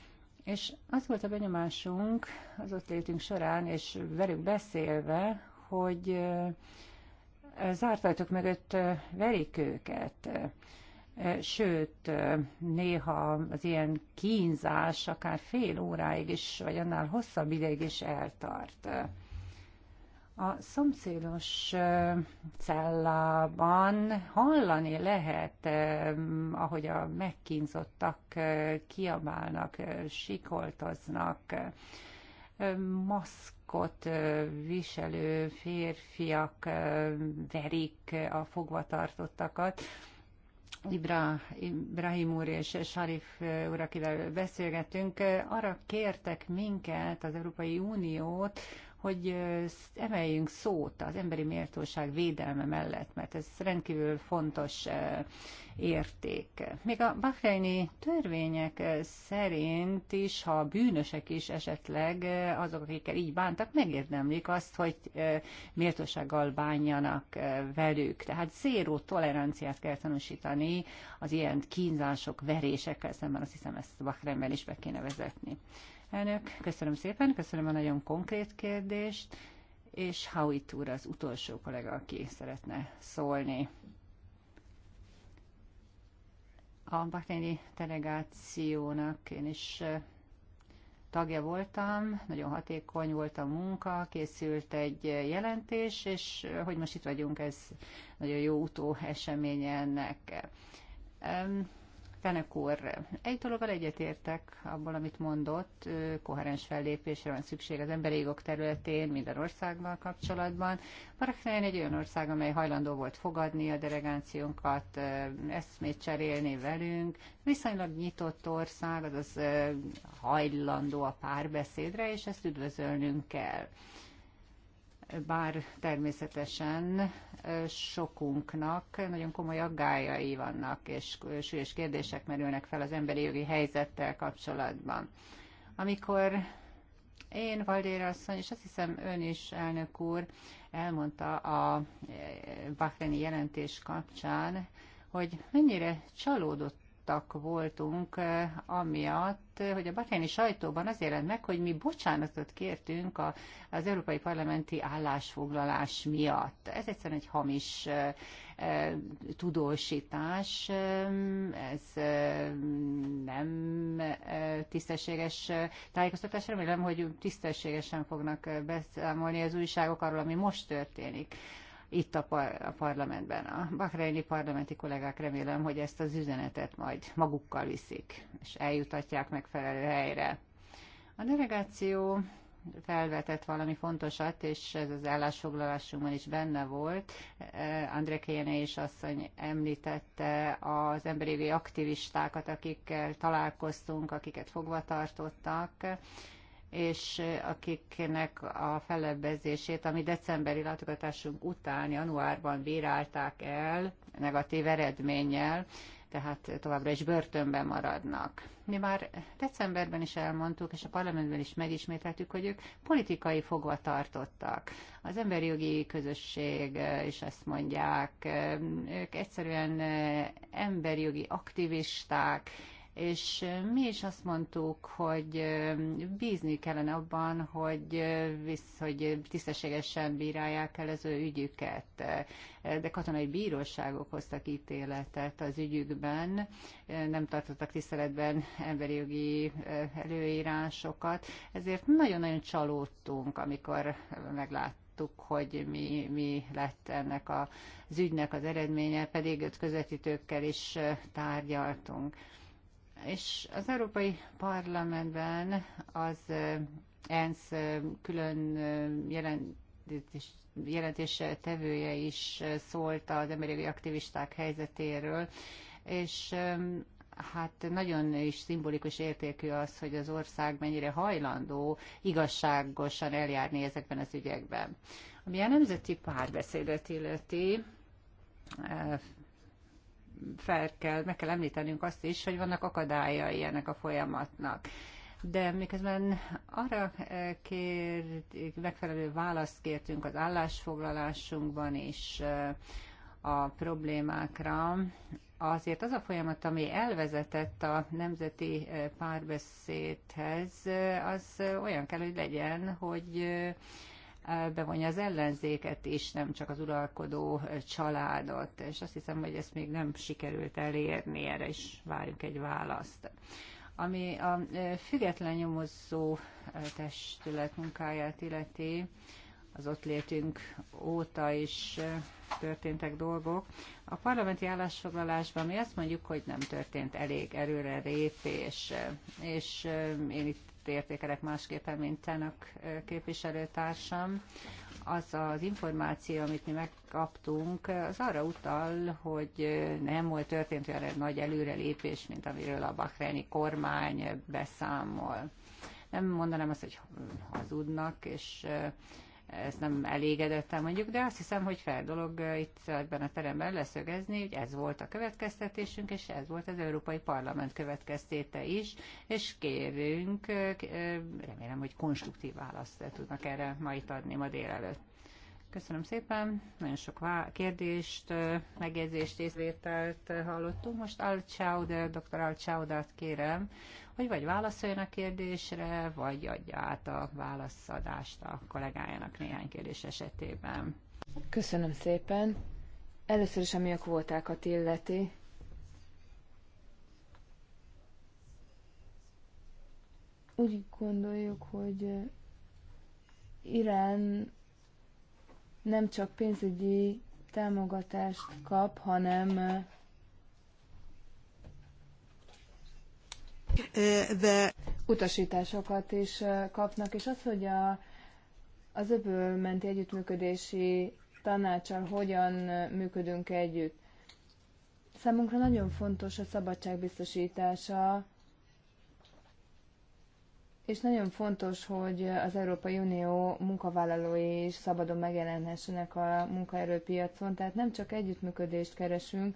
És az volt a benyomásunk az ott létünk során, és velük beszélve, hogy zárt ajtók mögött verik őket. E, sőt, e, néha az ilyen kínzás akár fél óráig is, vagy annál hosszabb ideig is eltart. E, a szomszédos cellában hallani lehet, ahogy a megkínzottak kiabálnak, sikoltoznak, maszkot viselő férfiak verik a fogvatartottakat, Ibra, Ibrahim úr és Sarif úr, akivel beszélgetünk, arra kértek minket, az Európai Uniót, hogy emeljünk szót az emberi méltóság védelme mellett, mert ez rendkívül fontos érték. Még a bahreini törvények szerint is, ha bűnösek is esetleg, azok, akikkel így bántak, megérdemlik azt, hogy méltósággal bánjanak velük. Tehát zéró toleranciát kell tanúsítani az ilyen kínzások, verésekkel szemben, azt hiszem ezt Bahreinben is be kéne vezetni. Elnök, köszönöm szépen, köszönöm a nagyon konkrét kérdést, és Howitt úr az utolsó kollega, aki szeretne szólni. A Baknéni delegációnak én is tagja voltam, nagyon hatékony volt a munka, készült egy jelentés, és hogy most itt vagyunk, ez nagyon jó utó eseménye ennek. Fenek úr, egy dologgal egyetértek abból, amit mondott, koherens fellépésre van szükség az emberi jogok területén, minden országgal kapcsolatban. Bahrein egy olyan ország, amely hajlandó volt fogadni a delegációnkat, eszmét cserélni velünk. Viszonylag nyitott ország, azaz hajlandó a párbeszédre, és ezt üdvözölnünk kell bár természetesen sokunknak nagyon komoly aggályai vannak, és súlyos kérdések merülnek fel az emberi jogi helyzettel kapcsolatban. Amikor én, Valdéra asszony, és azt hiszem ön is, elnök úr, elmondta a eh, Bahreni jelentés kapcsán, hogy mennyire csalódott vádoltak voltunk, eh, amiatt, eh, hogy a bahreini sajtóban az jelent meg, hogy mi bocsánatot kértünk a, az Európai Parlamenti állásfoglalás miatt. Ez egyszerűen egy hamis eh, tudósítás, ez nem tisztességes tájékoztatás. Remélem, hogy tisztességesen fognak beszámolni az újságok arról, ami most történik itt a, par- a parlamentben. A bakrejni parlamenti kollégák remélem, hogy ezt az üzenetet majd magukkal viszik, és eljutatják megfelelő helyre. A delegáció felvetett valami fontosat, és ez az állásfoglalásunkban is benne volt. André Kéne és asszony említette az emberévi aktivistákat, akikkel találkoztunk, akiket fogva tartottak és akiknek a fellebbezését, ami decemberi látogatásunk után, januárban bírálták el negatív eredménnyel, tehát továbbra is börtönben maradnak. Mi már decemberben is elmondtuk, és a parlamentben is megismételtük, hogy ők politikai fogva tartottak. Az emberi jogi közösség is ezt mondják, ők egyszerűen emberi jogi aktivisták, és mi is azt mondtuk, hogy bízni kellene abban, hogy, visz, hogy tisztességesen bírálják el az ő ügyüket. De katonai bíróságok hoztak ítéletet az ügyükben, nem tartottak tiszteletben emberi jogi előírásokat, ezért nagyon-nagyon csalódtunk, amikor megláttuk hogy mi, mi lett ennek a, az ügynek az eredménye, pedig öt közvetítőkkel is tárgyaltunk. És az Európai Parlamentben az ENSZ külön jelentés, tevője is szólt az emberi aktivisták helyzetéről, és hát nagyon is szimbolikus értékű az, hogy az ország mennyire hajlandó igazságosan eljárni ezekben az ügyekben. Ami a nemzeti párbeszédet illeti, fel kell, meg kell említenünk azt is, hogy vannak akadályai ennek a folyamatnak. De miközben arra eh, kér, megfelelő választ kértünk az állásfoglalásunkban is eh, a problémákra, azért az a folyamat, ami elvezetett a nemzeti eh, párbeszédhez, az olyan kell, hogy legyen, hogy bevonja az ellenzéket is, nem csak az uralkodó családot, és azt hiszem, hogy ezt még nem sikerült elérni, erre is várjuk egy választ. Ami a független nyomozó testület munkáját illeti, az ott létünk óta is történtek dolgok. A parlamenti állásfoglalásban mi azt mondjuk, hogy nem történt elég erőre lépés, és én itt értékelek másképpen, mint Tenak képviselőtársam. Az az információ, amit mi megkaptunk, az arra utal, hogy nem volt történt olyan nagy előrelépés, mint amiről a bahreini kormány beszámol. Nem mondanám azt, hogy hazudnak, és ezt nem elégedettem mondjuk, de azt hiszem, hogy fel dolog eh, itt ebben a teremben leszögezni, hogy ez volt a következtetésünk, és ez volt az Európai Parlament következtéte is, és kérünk, eh, eh, remélem, hogy konstruktív választ tudnak erre majd adni ma délelőtt. Köszönöm szépen, nagyon sok kérdést, megjegyzést, észvételt hallottunk. Most Csáude, dr. Csáudát kérem, hogy vagy válaszoljon a kérdésre, vagy adja át a válaszadást a kollégájának néhány kérdés esetében. Köszönöm szépen. Először is, ami a kvótákat illeti, úgy gondoljuk, hogy Irán nem csak pénzügyi támogatást kap, hanem de utasításokat is kapnak, és az, hogy a, az öbölmenti együttműködési tanácsal hogyan működünk együtt. Számunkra nagyon fontos a szabadság biztosítása, és nagyon fontos, hogy az Európai Unió munkavállalói is szabadon megjelenhessenek a munkaerőpiacon, tehát nem csak együttműködést keresünk,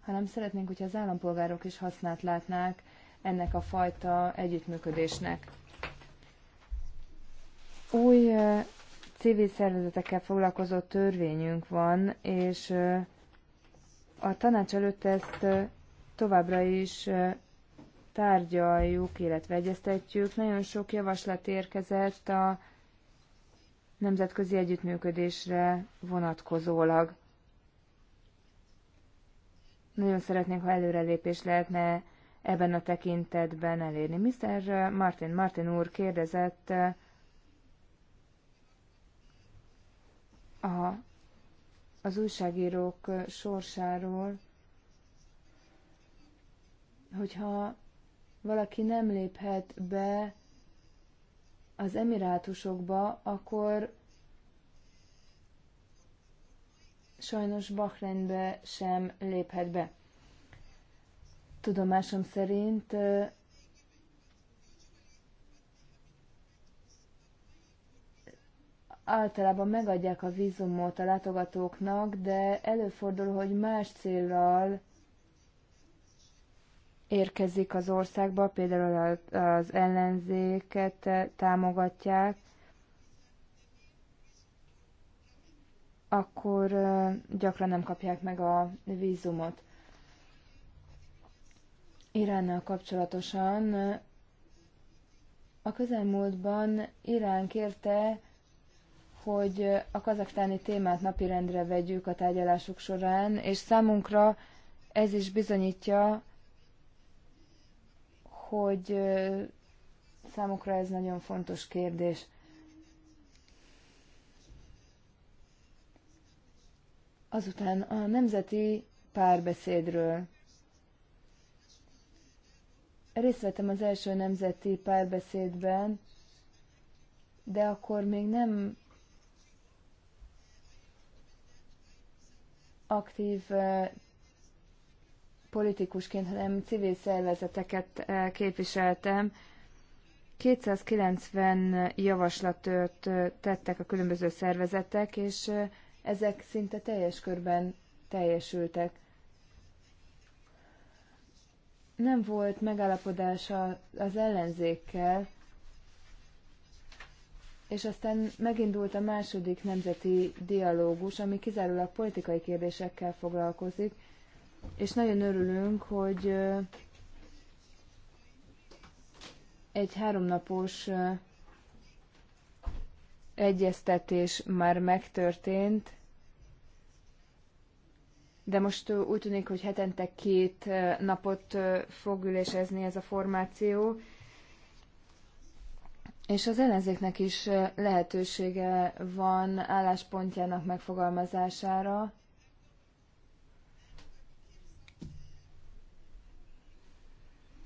hanem szeretnénk, hogyha az állampolgárok is hasznát látnák ennek a fajta együttműködésnek. Új civil szervezetekkel foglalkozó törvényünk van, és a tanács előtt ezt továbbra is tárgyaljuk, illetve egyeztetjük. Nagyon sok javaslat érkezett a nemzetközi együttműködésre vonatkozólag. Nagyon szeretnénk, ha előrelépés lehetne ebben a tekintetben elérni. Mr. Martin, Martin úr kérdezett a, az újságírók sorsáról, hogyha valaki nem léphet be az emirátusokba, akkor sajnos Bahreinbe sem léphet be. Tudomásom szerint általában megadják a vízumot a látogatóknak, de előfordul, hogy más célral érkezik az országba, például az ellenzéket támogatják, akkor gyakran nem kapják meg a vízumot. Iránnal kapcsolatosan a közelmúltban Irán kérte, hogy a kazaktáni témát napirendre vegyük a tárgyalások során, és számunkra ez is bizonyítja, hogy számukra ez nagyon fontos kérdés. Azután a nemzeti párbeszédről. Részt vettem az első nemzeti párbeszédben, de akkor még nem aktív eh, politikusként, hanem civil szervezeteket eh, képviseltem. 290 javaslatot eh, tettek a különböző szervezetek, és ezek szinte teljes körben teljesültek nem volt megállapodása az ellenzékkel, és aztán megindult a második nemzeti dialógus, ami kizárólag politikai kérdésekkel foglalkozik, és nagyon örülünk, hogy egy háromnapos egyeztetés már megtörtént, de most úgy tűnik, hogy hetente két napot fog ülésezni ez a formáció, és az ellenzéknek is lehetősége van álláspontjának megfogalmazására.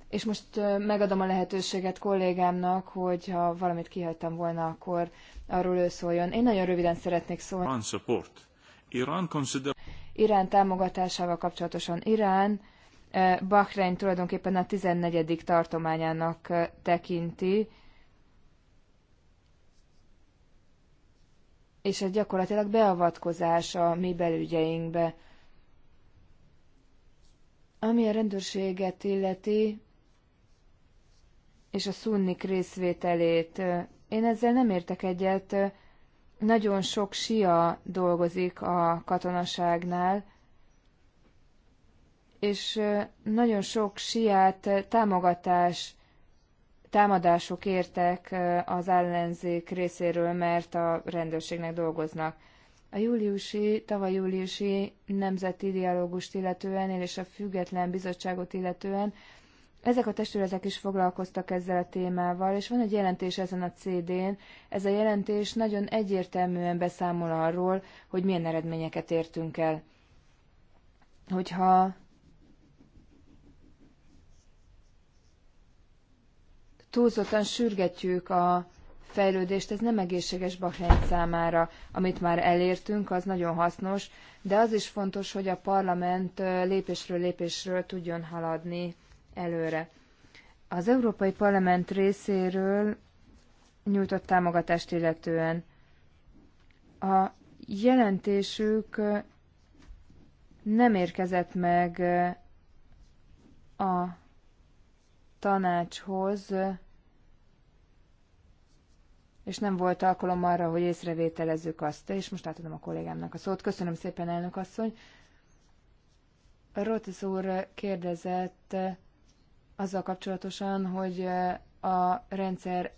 És most megadom a lehetőséget kollégámnak, hogy ha valamit kihagytam volna, akkor arról ő szóljon. Én nagyon röviden szeretnék szólni. Iran support. Iran consider... Irán támogatásával kapcsolatosan Irán eh, Bahrein tulajdonképpen a 14. tartományának eh, tekinti, és ez gyakorlatilag beavatkozás a mi belügyeinkbe. Ami a rendőrséget illeti, és a szunnik részvételét, eh, én ezzel nem értek egyet, nagyon sok sia dolgozik a katonaságnál, és nagyon sok siát támogatás, támadások értek az ellenzék részéről, mert a rendőrségnek dolgoznak. A júliusi, tavaly júliusi nemzeti dialógust illetően és a független bizottságot illetően ezek a testületek is foglalkoztak ezzel a témával, és van egy jelentés ezen a CD-n. Ez a jelentés nagyon egyértelműen beszámol arról, hogy milyen eredményeket értünk el. Hogyha túlzottan sürgetjük a fejlődést, ez nem egészséges Bahrein számára. Amit már elértünk, az nagyon hasznos, de az is fontos, hogy a parlament lépésről lépésről tudjon haladni előre. Az Európai Parlament részéről nyújtott támogatást illetően a jelentésük nem érkezett meg a tanácshoz, és nem volt alkalom arra, hogy észrevételezzük azt, és most átadom a kollégámnak a szót. Köszönöm szépen, elnök asszony. Rotis úr kérdezett azzal kapcsolatosan, hogy a rendszer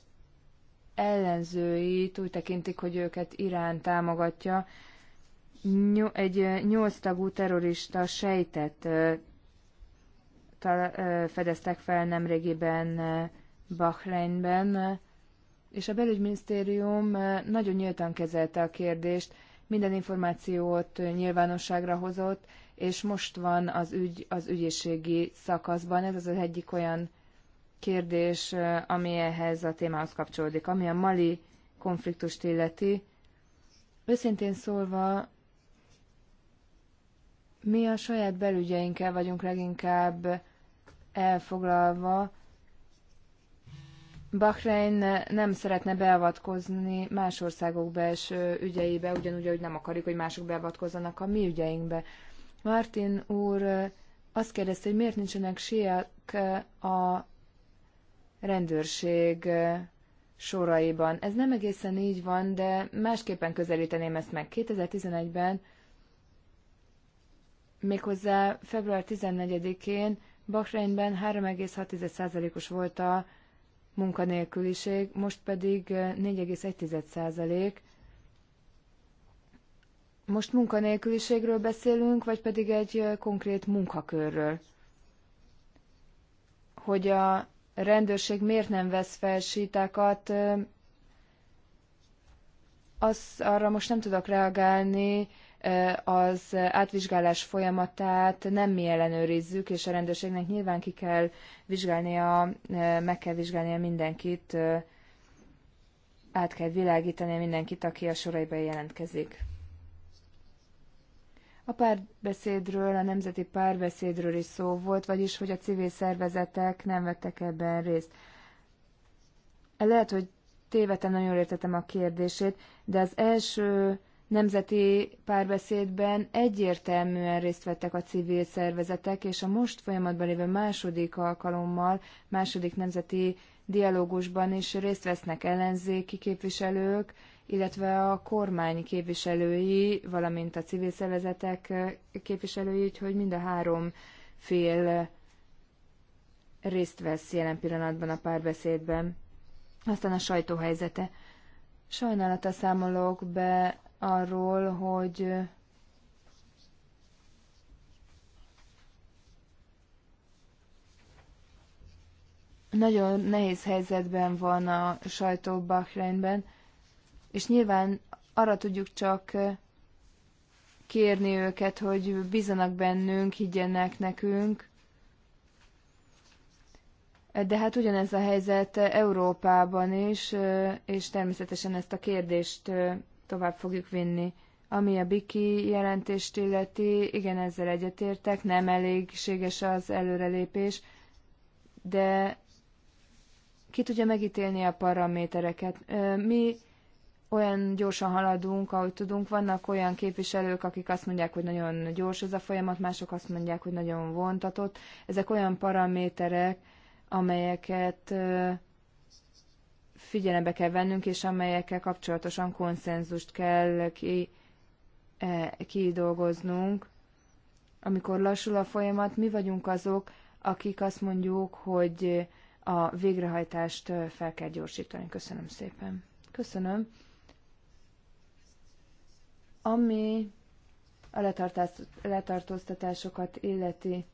ellenzőit úgy tekintik, hogy őket Irán támogatja. Egy nyolc tagú terrorista sejtett fedeztek fel nemrégiben Bahreinben, és a belügyminisztérium nagyon nyíltan kezelte a kérdést, minden információt nyilvánosságra hozott, és most van az ügy az ügyészségi szakaszban. Ez az egyik olyan kérdés, ami ehhez a témához kapcsolódik, ami a mali konfliktust illeti. Őszintén szólva, mi a saját belügyeinkkel vagyunk leginkább elfoglalva. Bahrein nem szeretne beavatkozni más országok belső ügyeibe, ugyanúgy, hogy nem akarjuk, hogy mások beavatkozzanak a mi ügyeinkbe. Martin úr azt kérdezte, hogy miért nincsenek siák a rendőrség soraiban. Ez nem egészen így van, de másképpen közelíteném ezt meg. 2011-ben, méghozzá február 14-én Bahreinben 3,6%-os volt a munkanélküliség, most pedig 4,1%. Most munkanélküliségről beszélünk, vagy pedig egy konkrét munkakörről? Hogy a rendőrség miért nem vesz fel sítákat, az, arra most nem tudok reagálni, az átvizsgálás folyamatát nem mi ellenőrizzük, és a rendőrségnek nyilván ki kell vizsgálnia, meg kell vizsgálnia mindenkit, át kell világítania mindenkit, aki a soraiba jelentkezik. A párbeszédről, a nemzeti párbeszédről is szó volt, vagyis hogy a civil szervezetek nem vettek ebben részt. Lehet, hogy tévedtem, nagyon értettem a kérdését, de az első nemzeti párbeszédben egyértelműen részt vettek a civil szervezetek, és a most folyamatban lévő második alkalommal, második nemzeti dialógusban is részt vesznek ellenzéki képviselők, illetve a kormány képviselői, valamint a civil szervezetek képviselői, hogy mind a három fél részt vesz jelen pillanatban a párbeszédben. Aztán a sajtó helyzete. Sajnálata számolok be arról, hogy nagyon nehéz helyzetben van a sajtó Bahreinben, és nyilván arra tudjuk csak kérni őket, hogy bízanak bennünk, higgyenek nekünk. De hát ugyanez a helyzet Európában is, és természetesen ezt a kérdést tovább fogjuk vinni. Ami a Biki jelentést illeti, igen, ezzel egyetértek, nem elégséges az előrelépés, de ki tudja megítélni a paramétereket. Mi olyan gyorsan haladunk, ahogy tudunk. Vannak olyan képviselők, akik azt mondják, hogy nagyon gyors ez a folyamat, mások azt mondják, hogy nagyon vontatott. Ezek olyan paraméterek, amelyeket figyelembe kell vennünk, és amelyekkel kapcsolatosan konszenzust kell ki, e, kidolgoznunk. Amikor lassul a folyamat, mi vagyunk azok, akik azt mondjuk, hogy a végrehajtást fel kell gyorsítani. Köszönöm szépen. Köszönöm. Ami a letartóztatásokat illeti,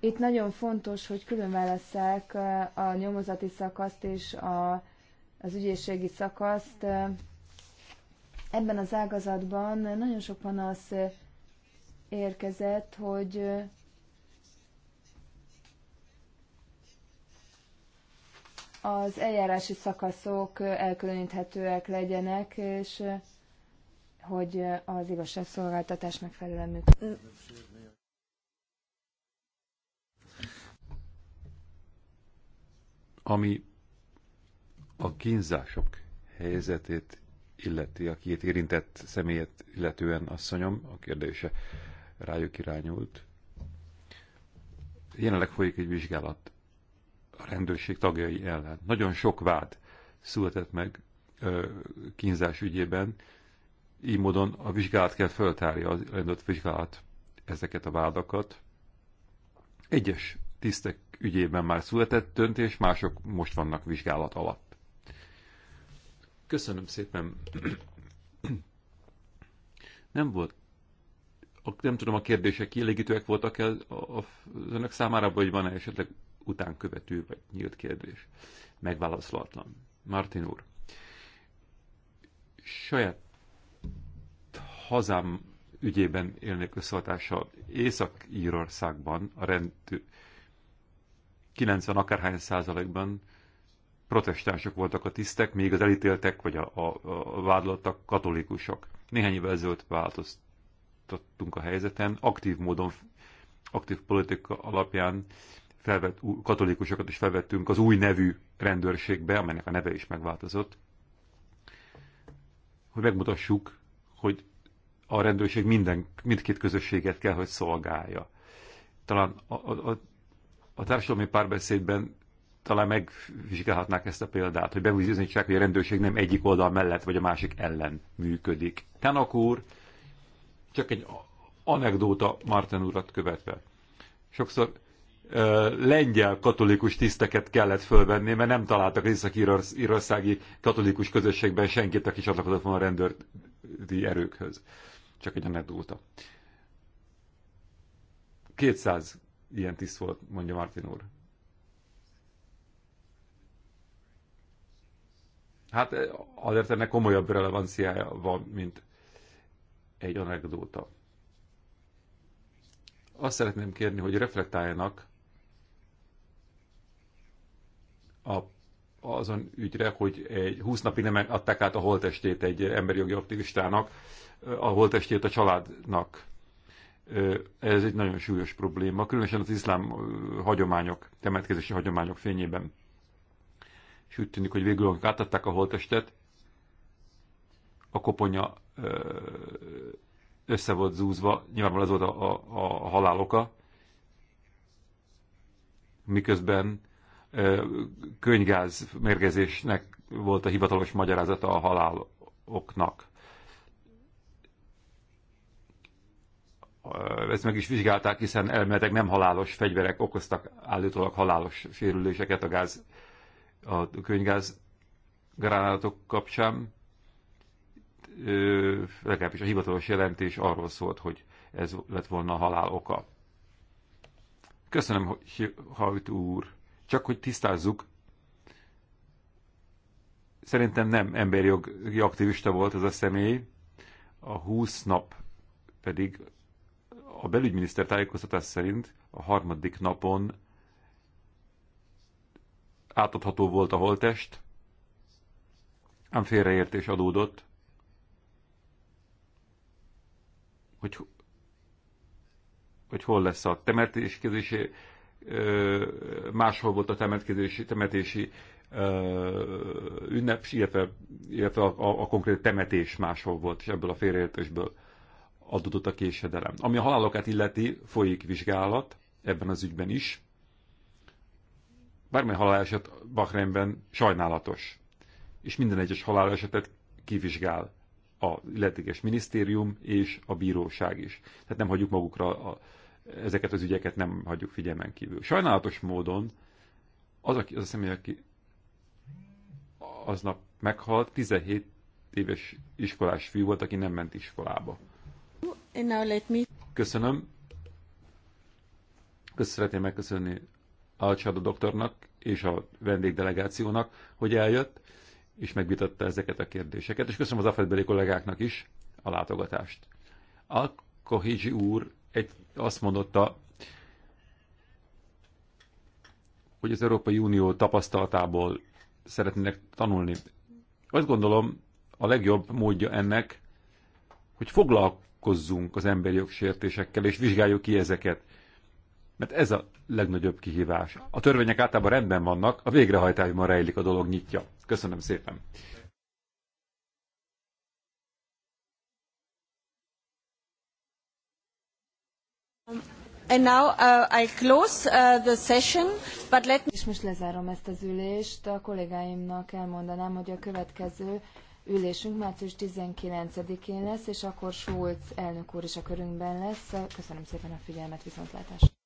Itt nagyon fontos, hogy külön válasszák a nyomozati szakaszt és a, az ügyészségi szakaszt. Ebben az ágazatban nagyon sok panasz érkezett, hogy az eljárási szakaszok elkülöníthetőek legyenek, és eh, hogy eh, az igazságszolgáltatás megfelelően működjön. Ami a kínzások helyzetét illeti, a két érintett személyet illetően asszonyom, a kérdése rájuk irányult. Jelenleg folyik egy vizsgálat a rendőrség tagjai ellen. Nagyon sok vád született meg ö, kínzás ügyében, így módon a vizsgálat kell föltárja, az rendőrt vizsgálat ezeket a vádakat. Egyes tisztek ügyében már született döntés, mások most vannak vizsgálat alatt. Köszönöm szépen. [CLEARS THROAT] Nem volt nem tudom, a kérdések kielégítőek voltak-e az önök számára, vagy van-e esetleg után követő vagy nyílt kérdés. Megválaszolatlan. Martin úr, saját hazám ügyében élnék összehatással. Észak-Írországban a rendő 90 akárhány százalékban protestánsok voltak a tisztek, még az elítéltek vagy a, a, a vádlottak katolikusok. Néhány évvel ezelőtt változtattunk a helyzeten, aktív módon, aktív politika alapján felvett, katolikusokat is felvettünk az új nevű rendőrségbe, amelynek a neve is megváltozott, hogy megmutassuk, hogy a rendőrség minden, mindkét közösséget kell, hogy szolgálja. Talán a, a, a társadalmi párbeszédben talán megvizsgálhatnák ezt a példát, hogy bebizonyítsák, hogy a rendőrség nem egyik oldal mellett vagy a másik ellen működik. Tanak úr, csak egy anekdóta Martin urat követve. Sokszor lengyel katolikus tiszteket kellett fölvenni, mert nem találtak az észak-írországi katolikus közösségben senkit, aki csatlakozott volna a rendőri erőkhöz. Csak egy anekdóta. 200 ilyen tiszt volt, mondja Martin úr. Hát e, azért ennek komolyabb relevanciája van, mint egy anekdóta. Azt szeretném kérni, hogy reflektáljanak a, azon ügyre, hogy egy 20 napig nem adták át a holtestét egy emberi jogi aktivistának, a holtestét a családnak. Ez egy nagyon súlyos probléma, különösen az iszlám hagyományok, temetkezési hagyományok fényében. És úgy tűnik, hogy végül, amikor átadták a holtestet, a koponya össze volt zúzva, nyilvánvalóan ez volt a, a, a haláloka, miközben könygáz mérgezésnek volt a hivatalos magyarázata a haláloknak. Ezt meg is vizsgálták, hiszen elméletek nem halálos fegyverek okoztak állítólag halálos sérüléseket a gáz, a könygáz gránátok kapcsán. Ö, legalábbis a hivatalos jelentés arról szólt, hogy ez lett volna a halál oka. Köszönöm, Hajt úr! Csak hogy tisztázzuk, szerintem nem emberjogi aktivista volt ez a személy, a 20 nap pedig a belügyminiszter tájékoztatás szerint a harmadik napon átadható volt a holtest, ám félreértés adódott, hogy, hogy hol lesz a temetéskezési máshol volt a temetkezési, temetési ünnep, illetve, illetve a, a, a konkrét temetés máshol volt, és ebből a félreértésből adódott a késedelem. Ami a halálokat illeti, folyik vizsgálat ebben az ügyben is. Bármely haláleset Bahreinben sajnálatos, és minden egyes halálesetet kivizsgál a illetékes minisztérium és a bíróság is. Tehát nem hagyjuk magukra a ezeket az ügyeket nem hagyjuk figyelmen kívül. Sajnálatos módon az, aki, az a személy, aki aznap meghalt, 17 éves iskolás fiú volt, aki nem ment iskolába. Köszönöm. Köszönöm, szeretném megköszönni Alcsado doktornak és a vendégdelegációnak, hogy eljött, és megvitatta ezeket a kérdéseket, és köszönöm az afetbeli kollégáknak is a látogatást. Alkohizsi úr egy, azt mondotta, hogy az Európai Unió tapasztalatából szeretnének tanulni. Azt gondolom, a legjobb módja ennek, hogy foglalkozzunk az emberi jogsértésekkel, és vizsgáljuk ki ezeket. Mert ez a legnagyobb kihívás. A törvények általában rendben vannak, a végrehajtásban rejlik a dolog nyitja. Köszönöm szépen. And now uh, I close uh, the session, but let me... És most lezárom ezt az ülést. A kollégáimnak elmondanám, hogy a következő ülésünk március 19-én lesz, és akkor Schulz elnök úr is a körünkben lesz. Köszönöm szépen a figyelmet, viszontlátásra!